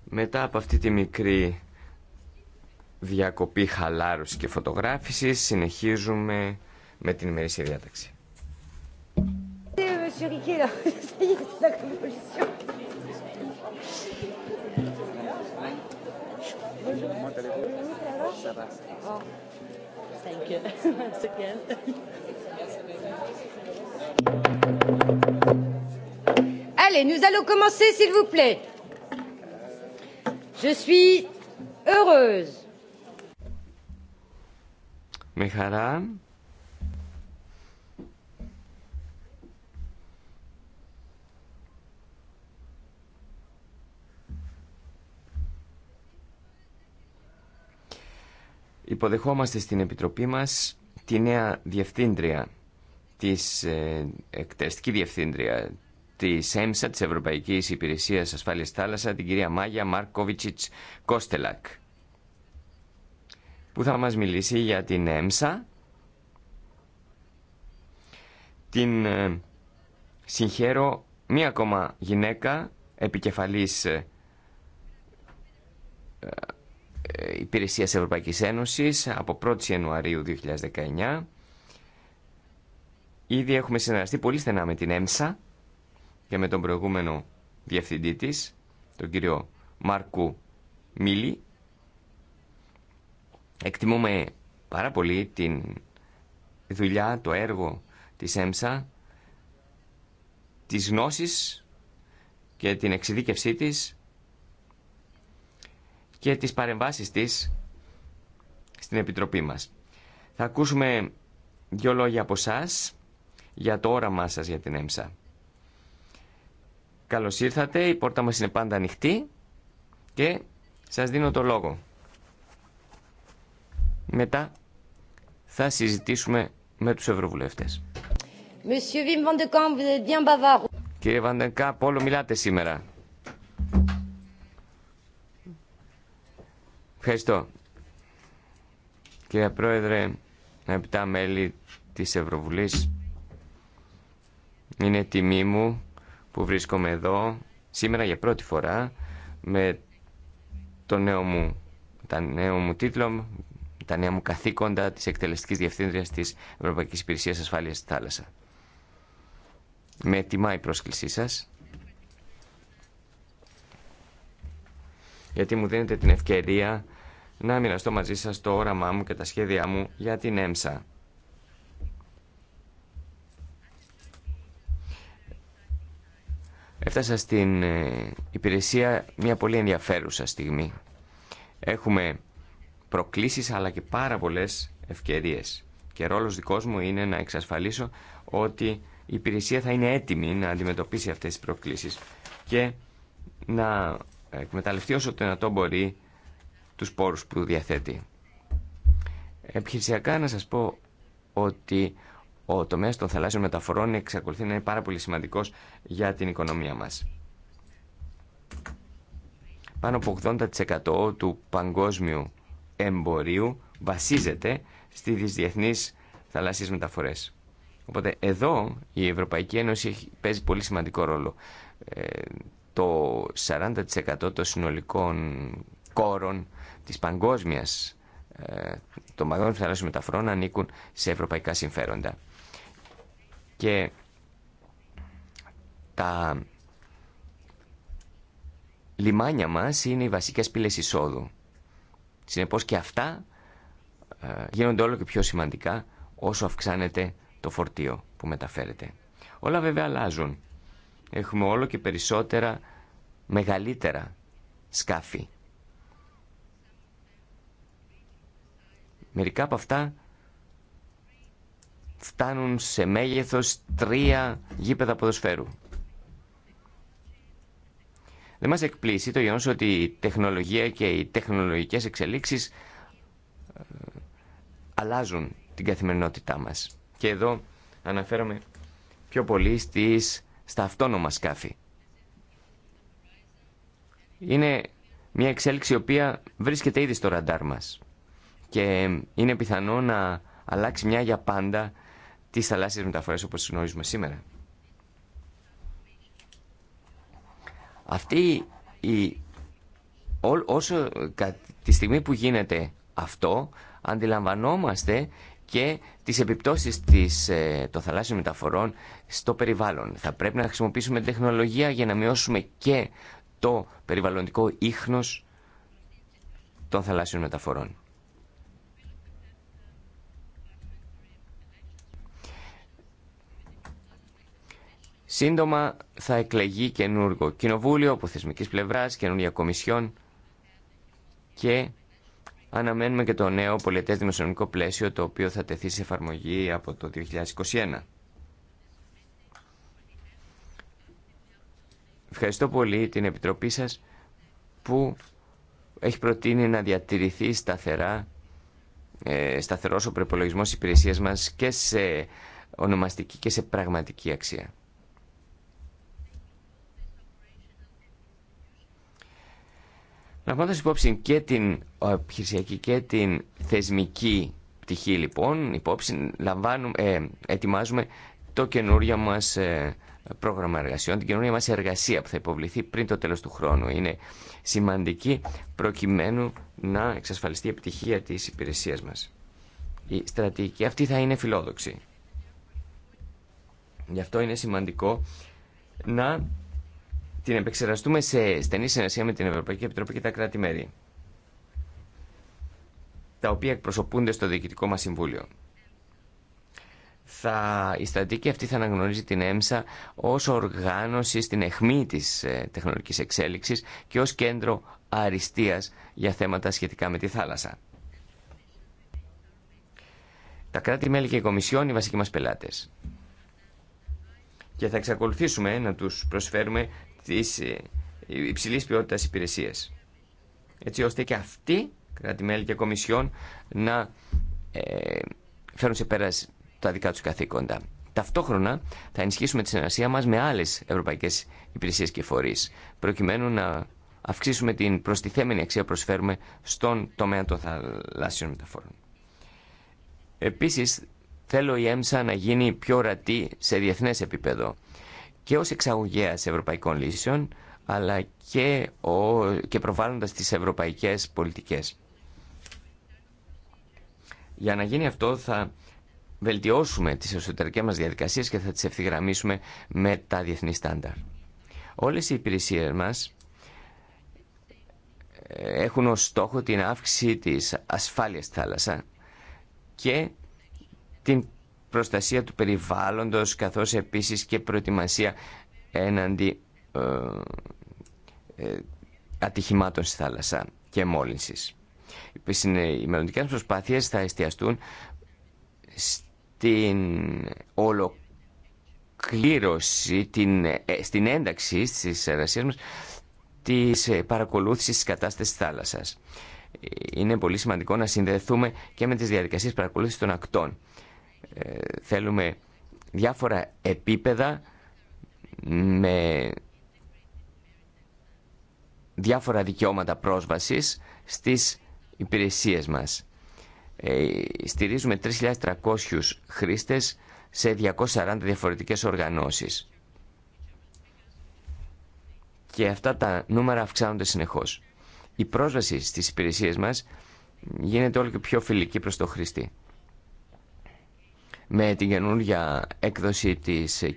Μετά από αυτή τη μικρή διακοπή χαλάρωση και φωτογράφηση συνεχίζουμε με την ημερήσια διάταξη. Allez, nous allons commencer, s'il vous plaît. Je suis heureuse. Με χαρά. Υποδεχόμαστε στην Επιτροπή μας τη νέα διευθύντρια, της, ε, εκτελεστική διευθύντρια τη ΕΜΣΑ, τη Ευρωπαϊκή Υπηρεσία Ασφάλειας Θάλασσα, την κυρία Μάγια Μάρκοβιτσιτ Κόστελακ, που θα μα μιλήσει για την ΕΜΣΑ, την ε, συγχαίρω μία ακόμα γυναίκα, επικεφαλής ε, ε, Υπηρεσίας Ευρωπαϊκής Ένωσης από 1η Ιανουαρίου 2019. Ήδη έχουμε συνεργαστεί πολύ στενά με την ΕΜΣΑ και με τον προηγούμενο διευθυντή της, τον κύριο Μάρκου Μίλη. Εκτιμούμε πάρα πολύ την δουλειά, το έργο της ΕΜΣΑ, τις γνώσεις και την εξειδίκευσή της και τις παρεμβάσεις της στην Επιτροπή μας. Θα ακούσουμε δύο λόγια από εσά για το όραμά σας για την ΕΜΣΑ. Καλώς ήρθατε, η πόρτα μας είναι πάντα ανοιχτή και σας δίνω το λόγο. Μετά θα συζητήσουμε με τους ευρωβουλευτές. Κύριε Βαντεκά, όλο μιλάτε σήμερα. Ευχαριστώ. Κύριε Πρόεδρε, επτά μέλη της Ευρωβουλής, είναι τιμή μου που βρίσκομαι εδώ σήμερα για πρώτη φορά με το νέο μου, τα νέο μου τίτλο, τα νέα μου καθήκοντα της εκτελεστικής διευθύντριας της Ευρωπαϊκής Υπηρεσίας Ασφάλειας στη Θάλασσα. Με τιμά η πρόσκλησή σας, γιατί μου δίνετε την ευκαιρία να μοιραστώ μαζί σας το όραμά μου και τα σχέδιά μου για την ΕΜΣΑ. Έφτασα στην ε, υπηρεσία μια πολύ ενδιαφέρουσα στιγμή. Έχουμε προκλήσεις αλλά και πάρα πολλές ευκαιρίες. Και ρόλος δικός μου είναι να εξασφαλίσω ότι η υπηρεσία θα είναι έτοιμη να αντιμετωπίσει αυτές τις προκλήσεις και να εκμεταλλευτεί όσο το δυνατό μπορεί τους πόρους που διαθέτει. Επιχειρησιακά να σας πω ότι ο τομέας των θαλάσσιων μεταφορών εξακολουθεί να είναι πάρα πολύ σημαντικός για την οικονομία μας. Πάνω από 80% του παγκόσμιου εμπορίου βασίζεται στις διεθνείς θαλάσσιες μεταφορές. Οπότε εδώ η Ευρωπαϊκή Ένωση παίζει πολύ σημαντικό ρόλο. Ε, το 40% των συνολικών κόρων της παγκόσμιας ε, των παγκόσμιων θαλάσσιων μεταφορών ανήκουν σε ευρωπαϊκά συμφέροντα και τα λιμάνια μας είναι οι βασικές πύλες εισόδου. Συνεπώς και αυτά ε, γίνονται όλο και πιο σημαντικά όσο αυξάνεται το φορτίο που μεταφέρεται. Όλα βέβαια αλλάζουν. Έχουμε όλο και περισσότερα μεγαλύτερα σκάφη. Μερικά από αυτά φτάνουν σε μέγεθος τρία γήπεδα ποδοσφαίρου. Δεν μας εκπλήσει το γεγονός ότι η τεχνολογία και οι τεχνολογικές εξελίξεις ε, αλλάζουν την καθημερινότητά μας. Και εδώ αναφέρομαι πιο πολύ στις, στα αυτόνομα σκάφη. Είναι μια εξέλιξη η οποία βρίσκεται ήδη στο ραντάρ μας και είναι πιθανό να αλλάξει μια για πάντα τις θαλάσσιες μεταφορές όπως γνωρίζουμε σήμερα. Αυτή η, ό, όσο τη στιγμή που γίνεται αυτό αντιλαμβανόμαστε και τις επιπτώσεις της, ε, των θαλάσσιων μεταφορών στο περιβάλλον. Θα πρέπει να χρησιμοποιήσουμε τεχνολογία για να μειώσουμε και το περιβαλλοντικό ίχνος των θαλάσσιων μεταφορών. Σύντομα θα εκλεγεί καινούργο κοινοβούλιο από θεσμικής πλευράς, καινούργια κομισιόν και αναμένουμε και το νέο πολιτές δημοσιονομικό πλαίσιο το οποίο θα τεθεί σε εφαρμογή από το 2021. Ευχαριστώ πολύ την Επιτροπή σας που έχει προτείνει να διατηρηθεί σταθερά ε, σταθερός ο προπολογισμό της υπηρεσίας μας και σε ονομαστική και σε πραγματική αξία. Λαμβάνοντα υπόψη και την ε, επιχειρησιακή και την θεσμική πτυχή, λοιπόν, υπόψη, λαμβάνουμε, ε, ετοιμάζουμε το καινούργιο μα ε, πρόγραμμα εργασιών, την καινούργια μα εργασία που θα υποβληθεί πριν το τέλο του χρόνου. Είναι σημαντική προκειμένου να εξασφαλιστεί η επιτυχία τη υπηρεσία μα. Η στρατηγική αυτή θα είναι φιλόδοξη. Γι' αυτό είναι σημαντικό να την επεξεργαστούμε σε στενή συνεργασία με την Ευρωπαϊκή Επιτροπή και τα κράτη-μέρη, τα οποία εκπροσωπούνται στο Διοικητικό μας Συμβούλιο. Θα, η στρατηγική αυτή θα αναγνωρίζει την ΕΜΣΑ ως οργάνωση στην αιχμή της ε, τεχνολογικής εξέλιξης και ως κέντρο αριστείας για θέματα σχετικά με τη θάλασσα. Τα κράτη-μέλη και η Κομισιόν οι βασικοί μας πελάτες. Και θα εξακολουθήσουμε να τους προσφέρουμε Τη υψηλής ποιότητας υπηρεσίες. Έτσι ώστε και αυτοί, κράτη-μέλη και κομισιόν, να ε, φέρουν σε πέρα τα δικά τους καθήκοντα. Ταυτόχρονα θα ενισχύσουμε τη συνεργασία μας με άλλες ευρωπαϊκές υπηρεσίες και φορείς, προκειμένου να αυξήσουμε την προστιθέμενη αξία που προσφέρουμε στον τομέα των θαλάσσιων μεταφόρων. Επίσης, θέλω η ΕΜΣΑ να γίνει πιο ορατή σε διεθνές επίπεδο και ως εξαγωγέας ευρωπαϊκών λύσεων αλλά και, ο, και προβάλλοντας τις ευρωπαϊκές πολιτικές. Για να γίνει αυτό θα βελτιώσουμε τις εσωτερικές μας διαδικασίες και θα τις ευθυγραμμίσουμε με τα διεθνή στάνταρ. Όλες οι υπηρεσίες μας έχουν ως στόχο την αύξηση της ασφάλειας θάλασσα και την προστασία του περιβάλλοντος καθώς επίσης και προετοιμασία έναντι ε, ε ατυχημάτων στη θάλασσα και μόλυνσης. Οι μελλοντικές προσπάθειες θα εστιαστούν στην ολοκλήρωση, την, ε, στην ένταξη στις εργασίες μας της παρακολούθησης της κατάστασης θάλασσας. Ε, είναι πολύ σημαντικό να συνδεθούμε και με τις διαδικασίες παρακολούθησης των ακτών. Ε, θέλουμε διάφορα επίπεδα με διάφορα δικαιώματα πρόσβασης στις υπηρεσίες μας. Ε, στηρίζουμε 3.300 χρήστες σε 240 διαφορετικές οργανώσεις. Και αυτά τα νούμερα αυξάνονται συνεχώς. Η πρόσβαση στις υπηρεσίες μας γίνεται όλο και πιο φιλική προς το χρήστη με την καινούργια έκδοση της ε,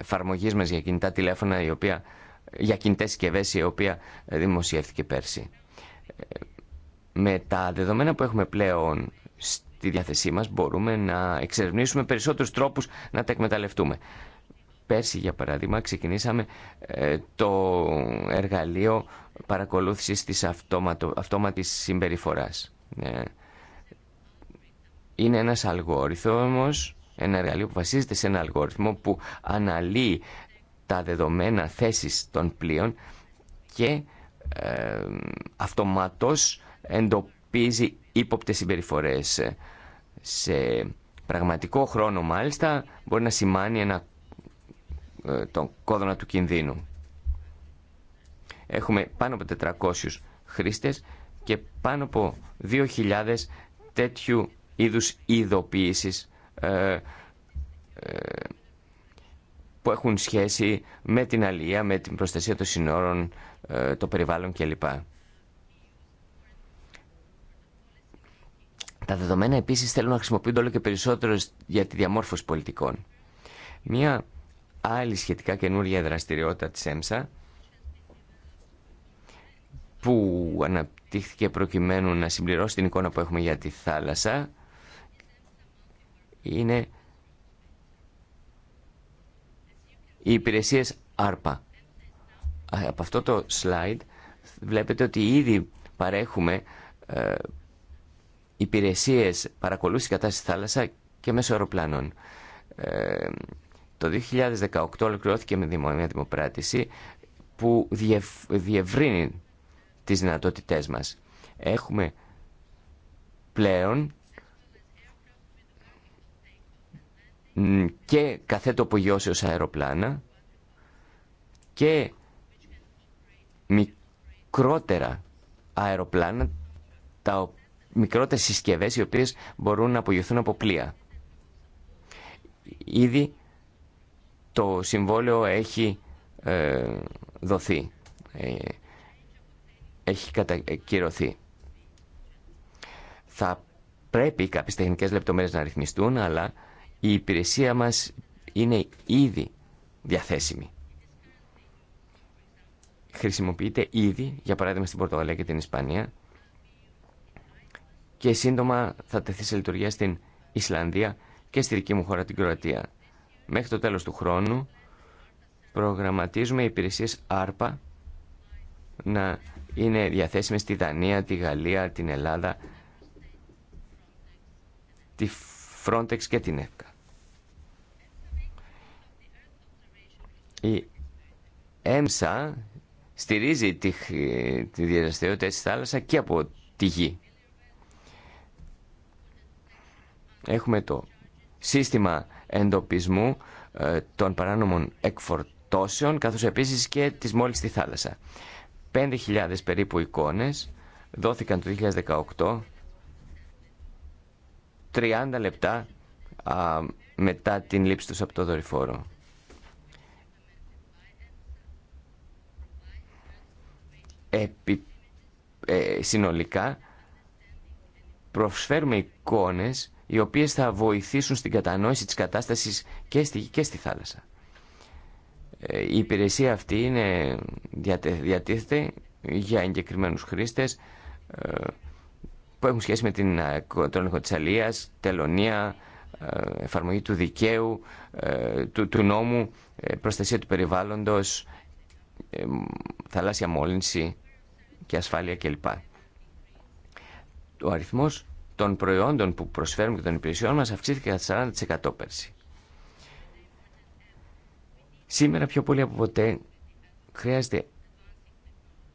εφαρμογή μας για κινητά τηλέφωνα, η οποία, για κινητές συσκευέ, η οποία δημοσιεύτηκε πέρσι. Ε, με τα δεδομένα που έχουμε πλέον στη διάθεσή μας μπορούμε να εξερευνήσουμε περισσότερους τρόπους να τα εκμεταλλευτούμε. Πέρσι, για παράδειγμα, ξεκινήσαμε ε, το εργαλείο παρακολούθησης της αυτόματο, αυτόματης συμπεριφοράς είναι ένας αλγόριθμος, ένα εργαλείο που βασίζεται σε ένα αλγόριθμο που αναλύει τα δεδομένα θέσεις των πλοίων και ε, αυτοματώς εντοπίζει ύποπτες συμπεριφορές. Σε πραγματικό χρόνο μάλιστα μπορεί να σημάνει ε, τον κόδωνα του κινδύνου. Έχουμε πάνω από 400 χρήστες και πάνω από 2.000 τέτοιου είδους ειδοποίησης ε, ε, που έχουν σχέση με την αλληλεία, με την προστασία των συνόρων, ε, το περιβάλλον κλπ. Τα δεδομένα επίσης θέλουν να χρησιμοποιούνται όλο και περισσότερο για τη διαμόρφωση πολιτικών. Μία άλλη σχετικά καινούργια δραστηριότητα της ΕΜΣΑ που αναπτύχθηκε προκειμένου να συμπληρώσει την εικόνα που έχουμε για τη θάλασσα είναι οι υπηρεσίες ΑΡΠΑ. Από αυτό το slide βλέπετε ότι ήδη παρέχουμε ε, υπηρεσίες παρακολούθησης κατάστασης θάλασσα και μέσω αεροπλάνων. Ε, το 2018 ολοκληρώθηκε με μια δημοπράτηση που διευρύνει τις δυνατότητές μας. Έχουμε πλέον και καθέτο απογειώσεως αεροπλάνα και μικρότερα αεροπλάνα, τα μικρότερες συσκευές οι οποίες μπορούν να απογειωθούν από πλοία. Ήδη το συμβόλαιο έχει ε, δοθεί, ε, έχει κατακυρωθεί. Θα πρέπει κάποιες τεχνικές λεπτομέρειες να ρυθμιστούν, αλλά η υπηρεσία μας είναι ήδη διαθέσιμη. Χρησιμοποιείται ήδη, για παράδειγμα στην Πορτογαλία και την Ισπανία και σύντομα θα τεθεί σε λειτουργία στην Ισλανδία και στη δική μου χώρα την Κροατία. Μέχρι το τέλος του χρόνου προγραμματίζουμε υπηρεσίες ARPA να είναι διαθέσιμες στη Δανία, τη Γαλλία, την Ελλάδα, τη Frontex και την ΕΦΚΑ. Η ΕΜΣΑ στηρίζει τη, τη διαδραστηριότητα της θάλασσα και από τη γη. Έχουμε το σύστημα εντοπισμού ε, των παράνομων εκφορτώσεων, καθώς επίσης και της μόλις στη θάλασσα. 5.000 περίπου εικόνες δόθηκαν το 2018, 30 λεπτά μετά την λήψη τους από το δορυφόρο. επι, ε, συνολικά προσφέρουμε εικόνες οι οποίες θα βοηθήσουν στην κατανόηση της κατάστασης και στη, και στη θάλασσα. Ε, η υπηρεσία αυτή είναι, διατε, διατίθεται για εγκεκριμένου χρήστες ε, που έχουν σχέση με την, τον έλεγχο της τελωνία, εφαρμογή του δικαίου, του, του νόμου, προστασία του περιβάλλοντος, θαλάσσια μόλυνση και ασφάλεια κλπ. Ο αριθμός των προϊόντων που προσφέρουμε και των υπηρεσιών μας αυξήθηκε κατά 40% πέρσι. Σήμερα πιο πολύ από ποτέ χρειάζεται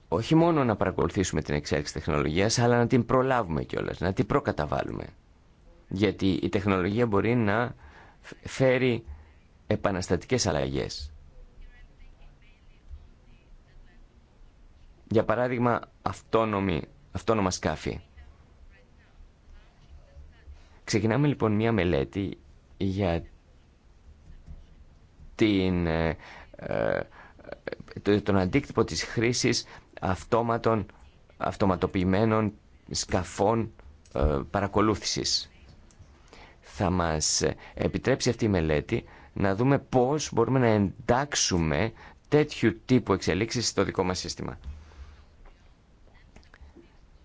όχι μόνο να παρακολουθήσουμε την εξέλιξη τεχνολογίας, αλλά να την προλάβουμε κιόλας, να την προκαταβάλουμε. Γιατί η τεχνολογία μπορεί να φέρει επαναστατικές αλλαγές. Για παράδειγμα, αυτόνομη, αυτόνομα σκάφη. Ξεκινάμε λοιπόν μία μελέτη για την, ε, ε, τον αντίκτυπο της χρήσης αυτόματων, αυτοματοποιημένων σκαφών ε, παρακολούθησης. Θα μας επιτρέψει αυτή η μελέτη να δούμε πώς μπορούμε να εντάξουμε τέτοιου τύπου εξελίξεις στο δικό μας σύστημα.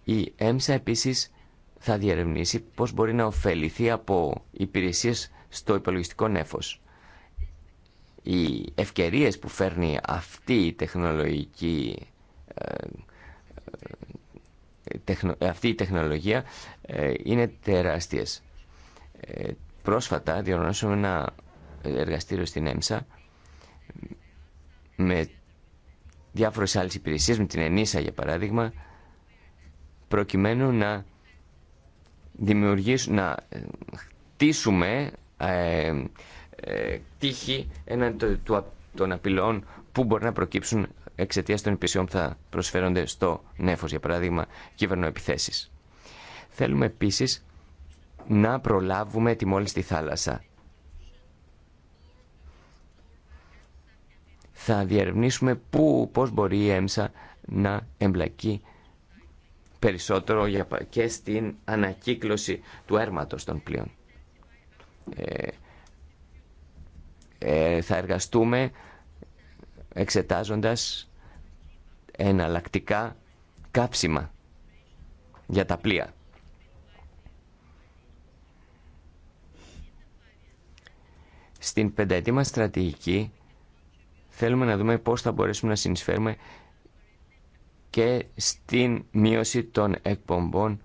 Η ΕΜΣΑ επίσης θα διερευνήσει πώς μπορεί να ωφεληθεί από υπηρεσίες στο υπολογιστικό νέφος. Οι ευκαιρίες που φέρνει αυτή η τεχνολογική ε, ε, αυτή η τεχνολογία ε, είναι τεράστιες. Πρόσφατα διοργανώσαμε ένα εργαστήριο στην ΕΜΣΑ με διάφορες άλλες υπηρεσίες, με την ΕΝΙΣΑ για παράδειγμα, προκειμένου να δημιουργήσουμε, να ε, χτίσουμε ε, ε, τύχη των απειλών που μπορεί να προκύψουν εξαιτία των υπηρεσιών που θα προσφέρονται στο νέφος, για παράδειγμα κυβερνοεπιθέσεις. Θέλουμε επίσης να προλάβουμε τη μόλις στη θάλασσα. Θα διερευνήσουμε πού, πώς μπορεί η ΕΜΣΑ να εμπλακεί περισσότερο και στην ανακύκλωση του έρματος των πλοίων. Ε, ε, θα εργαστούμε εξετάζοντας εναλλακτικά κάψιμα για τα πλοία. Στην πενταετή μας στρατηγική θέλουμε να δούμε πώς θα μπορέσουμε να συνεισφέρουμε και στην μείωση των εκπομπών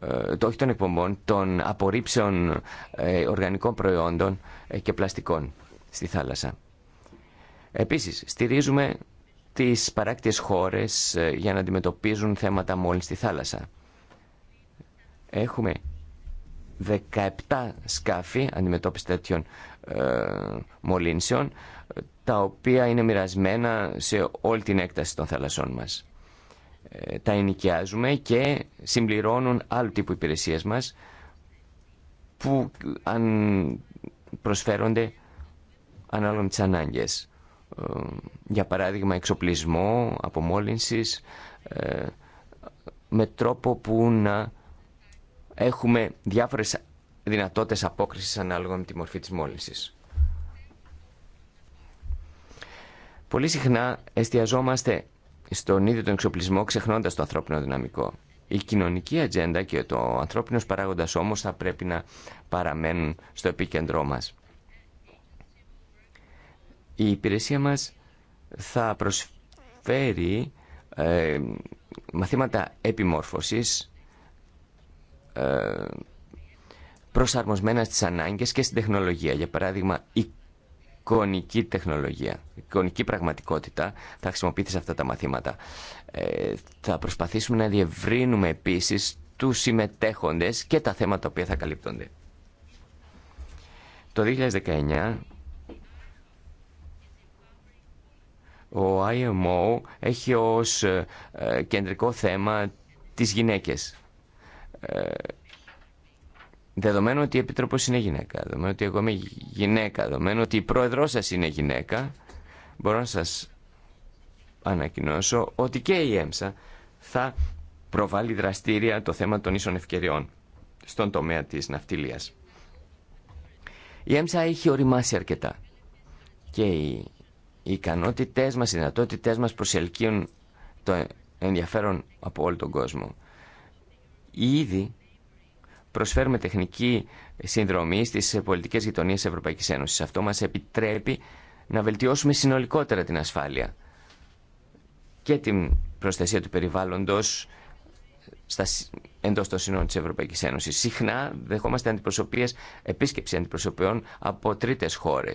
ε, το, των εκπομπών, των απορρίψεων ε, οργανικών προϊόντων ε, και πλαστικών στη θάλασσα. Επίσης, στηρίζουμε τις παράκτιες χώρες για να αντιμετωπίζουν θέματα μόλις στη θάλασσα. Έχουμε 17 σκάφη αντιμετώπιση τέτοιων μολύνσεων, τα οποία είναι μοιρασμένα σε όλη την έκταση των θαλασσών μας. Ε, τα ενοικιάζουμε και συμπληρώνουν άλλου τύπου υπηρεσίες μας που αν προσφέρονται ανάλογα με τις ανάγκες. Ε, για παράδειγμα εξοπλισμό, απομόλυνσης, ε, με τρόπο που να έχουμε διάφορες δυνατότητες απόκρισης ανάλογα με τη μορφή της μόλυνσης. Πολύ συχνά εστιαζόμαστε στον ίδιο τον εξοπλισμό ξεχνώντας το ανθρώπινο δυναμικό. Η κοινωνική ατζέντα και το ανθρώπινος παράγοντας όμως θα πρέπει να παραμένουν στο επίκεντρό μας. Η υπηρεσία μα θα προσφέρει ε, μαθήματα επιμόρφωσης ε, προσαρμοσμένα στις ανάγκες και στην τεχνολογία. Για παράδειγμα, η εικονική τεχνολογία, εικονική πραγματικότητα θα χρησιμοποιηθεί σε αυτά τα μαθήματα. Ε, θα προσπαθήσουμε να διευρύνουμε επίσης τους συμμετέχοντες και τα θέματα τα οποία θα καλύπτονται. Το 2019 ο IMO έχει ως ε, κεντρικό θέμα τις γυναίκες. Ε, Δεδομένου ότι η Επίτροπος είναι γυναίκα, δεδομένου ότι εγώ είμαι γυναίκα, δεδομένου ότι η Πρόεδρό σα είναι γυναίκα, μπορώ να σας ανακοινώσω ότι και η ΕΜΣΑ θα προβάλλει δραστήρια το θέμα των ίσων ευκαιριών στον τομέα της ναυτιλίας. Η ΕΜΣΑ έχει οριμάσει αρκετά και οι ικανότητές μας, οι δυνατότητές μας προσελκύουν το ενδιαφέρον από όλο τον κόσμο. Ήδη προσφέρουμε τεχνική συνδρομή στι πολιτικέ γειτονίε της Ευρωπαϊκής Ένωσης. Αυτό μα επιτρέπει να βελτιώσουμε συνολικότερα την ασφάλεια και την προστασία του περιβάλλοντο εντό των σύνορων τη Ευρωπαϊκή Ένωση. Συχνά δεχόμαστε αντιπροσωπείες, επίσκεψη αντιπροσωπείων από τρίτε χώρε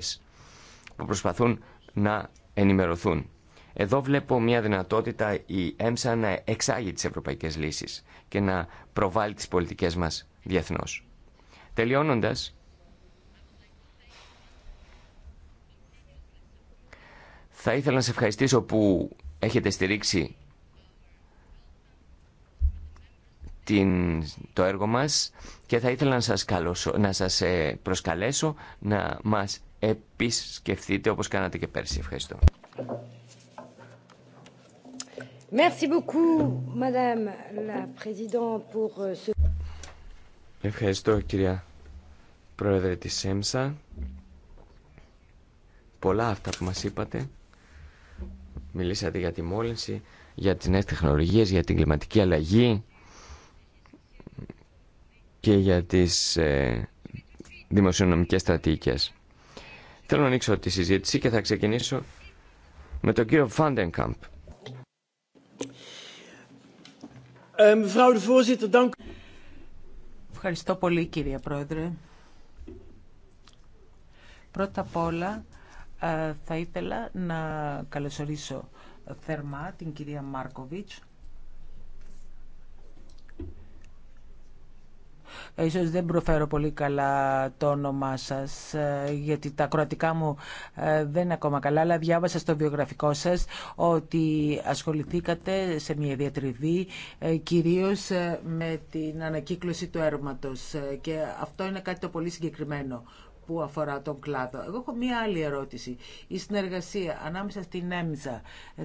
που προσπαθούν να ενημερωθούν. Εδώ βλέπω μια δυνατότητα η ΕΜΣΑ να εξάγει τις ευρωπαϊκές λύσεις και να προβάλλει τις πολιτικές μας διεθνώς. Τελειώνοντας, θα ήθελα να σε ευχαριστήσω που έχετε στηρίξει την, το έργο μας και θα ήθελα να σας, καλώσω, να σας ε, προσκαλέσω να μας επισκεφτείτε όπως κάνατε και πέρσι. Ευχαριστώ. Merci beaucoup, Madame la Présidente, euh, Ευχαριστώ κυρία Πρόεδρε της ΣΕΜΣΑ. Πολλά αυτά που μας είπατε. Μιλήσατε για τη μόλυνση, για τις νέες τεχνολογίες, για την κλιματική αλλαγή και για τις ε, δημοσιονομικές στρατηγικές. Θέλω να ανοίξω τη συζήτηση και θα ξεκινήσω με τον κύριο Φάντενκαμπ. ευχαριστώ. Ευχαριστώ πολύ κύριε Πρόεδρε. Πρώτα απ' όλα ε, θα ήθελα να καλωσορίσω θερμά την κυρία Μάρκοβιτς Ίσως δεν προφέρω πολύ καλά το όνομά σας, ε, γιατί τα κροατικά μου ε, δεν είναι ακόμα καλά, αλλά διάβασα στο βιογραφικό σας ότι ασχοληθήκατε σε μια διατριβή ε, κυρίως με την ανακύκλωση του έρματος και αυτό είναι κάτι το πολύ συγκεκριμένο που αφορά τον κλάδο. Εγώ έχω μία άλλη ερώτηση. Η συνεργασία ανάμεσα στην ΕΜΖΑ,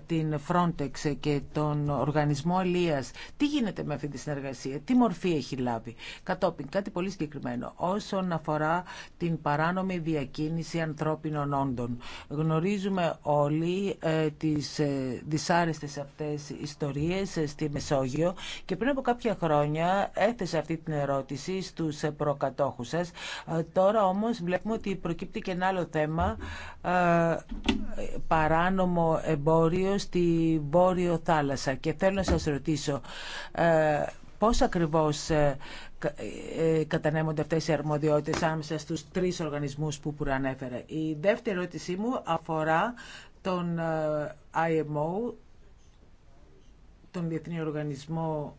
την Frontex και τον Οργανισμό Αλίας, τι γίνεται με αυτή τη συνεργασία, τι μορφή έχει λάβει. Κατόπιν, κάτι πολύ συγκεκριμένο, όσον αφορά την παράνομη διακίνηση ανθρώπινων όντων. Γνωρίζουμε όλοι ε, τις ε, δυσάρεστες αυτές ιστορίες ε, στη Μεσόγειο και πριν από κάποια χρόνια έθεσα αυτή την ερώτηση στους ε, προκατόχους σας. Ε, τώρα βλέπουμε ότι προκύπτει και ένα άλλο θέμα, ε, παράνομο εμπόριο στη Βόρειο Θάλασσα. Και θέλω να σας ρωτήσω, ε, πώς ακριβώς ε, κατανέμονται αυτές οι αρμοδιότητες άμεσα στους τρεις οργανισμούς που προανέφερα. Η δεύτερη ερώτησή μου αφορά τον IMO, τον Διεθνή Οργανισμό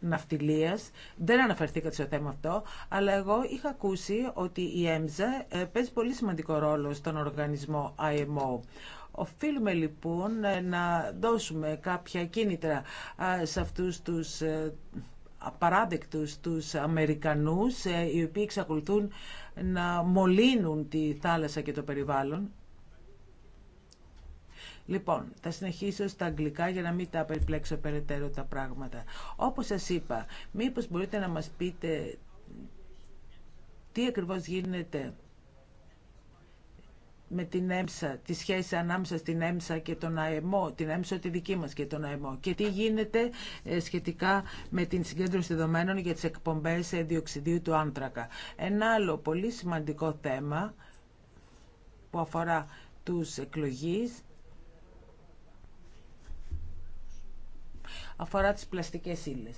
ναυτιλίας. Δεν αναφερθήκατε στο θέμα αυτό, αλλά εγώ είχα ακούσει ότι η ΕΜΖΑ ε, παίζει πολύ σημαντικό ρόλο στον οργανισμό IMO. Οφείλουμε λοιπόν ε, να δώσουμε κάποια κίνητρα σε αυτούς τους ε, απαράδεκτους τους Αμερικανούς οι οποίοι εξακολουθούν να μολύνουν τη θάλασσα και το περιβάλλον. Λοιπόν, θα συνεχίσω στα αγγλικά για να μην τα περιπλέξω περαιτέρω τα πράγματα. Όπως σας είπα, μήπως μπορείτε να μας πείτε τι ακριβώς γίνεται με την έμψα, τη σχέση ανάμεσα στην έμψα και τον ΑΕΜΟ, την έμψα τη δική μας και τον ΑΕΜΟ και τι γίνεται ε, σχετικά με την συγκέντρωση δεδομένων για τις εκπομπές διοξιδίου του άνθρακα. Ένα άλλο πολύ σημαντικό θέμα που αφορά τους εκλογείς αφορά τις πλαστικές ύλες,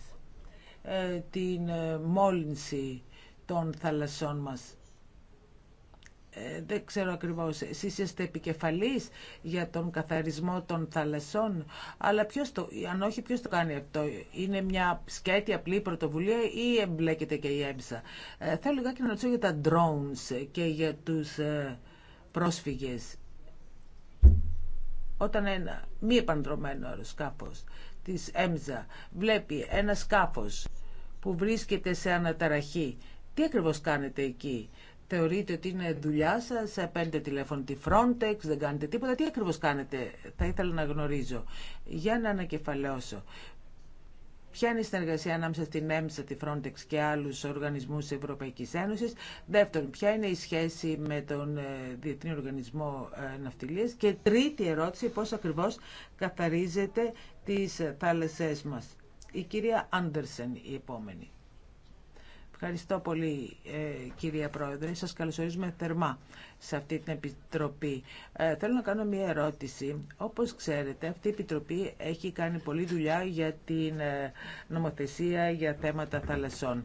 ε, την ε, μόλυνση των θαλασσών μας. Ε, δεν ξέρω ακριβώς, εσείς είστε επικεφαλής για τον καθαρισμό των θαλασσών, αλλά ποιος το, αν όχι ποιος το κάνει αυτό, είναι μια σκέτη απλή πρωτοβουλία ή εμπλέκεται και η ΕΜΣΑ. Θέλω λιγάκι να ρωτήσω για τα drones και για τους πρόσφυγες όταν ένα μη επανδρομένο αεροσκάφος της ΕΜΖΑ βλέπει ένα σκάφος που βρίσκεται σε αναταραχή, τι ακριβώς κάνετε εκεί. Θεωρείτε ότι είναι δουλειά σα, παίρνετε τηλέφωνο τη Frontex, δεν κάνετε τίποτα. Τι ακριβώ κάνετε, θα ήθελα να γνωρίζω. Για να ανακεφαλαιώσω. Ποια είναι η συνεργασία ανάμεσα στην ΕΜΣΑ, τη Frontex και άλλου οργανισμού τη Ευρωπαϊκή Ένωση. Δεύτερον, ποια είναι η σχέση με τον ε, Διεθνή Οργανισμό ε, Ναυτιλίας. Και τρίτη ερώτηση, πώ ακριβώ καθαρίζεται τις θάλασσές μας. Η κυρία Άντερσεν η επόμενη. Ευχαριστώ πολύ ε, κυρία Πρόεδρε. Σας καλωσορίζουμε θερμά σε αυτή την Επιτροπή. Ε, θέλω να κάνω μια ερώτηση. Όπως ξέρετε, αυτή η Επιτροπή έχει κάνει πολλή δουλειά για την ε, νομοθεσία για θέματα θαλασσών.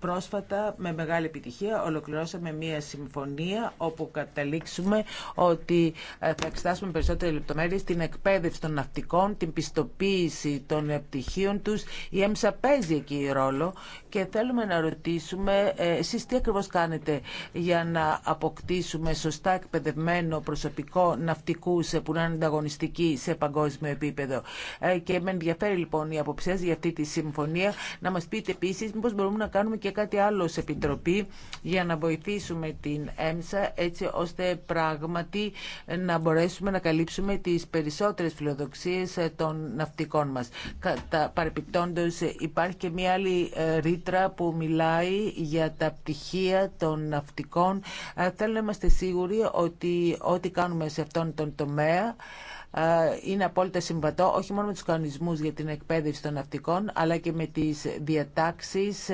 Πρόσφατα, με μεγάλη επιτυχία, ολοκληρώσαμε μία συμφωνία όπου καταλήξουμε ότι ε, θα εξετάσουμε περισσότερες λεπτομέρειες την εκπαίδευση των ναυτικών, την πιστοποίηση των επιτυχίων τους. Η ΕΜΣΑ παίζει εκεί ρόλο και θέλουμε να ρωτήσουμε ε, εσείς τι ακριβώς κάνετε για να αποκτήσουμε σωστά εκπαιδευμένο προσωπικό ναυτικού που να είναι ανταγωνιστική σε παγκόσμιο επίπεδο. Ε, και με ενδιαφέρει λοιπόν η αποψία για αυτή τη συμφωνία να μας πείτε επίσης μήπως μπορούμε να κάνουμε και και κάτι άλλο σε επιτροπή για να βοηθήσουμε την ΕΜΣΑ έτσι ώστε πράγματι να μπορέσουμε να καλύψουμε τις περισσότερες φιλοδοξίες ε, των ναυτικών μας. Παρεπιπτόντως υπάρχει και μια άλλη ε, ρήτρα που μιλάει για τα πτυχία των ναυτικών. Ε, θέλω να είμαστε σίγουροι ότι ό,τι κάνουμε σε αυτόν τον τομέα είναι απόλυτα συμβατό όχι μόνο με τους κανονισμούς για την εκπαίδευση των ναυτικών αλλά και με τις διατάξεις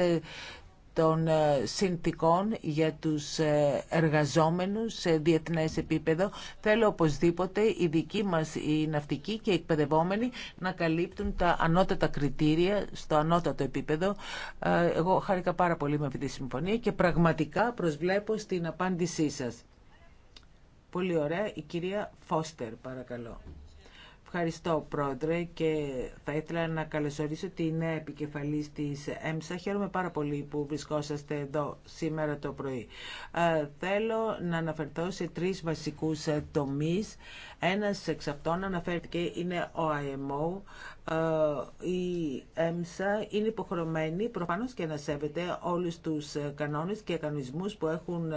των ε, συνθήκων για τους ε, εργαζόμενους σε διεθνές επίπεδο. Θέλω οπωσδήποτε οι δικοί μας οι ναυτικοί και οι εκπαιδευόμενοι να καλύπτουν τα ανώτατα κριτήρια στο ανώτατο επίπεδο. Ε, εγώ χάρηκα πάρα πολύ με αυτή τη συμφωνία και πραγματικά προσβλέπω στην απάντησή σας. Πολύ ωραία. Η κυρία Φώστερ, παρακαλώ. Ευχαριστώ πρόεδρε και θα ήθελα να καλωσορίσω την επικεφαλής της ΕΜΣΑ. Χαίρομαι πάρα πολύ που βρισκόσαστε εδώ σήμερα το πρωί. Ε, θέλω να αναφερθώ σε τρεις βασικούς ε, τομείς. Ένας εξ αυτών αναφέρθηκε είναι ο IMO. Ε, η ΕΜΣΑ είναι υποχρεωμένη προφανώς και να σέβεται όλους τους κανόνες και κανονισμού που έχουν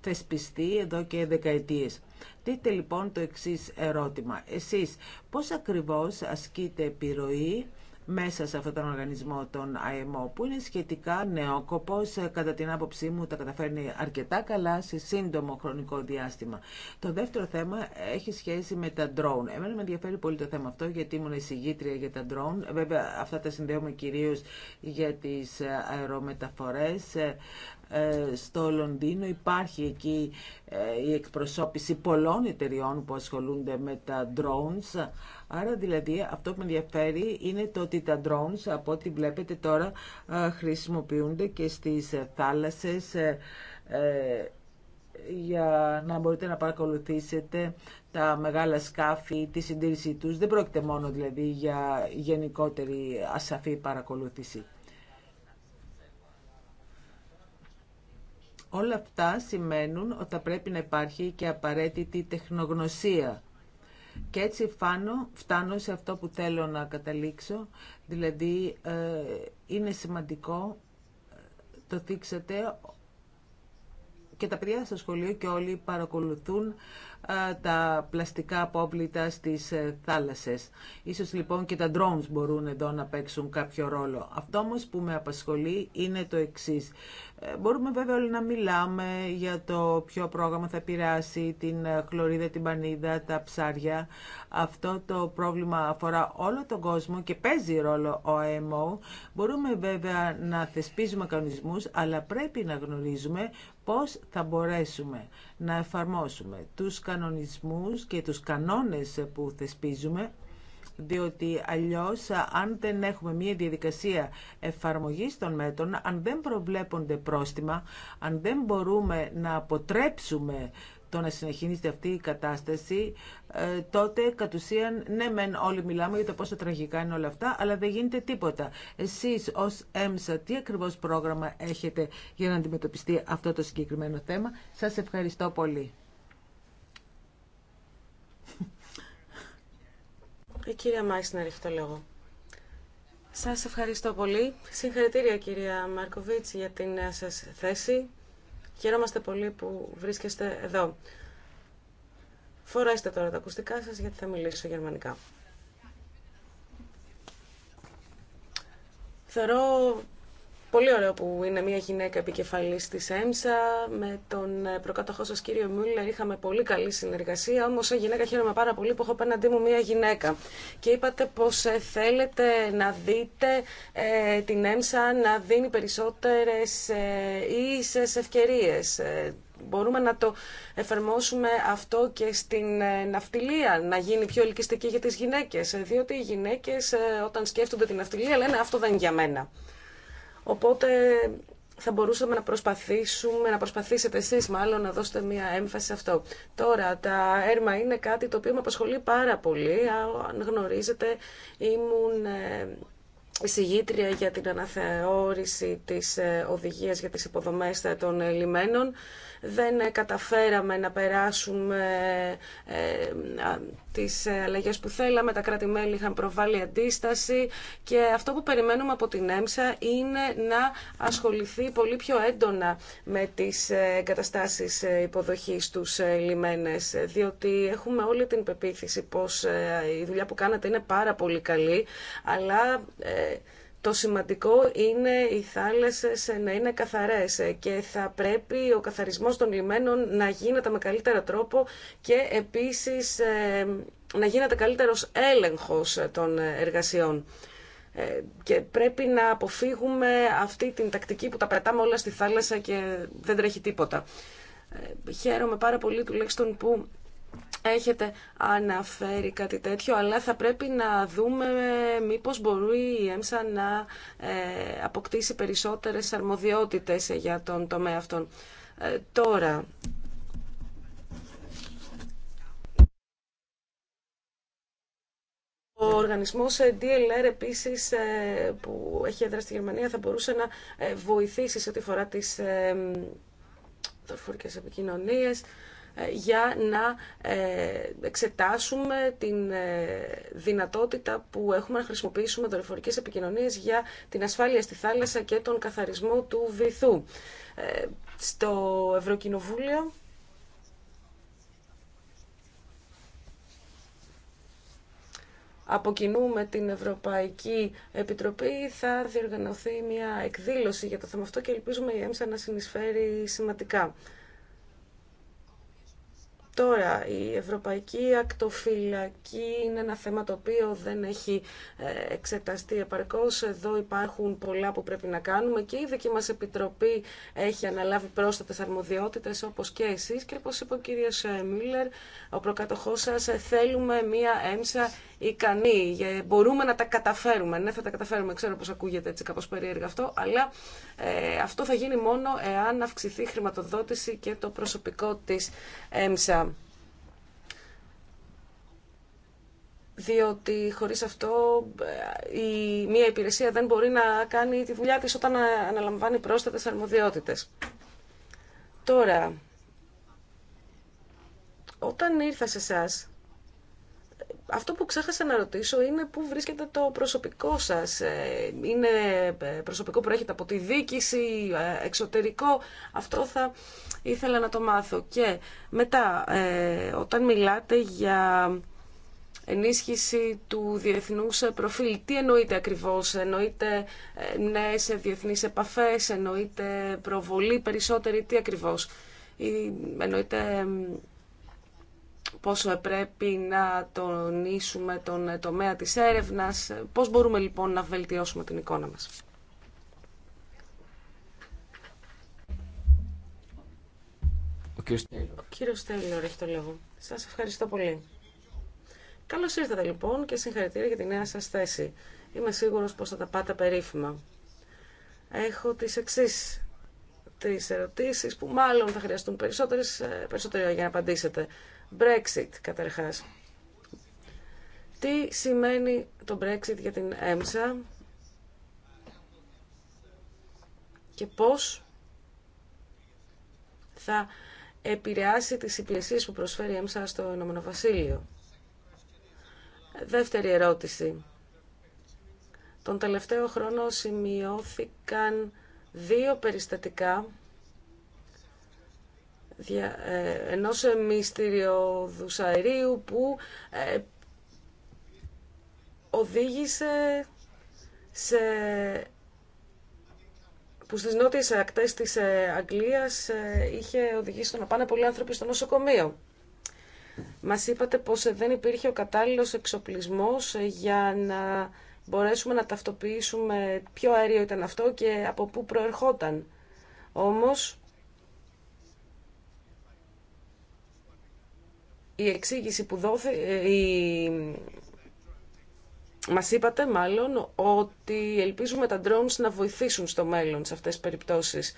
θεσπιστεί εδώ και δεκαετίες. Δείτε λοιπόν το εξής ερώτημα. Εσείς πώς ακριβώς ασκείτε επιρροή μέσα σε αυτόν τον οργανισμό, των ΑΕΜΟ που είναι σχετικά νεόκοπος, ε, κατά την άποψή μου τα καταφέρνει αρκετά καλά σε σύντομο χρονικό διάστημα. Το δεύτερο θέμα έχει σχέση με τα drone. Εμένα με ενδιαφέρει πολύ το θέμα αυτό, γιατί ήμουν εισηγήτρια για τα drone. Βέβαια, αυτά τα συνδέουμε κυρίως για τις ε, αερομεταφορές. Ε, ε, στο Λονδίνο. Υπάρχει εκεί ε, η εκπροσώπηση πολλών εταιριών που ασχολούνται με τα drones. Άρα δηλαδή αυτό που με ενδιαφέρει είναι το ότι τα drones από ό,τι βλέπετε τώρα ε, χρησιμοποιούνται και στις θάλασσες για να μπορείτε να παρακολουθήσετε τα μεγάλα σκάφη, τη συντήρησή τους. Δεν πρόκειται μόνο δηλαδή για γενικότερη ασαφή παρακολούθηση. Όλα αυτά σημαίνουν ότι θα πρέπει να υπάρχει και απαραίτητη τεχνογνωσία. Και έτσι φάνω, φτάνω σε αυτό που θέλω να καταλήξω, δηλαδή ε, είναι σημαντικό, ε, το δείξατε, και τα παιδιά στο σχολείο και όλοι παρακολουθούν ε, τα πλαστικά απόβλητα στις ε, θάλασσες. Ίσως λοιπόν και τα drones μπορούν εδώ να παίξουν κάποιο ρόλο. Αυτό όμως που με απασχολεί είναι το εξής. Ε, μπορούμε βέβαια όλοι να μιλάμε για το ποιο πρόγραμμα θα πειράσει... την χλωρίδα, την πανίδα, τα ψάρια. Αυτό το πρόβλημα αφορά όλο τον κόσμο και παίζει ρόλο ο ΑΕΜΟ. Μπορούμε βέβαια να θεσπίζουμε κανονισμούς, αλλά πρέπει να γνωρίζουμε πώς θα μπορέσουμε να εφαρμόσουμε τους κανονισμούς και τους κανόνες που θεσπίζουμε διότι αλλιώς αν δεν έχουμε μια διαδικασία εφαρμογής των μέτρων, αν δεν προβλέπονται πρόστιμα, αν δεν μπορούμε να αποτρέψουμε το να συνεχίζεται αυτή η κατάσταση, ε, τότε κατ' ουσίαν ναι μεν όλοι μιλάμε για το πόσο τραγικά είναι όλα αυτά, αλλά δεν γίνεται τίποτα. Εσείς ως ΕΜΣΑ τι ακριβώς πρόγραμμα έχετε για να αντιμετωπιστεί αυτό το συγκεκριμένο θέμα. Σας ευχαριστώ πολύ. Η κυρία να έχει το λόγο. Σας ευχαριστώ πολύ. Συγχαρητήρια κυρία Μαρκοβίτς για την νέα ε, σας θέση. Χαιρόμαστε πολύ που βρίσκεστε εδώ. Φορέστε τώρα τα ακουστικά σας γιατί θα μιλήσω γερμανικά. Θεωρώ Πολύ ωραίο που είναι μια γυναίκα επικεφαλής της ΕΜΣΑ. Με τον ε, προκατοχό σας κύριο Μούλερ είχαμε πολύ καλή συνεργασία, όμως σαν γυναίκα χαίρομαι πάρα πολύ που έχω απέναντί μου μια γυναίκα. Και είπατε πως ε, θέλετε να δείτε ε, την ΕΜΣΑ να δίνει περισσότερες ε, ίσες ευκαιρίες. Μπορούμε να το εφαρμόσουμε αυτό και στην ναυτιλία, να γίνει πιο ελκυστική για τις γυναίκες, διότι οι γυναίκες όταν σκέφτονται την ναυτιλία λένε «αυτό δεν είναι για μένα». Οπότε θα μπορούσαμε να προσπαθήσουμε, να προσπαθήσετε εσείς μάλλον να δώσετε μία έμφαση σε αυτό. Τώρα, τα έρμα είναι κάτι το οποίο με απασχολεί πάρα πολύ. Αν γνωρίζετε, ήμουν ε, εισηγήτρια για την αναθεώρηση της ε, οδηγίας για τις υποδομές των λιμένων δεν καταφέραμε να περάσουμε ε, τις ε, αλλαγές που θέλαμε, τα κράτη-μέλη είχαν προβάλει αντίσταση και αυτό που περιμένουμε από την ΕΜΣΑ είναι να ασχοληθεί πολύ πιο έντονα με τις ε, εγκαταστάσεις υποδοχής τους λιμένες, διότι έχουμε όλη την πεποίθηση πως η δουλειά που κάνατε είναι πάρα πολύ καλή, αλλά το σημαντικό είναι οι θάλασσες να είναι καθαρές και θα πρέπει ο καθαρισμός των λιμένων να γίνεται με καλύτερο τρόπο και επίσης ε, να γίνεται καλύτερος έλεγχος των εργασιών. Ε, και πρέπει να αποφύγουμε αυτή την τακτική που τα πετάμε όλα στη θάλασσα και δεν τρέχει τίποτα. Ε, χαίρομαι πάρα πολύ τουλάχιστον που έχετε αναφέρει κάτι τέτοιο, αλλά θα πρέπει να δούμε ε, μήπως μπορεί η ΕΜΣΑ να ε, αποκτήσει περισσότερες αρμοδιότητες ε, για τον τομέα αυτόν. Τώρα, Ο οργανισμός DLR επίσης που έχει έδρα στη Γερμανία θα μπορούσε να βοηθήσει σε ό,τι φορά τις δορφορικές επικοινωνίες. Ε, για να ε, εξετάσουμε την ε, δυνατότητα που έχουμε να χρησιμοποιήσουμε δορυφορικές επικοινωνίες για την ασφάλεια στη θάλασσα και τον καθαρισμό του βυθού. Στο Ευρωκοινοβούλιο από κοινού με την Ευρωπαϊκή Επιτροπή θα διοργανωθεί μια εκδήλωση για το θέμα αυτό και ελπίζουμε η ΕΜΣΑ να συνεισφέρει σημαντικά. Τώρα, η Ευρωπαϊκή Ακτοφυλακή είναι ένα θέμα το οποίο δεν έχει ε, εξεταστεί επαρκώς. Εδώ υπάρχουν πολλά που πρέπει να κάνουμε και η δική μας Επιτροπή έχει αναλάβει πρόσθετες αρμοδιότητες όπως και εσείς και όπως είπε ο κύριος ε, Μίλλερ, ο προκατοχός σας, ε, θέλουμε μία έμσα ικανοί, μπορούμε να τα καταφέρουμε. Ναι, θα τα καταφέρουμε, ξέρω πως ακούγεται έτσι κάπως περίεργα αυτό, αλλά ε, αυτό θα γίνει μόνο εάν αυξηθεί η χρηματοδότηση και το προσωπικό της ΕΜΣΑ. διότι χωρίς αυτό ε, η μία υπηρεσία δεν μπορεί να κάνει τη δουλειά της όταν αναλαμβάνει πρόσθετες αρμοδιότητες. Τώρα, όταν ήρθα σε εσά αυτό που ξέχασα να ρωτήσω είναι πού βρίσκεται το προσωπικό σας. Ε, είναι ε, προσωπικό που έχετε προσωπικο που ερχεται απο τη δίκηση, ε, εξωτερικό. Αυτό θα ήθελα να το μάθω. Και μετά, όταν μιλάτε για ενίσχυση του διεθνούς προφίλ, τι εννοείται ακριβώς. Εννοείται νέες διεθνείς επαφές, εννοείται προβολή περισσότερη, τι ακριβώς. Εννοείται πόσο πρέπει να τονίσουμε τον ε, τομέα της έρευνας, πώς μπορούμε λοιπόν να βελτιώσουμε την εικόνα μας. Ο κύριος Τέιλορ. Ο κύριος έχει το λόγο. Σας ευχαριστώ πολύ. Καλώς ήρθατε λοιπόν και συγχαρητήρια για τη νέα σας θέση. Είμαι σίγουρος πως θα τα πάτε περίφημα. Έχω τις εξής τρεις ερωτήσεις που μάλλον θα χρειαστούν περισσότερες, ε, περισσότερο για να απαντήσετε. Brexit καταρχάς. Τι σημαίνει το Brexit για την ΕΜΣΑ και πώς θα επηρεάσει τις υπηρεσίες που προσφέρει η ΕΜΣΑ στο Ηνωμένο Δεύτερη ερώτηση. Τον τελευταίο χρόνο σημειώθηκαν δύο περιστατικά ε, ενός μυστηριωδούς αερίου που ε, οδήγησε σε που στις νότιες ακτές της ε, Αγγλίας είχε οδηγήσει να πάνε πολλοί άνθρωποι στο νοσοκομείο. Μας είπατε πως δεν υπήρχε ο κατάλληλος εξοπλισμός για να μπορέσουμε να ταυτοποιήσουμε ποιο αέριο ήταν αυτό και από πού προερχόταν. Όμως, η εξήγηση που δόθη, ε, η... μας είπατε μάλλον ότι ελπίζουμε τα drones να βοηθήσουν στο μέλλον σε αυτές τις περιπτώσεις.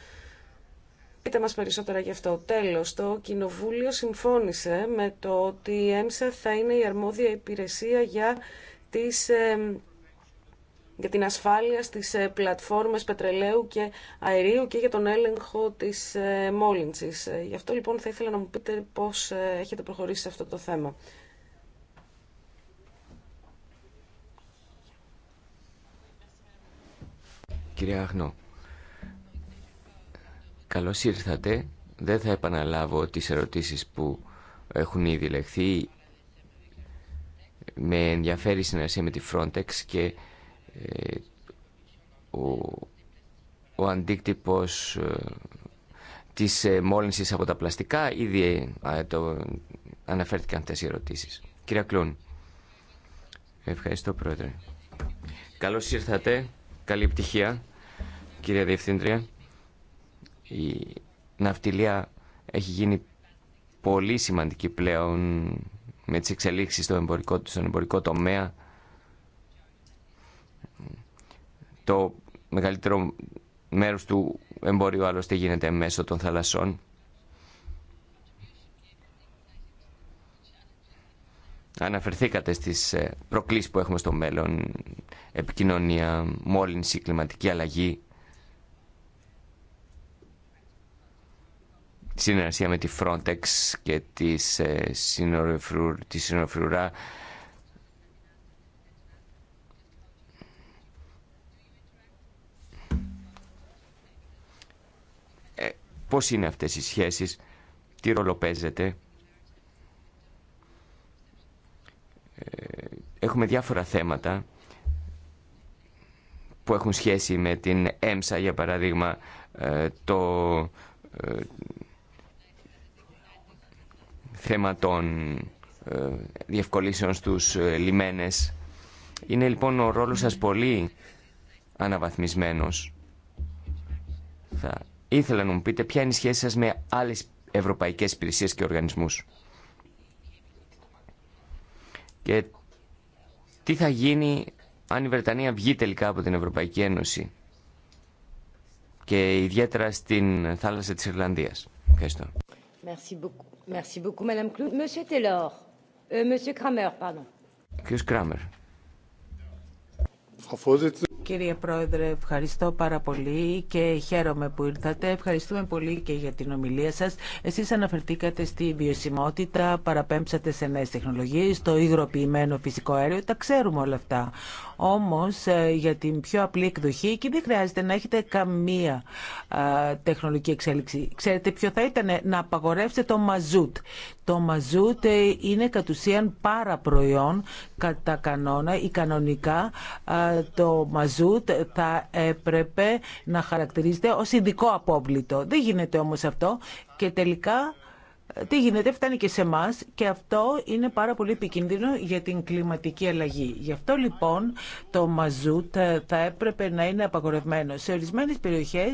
Πείτε μας περισσότερα γι' αυτό. Τέλος, το Κοινοβούλιο συμφώνησε με το ότι η ΕΜΣΑ θα είναι η αρμόδια υπηρεσία για τις ε, για την ασφάλεια στις ε, πλατφόρμες πετρελαίου και αερίου και για τον έλεγχο της ε, μόλυνσης. Ε, γι' αυτό λοιπόν θα ήθελα να μου πείτε πώς έχετε προχωρήσει σε αυτό το θέμα. Κυρία Αχνό, καλώς ήρθατε. Δεν θα επαναλάβω τις ερωτήσεις που έχουν ήδη λεχθεί. Με ενδιαφέρει συνεργασία με τη Frontex και ο, ο αντίκτυπος ε, της ε, μόλυνσης από τα πλαστικά. Ήδη ε, το, αναφέρθηκαν αυτές οι ερωτήσεις. Κύριε Κλούν, ευχαριστώ Πρόεδρε. Καλώς ήρθατε, καλή επιτυχία, κύριε Διευθύντρια. Η ναυτιλία έχει γίνει πολύ σημαντική πλέον με τις εξελίξεις εμπορικό, στον εμπορικό τομέα Το μεγαλύτερο μέρος του εμπορίου άλλωστε γίνεται μέσω των θαλασσών. Αναφερθήκατε στις ε, προκλήσεις που έχουμε στο μέλλον, επικοινωνία, μόλυνση, κλιματική αλλαγή, συνεργασία με τη Frontex και ε, τη Συνορφρουρά, πώς είναι αυτές οι σχέσεις, τι ρόλο παίζεται. Ε, έχουμε διάφορα θέματα που έχουν σχέση με την ΕΜΣΑ, για παράδειγμα, ε, το ε, θέμα των διευκολύσεων στους λιμένες. Είναι λοιπόν ο ρόλος σας πολύ αναβαθμισμένος. Θα Ήθελα να μου πείτε ποια είναι η σχέση σας με άλλες ευρωπαϊκές υπηρεσίες και οργανισμούς. Και τι θα γίνει αν η Βρετανία βγει τελικά από την Ευρωπαϊκή Ένωση και ιδιαίτερα στην θάλασσα της Ιρλανδίας. Ευχαριστώ. Κύριε Πρόεδρε, ευχαριστώ πάρα πολύ και χαίρομαι που ήρθατε. Ευχαριστούμε πολύ και για την ομιλία σας. Εσείς αναφερθήκατε στη βιωσιμότητα, παραπέμψατε σε νέες τεχνολογίες, το υγροποιημένο φυσικό αέριο, τα ξέρουμε όλα αυτά. Όμως ε, για την πιο απλή εκδοχή εκεί δεν χρειάζεται να έχετε καμία τεχνολογική εξέλιξη. Ξέρετε ποιο θα ήταν να απαγορεύσετε το μαζούτ. Το μαζούτ ε, είναι κατ' ουσίαν προϊόν κατά κανόνα ή κανονικά το μαζούτ θα έπρεπε να χαρακτηρίζεται ως ειδικό απόβλητο. Δεν γίνεται όμως αυτό και τελικά τι γίνεται, φτάνει και σε εμά και αυτό είναι πάρα πολύ επικίνδυνο για την κλιματική αλλαγή. Γι' αυτό λοιπόν το μαζούτ θα έπρεπε να είναι απαγορευμένο. Σε ορισμένε περιοχέ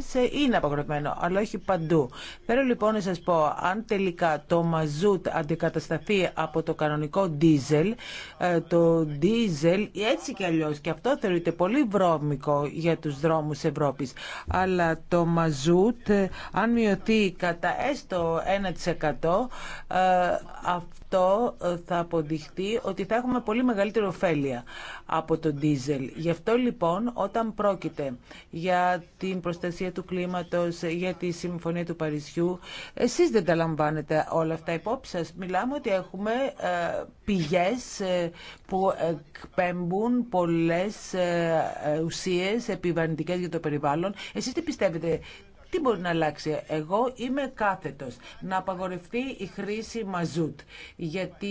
είναι απαγορευμένο, αλλά όχι παντού. Θέλω λοιπόν να σα πω, αν τελικά το μαζούτ αντικατασταθεί από το κανονικό δίζελ ε, το δίζελ έτσι κι αλλιώ και αυτό θεωρείται πολύ βρώμικο για του δρόμου Ευρώπη. Αλλά το μαζούτ, ε, αν μειωθεί κατά έστω 1%, ε, αυτό, θα αποδειχτεί ότι θα έχουμε πολύ μεγαλύτερη ωφέλεια από τον ντίζελ. Γι' αυτό λοιπόν όταν πρόκειται για την προστασία του κλίματος, για τη Συμφωνία του Παρισιού, εσείς δεν τα λαμβάνετε όλα αυτά υπόψη σας. Μιλάμε ότι έχουμε ε, πηγές ε, που εκπέμπουν πολλές ουσίες επιβαρυντικές για το περιβάλλον. Εσείς τι πιστεύετε τι μπορεί να αλλάξει. Εγώ είμαι κάθετος να απαγορευτεί η χρήση μαζούτ γιατί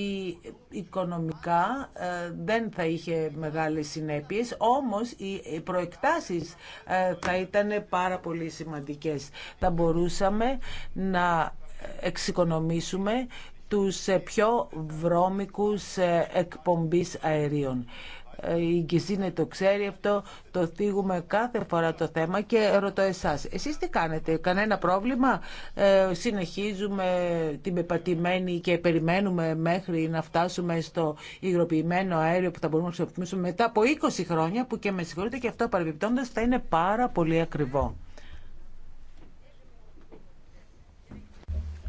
οικονομικά ε, δεν θα είχε μεγάλες συνέπειες όμως οι προεκτάσεις ε, θα ήταν πάρα πολύ σημαντικές. Θα μπορούσαμε να εξοικονομήσουμε τους ε, πιο βρώμικους εκπομπής αερίων η Γκυζίνε ναι το ξέρει αυτό, το θίγουμε κάθε φορά το θέμα και ρωτώ εσάς, εσείς τι κάνετε, κανένα πρόβλημα, ε, συνεχίζουμε την πεπατημένη και περιμένουμε μέχρι να φτάσουμε στο υγροποιημένο αέριο που θα μπορούμε να χρησιμοποιήσουμε μετά από 20 χρόνια που και με συγχωρείτε και αυτό παρεμπιπτόντας θα είναι πάρα πολύ ακριβό.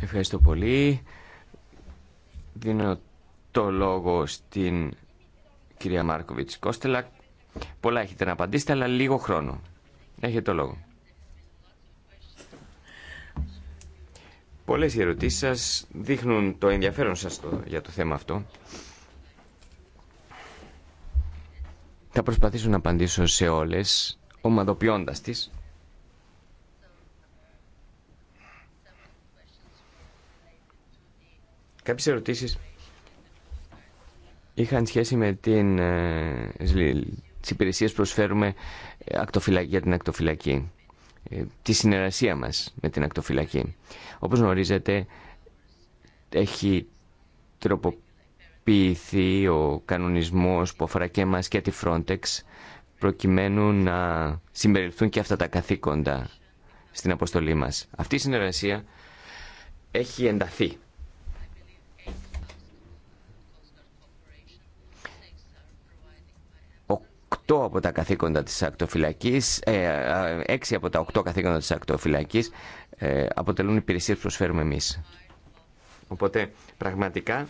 Ευχαριστώ πολύ. Δίνω το λόγο στην κυρία Μάρκοβιτς Κώστελα. Πολλά έχετε να απαντήσετε, αλλά λίγο χρόνο. Έχετε το λόγο. Πολλές οι ερωτήσεις σας δείχνουν το ενδιαφέρον σας το, για το θέμα αυτό. Θα προσπαθήσω να απαντήσω σε όλες, ομαδοποιώντας τις. Κάποιες ερωτήσεις είχαν σχέση με την, ε, τις υπηρεσίες που προσφέρουμε ε, για την ακτοφυλακή, ε, τη συνεργασία μας με την ακτοφυλακή. Όπως γνωρίζετε, έχει τροποποιηθεί ο κανονισμός που αφορά και μας και τη Frontex, προκειμένου να συμπεριληφθούν και αυτά τα καθήκοντα στην αποστολή μας. Αυτή η συνεργασία έχει ενταθεί 8 από τα καθήκοντα της ακτοφυλακής, ε, 6 ε, από τα 8 καθήκοντα της ακτοφυλακής ε, αποτελούν υπηρεσίες που προσφέρουμε εμείς. Οπότε πραγματικά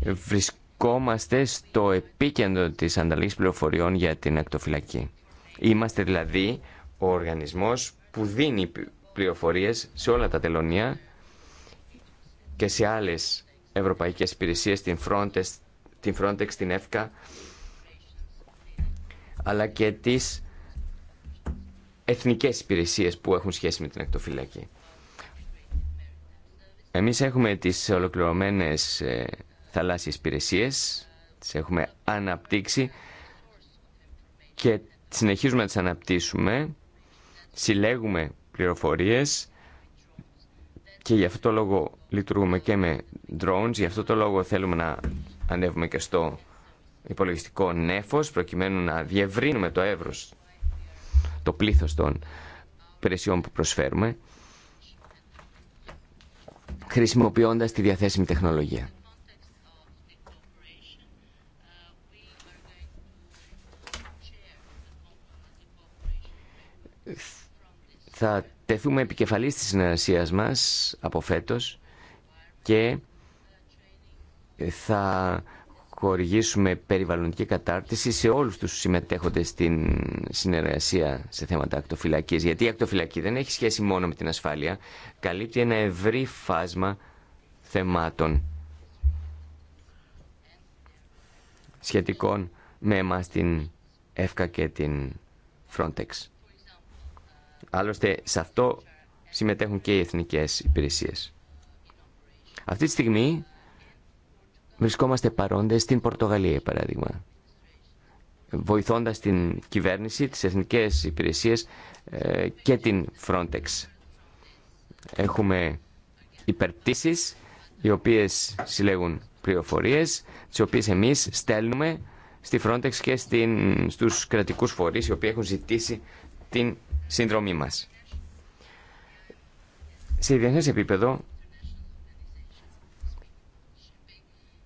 βρισκόμαστε στο επίκεντρο της ανταλλαγής πληροφοριών για την ακτοφυλακή. Είμαστε δηλαδή ο οργανισμός που δίνει πληροφορίες σε όλα τα τελωνία και σε άλλες ευρωπαϊκές υπηρεσίες, την Frontex, την, Frontex, την ΕΦΚΑ, αλλά και τις εθνικές υπηρεσίες που έχουν σχέση με την εκτοφυλακή. Εμείς έχουμε τις ολοκληρωμένες ε, θαλάσσιες υπηρεσίες, τις έχουμε αναπτύξει και συνεχίζουμε να τις αναπτύσσουμε, συλλέγουμε πληροφορίες και γι' αυτό το λόγο λειτουργούμε και με drones, γι' αυτό το λόγο θέλουμε να ανέβουμε και στο υπολογιστικό νέφος προκειμένου να διευρύνουμε το εύρος, το πλήθος των υπηρεσιών που προσφέρουμε χρησιμοποιώντας τη διαθέσιμη τεχνολογία. Θα τεθούμε επικεφαλής της συνεργασίας μας από φέτος και θα χορηγήσουμε περιβαλλοντική κατάρτιση σε όλους τους συμμετέχοντες στην συνεργασία σε θέματα ακτοφυλακής. Γιατί η ακτοφυλακή δεν έχει σχέση μόνο με την ασφάλεια, καλύπτει ένα ευρύ φάσμα θεμάτων σχετικών με εμά την ΕΦΚΑ και την Frontex. Άλλωστε, σε αυτό συμμετέχουν και οι εθνικές υπηρεσίες. Αυτή τη στιγμή βρισκόμαστε παρόντες στην Πορτογαλία, παράδειγμα, βοηθώντας την κυβέρνηση, τις εθνικές υπηρεσίες ε, και την Frontex. Έχουμε υπερτήσεις, οι οποίες συλλέγουν πληροφορίες, τις οποίες εμείς στέλνουμε στη Frontex και στην, στους κρατικούς φορείς, οι οποίοι έχουν ζητήσει την συνδρομή μας. Σε διεθνές επίπεδο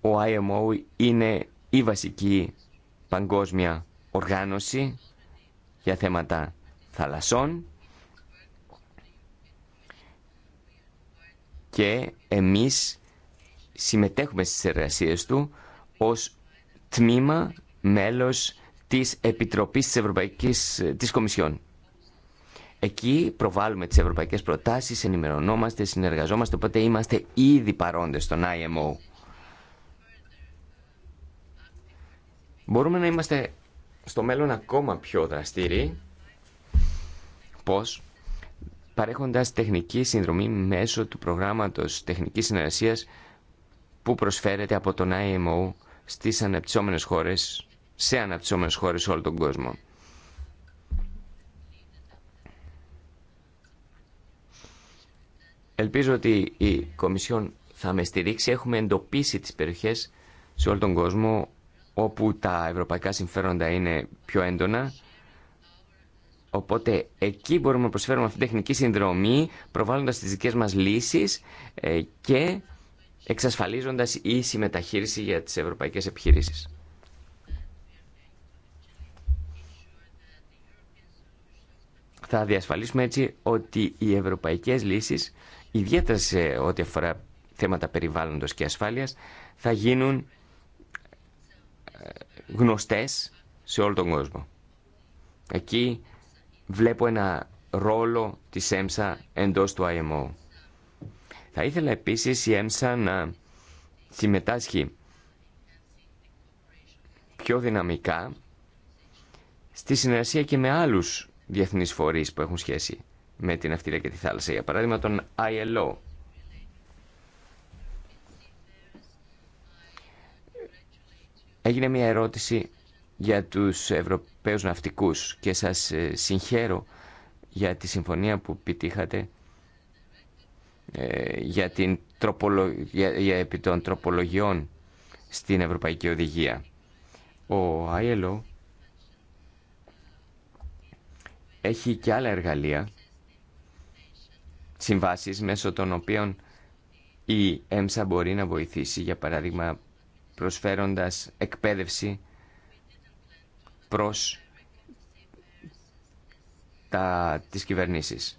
ο IMO είναι η βασική παγκόσμια οργάνωση για θέματα θαλασσών και εμείς συμμετέχουμε στις εργασίες του ως τμήμα μέλος της Επιτροπής της Ευρωπαϊκής της Κομισιόν. Εκεί προβάλλουμε τις ευρωπαϊκές προτάσεις, ενημερωνόμαστε, συνεργαζόμαστε, οπότε είμαστε ήδη παρόντες στον IMO. Μπορούμε να είμαστε στο μέλλον ακόμα πιο δραστήριοι. Πώς? Παρέχοντας τεχνική συνδρομή μέσω του προγράμματος τεχνικής συνεργασίας που προσφέρεται από τον IMO στις αναπτυσσόμενες χώρες, σε αναπτυσσόμενες χώρες σε όλο τον κόσμο. Ελπίζω ότι η Κομισιόν θα με στηρίξει. Έχουμε εντοπίσει τις περιοχές σε όλο τον κόσμο όπου τα ευρωπαϊκά συμφέροντα είναι πιο έντονα. Οπότε εκεί μπορούμε να προσφέρουμε αυτή την τεχνική συνδρομή προβάλλοντας τις δικές μας λύσεις ε, και εξασφαλίζοντας ίση μεταχείριση για τις ευρωπαϊκές επιχειρήσεις. Θα διασφαλίσουμε έτσι ότι οι ευρωπαϊκές λύσεις, ιδιαίτερα σε ό,τι αφορά θέματα περιβάλλοντος και ασφάλειας, θα γίνουν γνωστές σε όλο τον κόσμο. Εκεί βλέπω ένα ρόλο της ΕΜΣΑ εντός του IMO. Θα ήθελα επίσης η ΕΜΣΑ να συμμετάσχει πιο δυναμικά στη συνεργασία και με άλλους διεθνείς φορείς που έχουν σχέση με την αυτιλία και τη θάλασσα. Για παράδειγμα τον ILO, Έγινε μια ερώτηση για τους Ευρωπαίους ναυτικούς και σας ε, συγχαίρω για τη συμφωνία που πετύχατε ε, για την τροπολο... επί των τροπολογιών στην Ευρωπαϊκή Οδηγία. Ο ILO έχει και άλλα εργαλεία, συμβάσεις μέσω των οποίων η ΕΜΣΑ μπορεί να βοηθήσει, για παράδειγμα, προσφέροντας εκπαίδευση προς τα, τις κυβερνήσεις.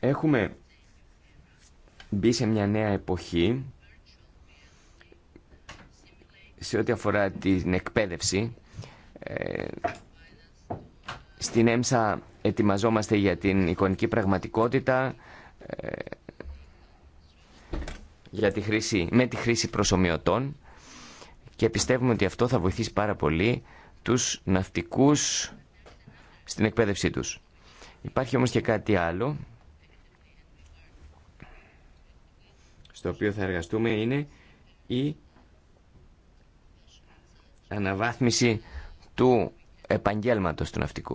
Έχουμε μπει σε μια νέα εποχή σε ό,τι αφορά την εκπαίδευση, ε, στην ΕΜΣΑ ετοιμαζόμαστε για την εικονική πραγματικότητα, ε, για τη χρήση, με τη χρήση προσωμιωτών και πιστεύουμε ότι αυτό θα βοηθήσει πάρα πολύ τους ναυτικούς στην εκπαίδευσή τους. Υπάρχει όμως και κάτι άλλο στο οποίο θα εργαστούμε είναι η αναβάθμιση του επαγγέλματος του ναυτικού.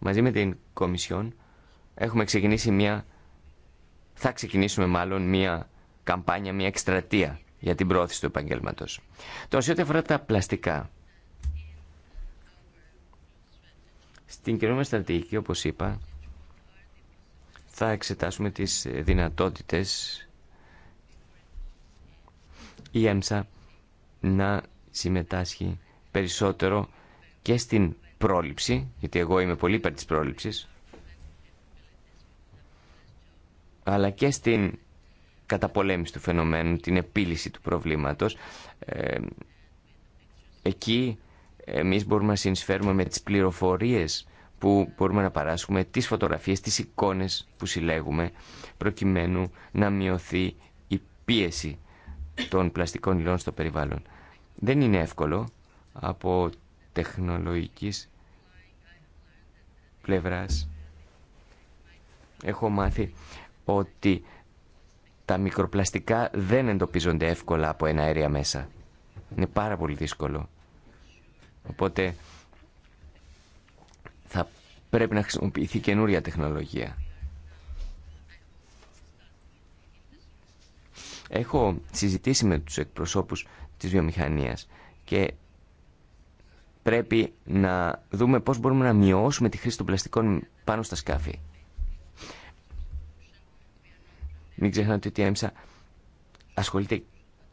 Μαζί με την Κομισιόν έχουμε ξεκινήσει μια, θα ξεκινήσουμε μάλλον μια καμπάνια, μια εκστρατεία για την πρόθεση του επαγγέλματος. Τώρα σε ό,τι αφορά τα πλαστικά, στην κοινωνία στρατηγική, όπως είπα, θα εξετάσουμε τις δυνατότητες η ΕΜΣΑ να συμμετάσχει περισσότερο και στην πρόληψη, γιατί εγώ είμαι πολύ υπέρ της πρόληψης, αλλά και στην καταπολέμηση του φαινομένου, την επίλυση του προβλήματος. Ε, εκεί εμείς μπορούμε να συνεισφέρουμε με τις πληροφορίες που μπορούμε να παράσχουμε, τις φωτογραφίες, τις εικόνες που συλλέγουμε, προκειμένου να μειωθεί η πίεση των πλαστικών υλών στο περιβάλλον. Δεν είναι εύκολο από τεχνολογικής πλευράς. Έχω μάθει ότι τα μικροπλαστικά δεν εντοπίζονται εύκολα από ένα αέρια μέσα. Είναι πάρα πολύ δύσκολο. Οπότε θα πρέπει να χρησιμοποιηθεί καινούρια τεχνολογία. Έχω συζητήσει με τους εκπροσώπους της βιομηχανίας και πρέπει να δούμε πώς μπορούμε να μειώσουμε τη χρήση των πλαστικών πάνω στα σκάφη. Μην ξεχνάτε ότι η ΕΜΣΑ ασχολείται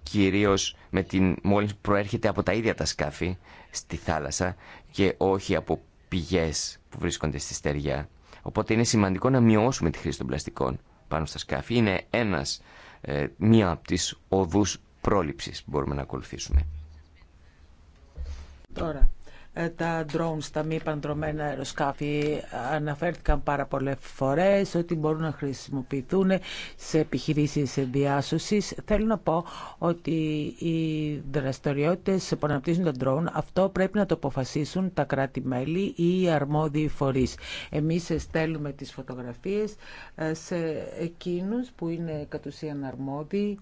κυρίως με την μόλις προέρχεται από τα ίδια τα σκάφη στη θάλασσα και όχι από πηγές που βρίσκονται στη στεριά. Οπότε είναι σημαντικό να μειώσουμε τη χρήση των πλαστικών πάνω στα σκάφη. Είναι ένας ε, μία από τις οδούς πρόληψης που μπορούμε να ακολουθήσουμε. Τώρα, ε, τα drones, τα μη παντρωμένα αεροσκάφη αναφέρθηκαν πάρα πολλές φορές ότι μπορούν να χρησιμοποιηθούν σε επιχειρήσεις διάσωσης. Θέλω να πω ότι οι δραστηριότητες που αναπτύσσουν τα drone, αυτό πρέπει να το αποφασίσουν τα κράτη-μέλη ή οι αρμόδιοι φορείς. Εμείς στέλνουμε τις φωτογραφίες ε, σε εκείνους που είναι κατ' ουσίαν αρμόδιοι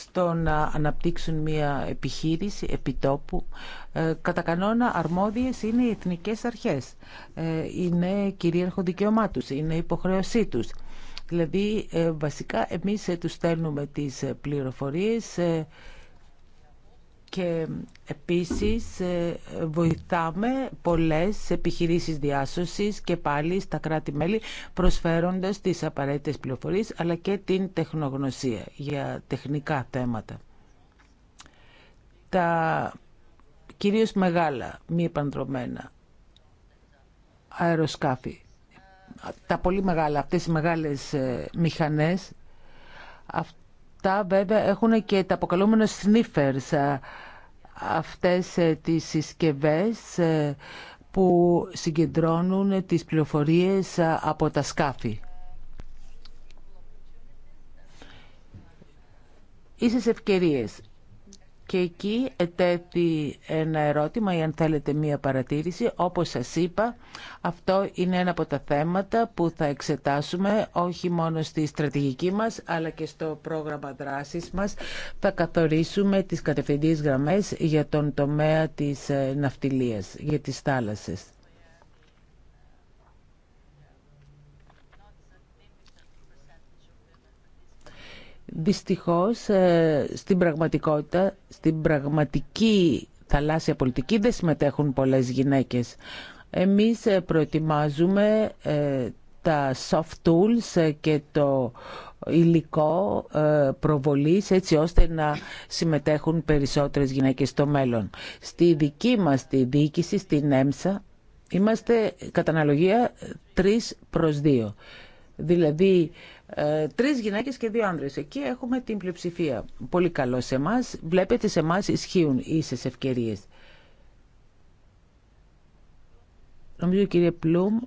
στο να αναπτύξουν μια επιχείρηση επιτόπου. Ε, κατά κανόνα αρμόδιες είναι οι εθνικές αρχές. Ε, είναι κυρίαρχο δικαίωμά τους, είναι υποχρέωσή τους. Δηλαδή ε, βασικά εμείς τους στέλνουμε τις πληροφορίες και επίσης ε, βοηθάμε πολλές επιχειρήσεις διάσωσης και πάλι στα κράτη-μέλη προσφέροντας τις απαραίτητες πληροφορίες αλλά και την τεχνογνωσία για τεχνικά θέματα. Τα κυρίως μεγάλα, μη επανδρομένα αεροσκάφη, τα πολύ μεγάλα, αυτές οι μεγάλες ε, μηχανές, αυτά βέβαια έχουν και τα αποκαλούμενα sniffers, ε, αυτές ε, τις συσκευές ε, που συγκεντρώνουν τις πληροφορίες από τα σκάφη. Ίσες ευκαιρίες και εκεί ετέθη ένα ερώτημα ή αν θέλετε μία παρατήρηση. Όπως σας είπα, αυτό είναι ένα από τα θέματα που θα εξετάσουμε όχι μόνο στη στρατηγική μας, αλλά και στο πρόγραμμα δράσης μας. Θα καθορίσουμε τις κατευθυντήριες γραμμές για τον τομέα της ε, ναυτιλίας, για τις θάλασσες. Δυστυχώς ε, στην πραγματικότητα, στην πραγματική θαλάσσια πολιτική δεν συμμετέχουν πολλές γυναίκες. Εμείς ε, προετοιμάζουμε ε, τα soft tools και το υλικό προβολής έτσι ώστε να συμμετέχουν περισσότερες γυναίκες στο μέλλον. Στη δική μας τη διοίκηση, στην ΕΜΣΑ, είμαστε κατά αναλογία 3 προς δύο. Δηλαδή ε, τρεις γυναίκες και δύο άνδρες. Εκεί έχουμε την πλειοψηφία. Πολύ καλό σε εμά. Βλέπετε σε εμά ισχύουν ίσε ευκαιρίε. Νομίζω η κυρία Πλούμ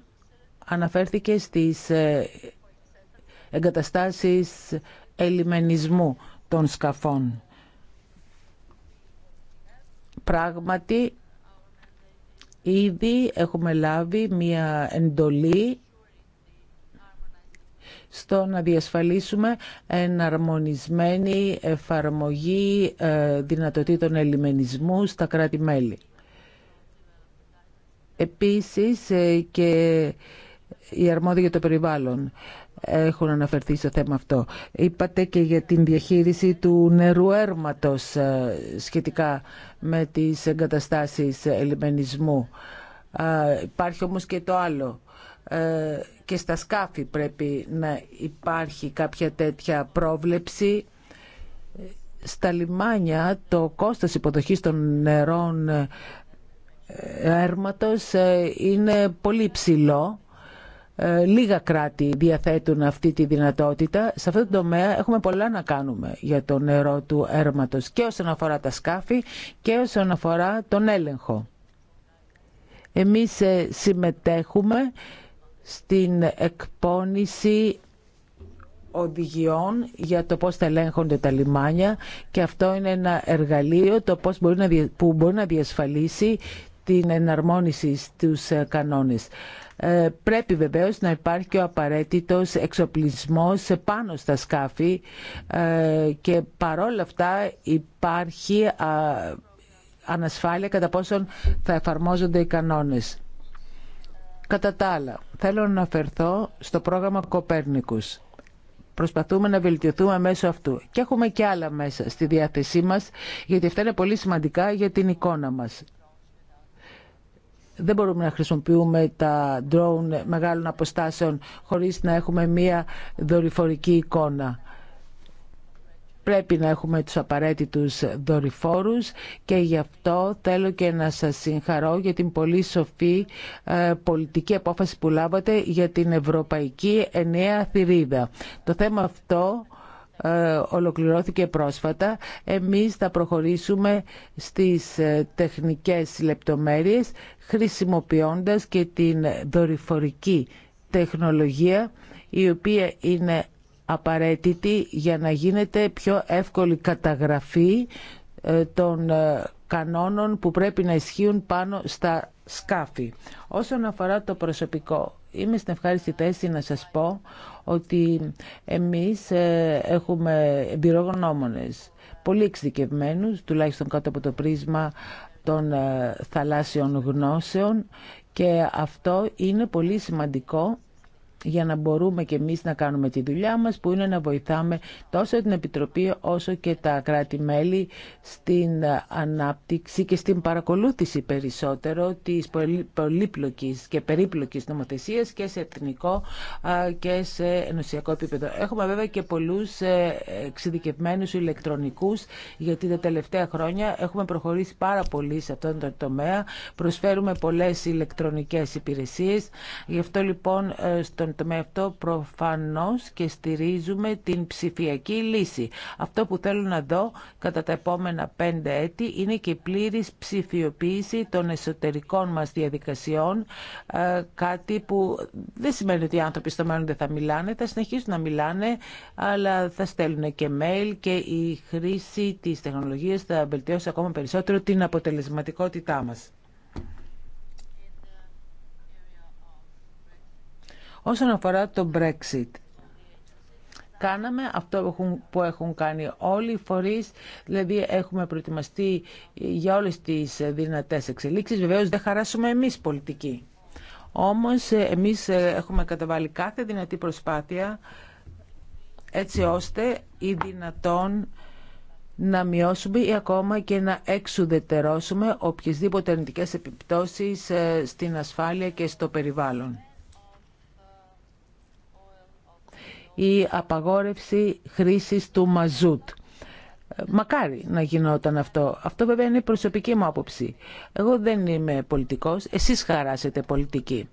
αναφέρθηκε στις ε, εγκαταστάσεις ελιμενισμού των σκαφών. Πράγματι, ήδη έχουμε λάβει μία εντολή στο να διασφαλίσουμε εναρμονισμένη εφαρμογή ε, δυνατοτήτων ελιμενισμού στα κράτη-μέλη. Επίσης ε, και οι αρμόδιοι για το περιβάλλον έχουν αναφερθεί στο θέμα αυτό. Είπατε και για την διαχείριση του νερού έρματος ε, σχετικά με τις εγκαταστάσεις ελιμενισμού. Υπάρχει όμως και το άλλο και στα σκάφη πρέπει να υπάρχει κάποια τέτοια πρόβλεψη. Στα λιμάνια το κόστος υποδοχής των νερών ε, έρματος ε, είναι πολύ ψηλό. Ε, λίγα κράτη διαθέτουν αυτή τη δυνατότητα. Σε αυτό το τομέα έχουμε πολλά να κάνουμε για το νερό του έρματος και όσον αφορά τα σκάφη και όσον αφορά τον έλεγχο. Εμείς συμμετέχουμε στην εκπόνηση οδηγιών για το πώς θα ελέγχονται τα λιμάνια και αυτό είναι ένα εργαλείο το πώς μπορεί να, που μπορεί να διασφαλίσει την εναρμόνιση στους ε, κανόνες. Ε, πρέπει βεβαίως να υπάρχει και ο απαραίτητος εξοπλισμός πάνω στα σκάφη ε, και παρόλα αυτά υπάρχει α, ανασφάλεια κατά πόσον θα εφαρμόζονται οι κανόνες. Κατά τα άλλα, θέλω να αναφερθώ στο πρόγραμμα Κοπέρνικους. Προσπαθούμε να βελτιωθούμε μέσω αυτού. Και έχουμε και άλλα μέσα στη διάθεσή μας, γιατί αυτά είναι πολύ σημαντικά για την εικόνα μας. Δεν μπορούμε να χρησιμοποιούμε τα drone μεγάλων αποστάσεων χωρίς να έχουμε μία δορυφορική εικόνα πρέπει να έχουμε τους απαραίτητους δορυφόρους και γι' αυτό θέλω και να σας συγχαρώ για την πολύ σοφή ε, πολιτική απόφαση που λάβατε για την Ευρωπαϊκή Ενιαία Θηρίδα. Το θέμα αυτό ε, ολοκληρώθηκε πρόσφατα. Εμείς θα προχωρήσουμε στις ε, τεχνικές λεπτομέρειες χρησιμοποιώντας και την δορυφορική τεχνολογία η οποία είναι απαραίτητη για να γίνεται πιο εύκολη καταγραφή ε, των ε, κανόνων που πρέπει να ισχύουν πάνω στα σκάφη. Όσον αφορά το προσωπικό, είμαι στην ευχάριστη θέση να σας πω ότι εμείς ε, έχουμε εμπειρογνώμονες πολύ εξειδικευμένου, τουλάχιστον κάτω από το πρίσμα των θαλάσσιων γνώσεων και αυτό είναι πολύ σημαντικό για να μπορούμε και εμείς να κάνουμε τη δουλειά μας που είναι να βοηθάμε τόσο την Επιτροπή όσο και τα κράτη-μέλη στην ανάπτυξη και στην παρακολούθηση περισσότερο της πολύπλοκης και περίπλοκης νομοθεσίας και σε εθνικό και σε ενωσιακό επίπεδο. Έχουμε βέβαια και πολλούς ε, εξειδικευμένους ηλεκτρονικούς γιατί τα τελευταία χρόνια έχουμε προχωρήσει πάρα πολύ σε αυτόν τον τομέα. Προσφέρουμε πολλές ηλεκτρονικές υπηρεσίες. Γι' αυτό λοιπόν ε, στο τον τομέα αυτό προφανώς και στηρίζουμε την ψηφιακή λύση. Αυτό που θέλω να δω κατά τα επόμενα πέντε έτη είναι και πλήρης ψηφιοποίηση των εσωτερικών μας διαδικασιών, ε, κάτι που δεν σημαίνει ότι οι άνθρωποι στο μέλλον δεν θα μιλάνε, θα συνεχίσουν να μιλάνε, αλλά θα στέλνουν και mail και η χρήση της τεχνολογίας θα βελτιώσει ακόμα περισσότερο την αποτελεσματικότητά μας. Όσον αφορά το Brexit, κάναμε αυτό που έχουν κάνει όλοι οι φορείς, δηλαδή έχουμε προετοιμαστεί για όλες τις δυνατές εξελίξεις. Βεβαίως δεν χαράσουμε εμείς πολιτικοί. Όμως εμείς ε, έχουμε καταβάλει κάθε δυνατή προσπάθεια έτσι ώστε οι δυνατόν να μειώσουμε ή ακόμα και να εξουδετερώσουμε οποιασδήποτε αρνητικές επιπτώσεις ε, στην ασφάλεια και στο περιβάλλον. η απαγόρευση χρήσης του μαζούτ. Μακάρι να γινόταν αυτό. Αυτό βέβαια είναι η προσωπική μου άποψη. Εγώ δεν είμαι πολιτικός, εσείς χαράσετε πολιτική.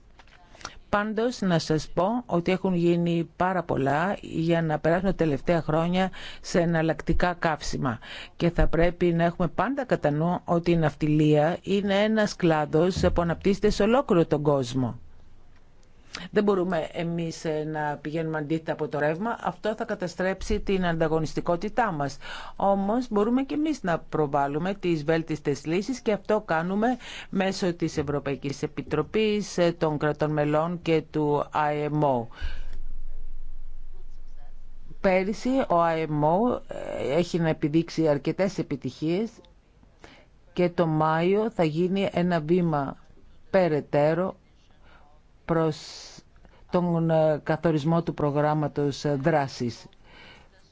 Πάντως να σας πω ότι έχουν γίνει πάρα πολλά για να περάσουν τα τελευταία χρόνια σε εναλλακτικά καύσιμα και θα πρέπει να έχουμε πάντα κατά νου ότι η ναυτιλία είναι ένας κλάδος που αναπτύσσεται σε ολόκληρο τον κόσμο. Δεν μπορούμε εμείς ε, να πηγαίνουμε αντίθετα από το ρεύμα. Αυτό θα καταστρέψει την ανταγωνιστικότητά μας. Όμως μπορούμε και εμείς να προβάλλουμε τις βέλτιστες λύσεις και αυτό κάνουμε μέσω της Ευρωπαϊκής Επιτροπής, ε, των κρατών μελών και του IMO. Πέρυσι ο IMO ε, έχει να επιδείξει αρκετές επιτυχίες και το Μάιο θα γίνει ένα βήμα περαιτέρω προς τον ε, καθορισμό του προγράμματος ε, δράσης.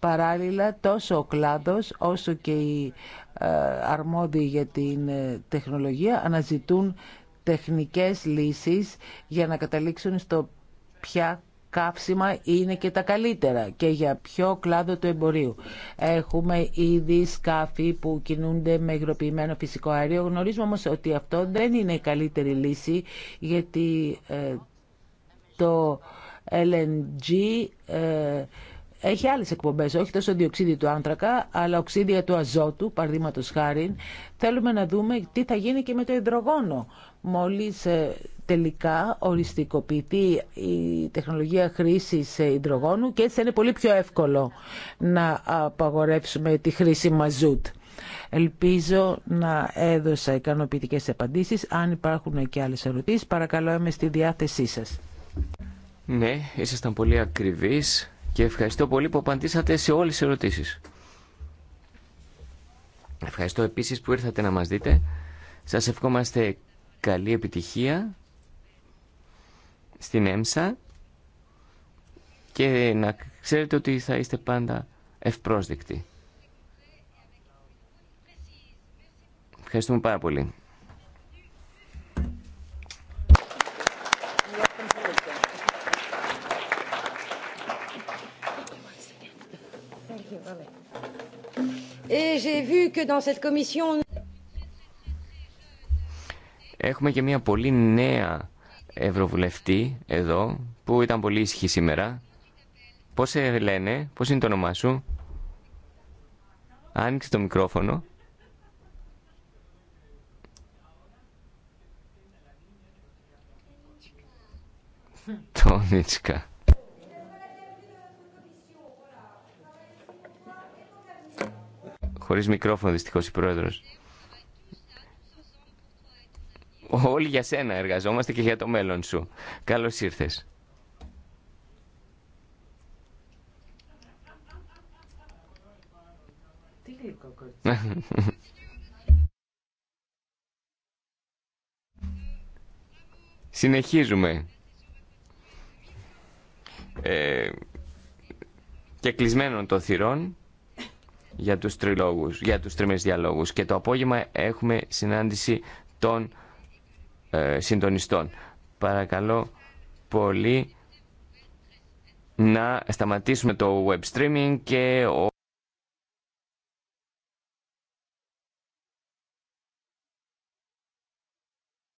Παράλληλα, τόσο ο κλάδος όσο και οι ε, αρμόδιοι για την τεχνολογία αναζητούν τεχνικές λύσεις για να καταλήξουν στο ποια καύσιμα είναι και τα καλύτερα και για ποιο κλάδο του εμπορίου. Έχουμε ήδη σκάφη που κινούνται με υγροποιημένο φυσικό αέριο. Γνωρίζουμε όμως ότι αυτό δεν είναι η καλύτερη λύση γιατί ε, το LNG ε, έχει άλλες εκπομπές, όχι τόσο διοξίδιο του άνθρακα, αλλά οξίδια του αζότου, παραδείγματος χάρη. Θέλουμε να δούμε τι θα γίνει και με το υδρογόνο. Μόλις ε, τελικά οριστικοποιηθεί η τεχνολογία χρήσης υδρογόνου και έτσι θα είναι πολύ πιο εύκολο να απαγορεύσουμε τη χρήση μαζούτ. Ελπίζω να έδωσα ικανοποιητικές απαντήσεις. Αν υπάρχουν και άλλες ερωτήσεις, παρακαλώ είμαι στη διάθεσή σας. Ναι, ήσασταν πολύ ακριβείς και ευχαριστώ πολύ που απαντήσατε σε όλες τις ερωτήσεις. Ευχαριστώ επίσης που ήρθατε να μας δείτε. Σας ευχόμαστε καλή επιτυχία στην ΕΜΣΑ και να ξέρετε ότι θα είστε πάντα ευπρόσδεκτοι. Ευχαριστούμε πάρα πολύ. Έχουμε και μια πολύ νέα ευρωβουλευτή εδώ που ήταν πολύ ισχύ σήμερα. Πώς σε λένε, πώς είναι το όνομά σου. Άνοιξε το μικρόφωνο. Τόνιτσκα. Χωρίς μικρόφωνο δυστυχώς η πρόεδρος. Όλοι για σένα εργαζόμαστε και για το μέλλον σου. Καλώς ήρθες. Τι Συνεχίζουμε. Ε, και κλεισμένων το θυρών για τους τριλόγους, για τους τριμές διαλόγους. Και το απόγευμα έχουμε συνάντηση των ε, συντονιστών. Παρακαλώ πολύ να σταματήσουμε το web streaming και ό.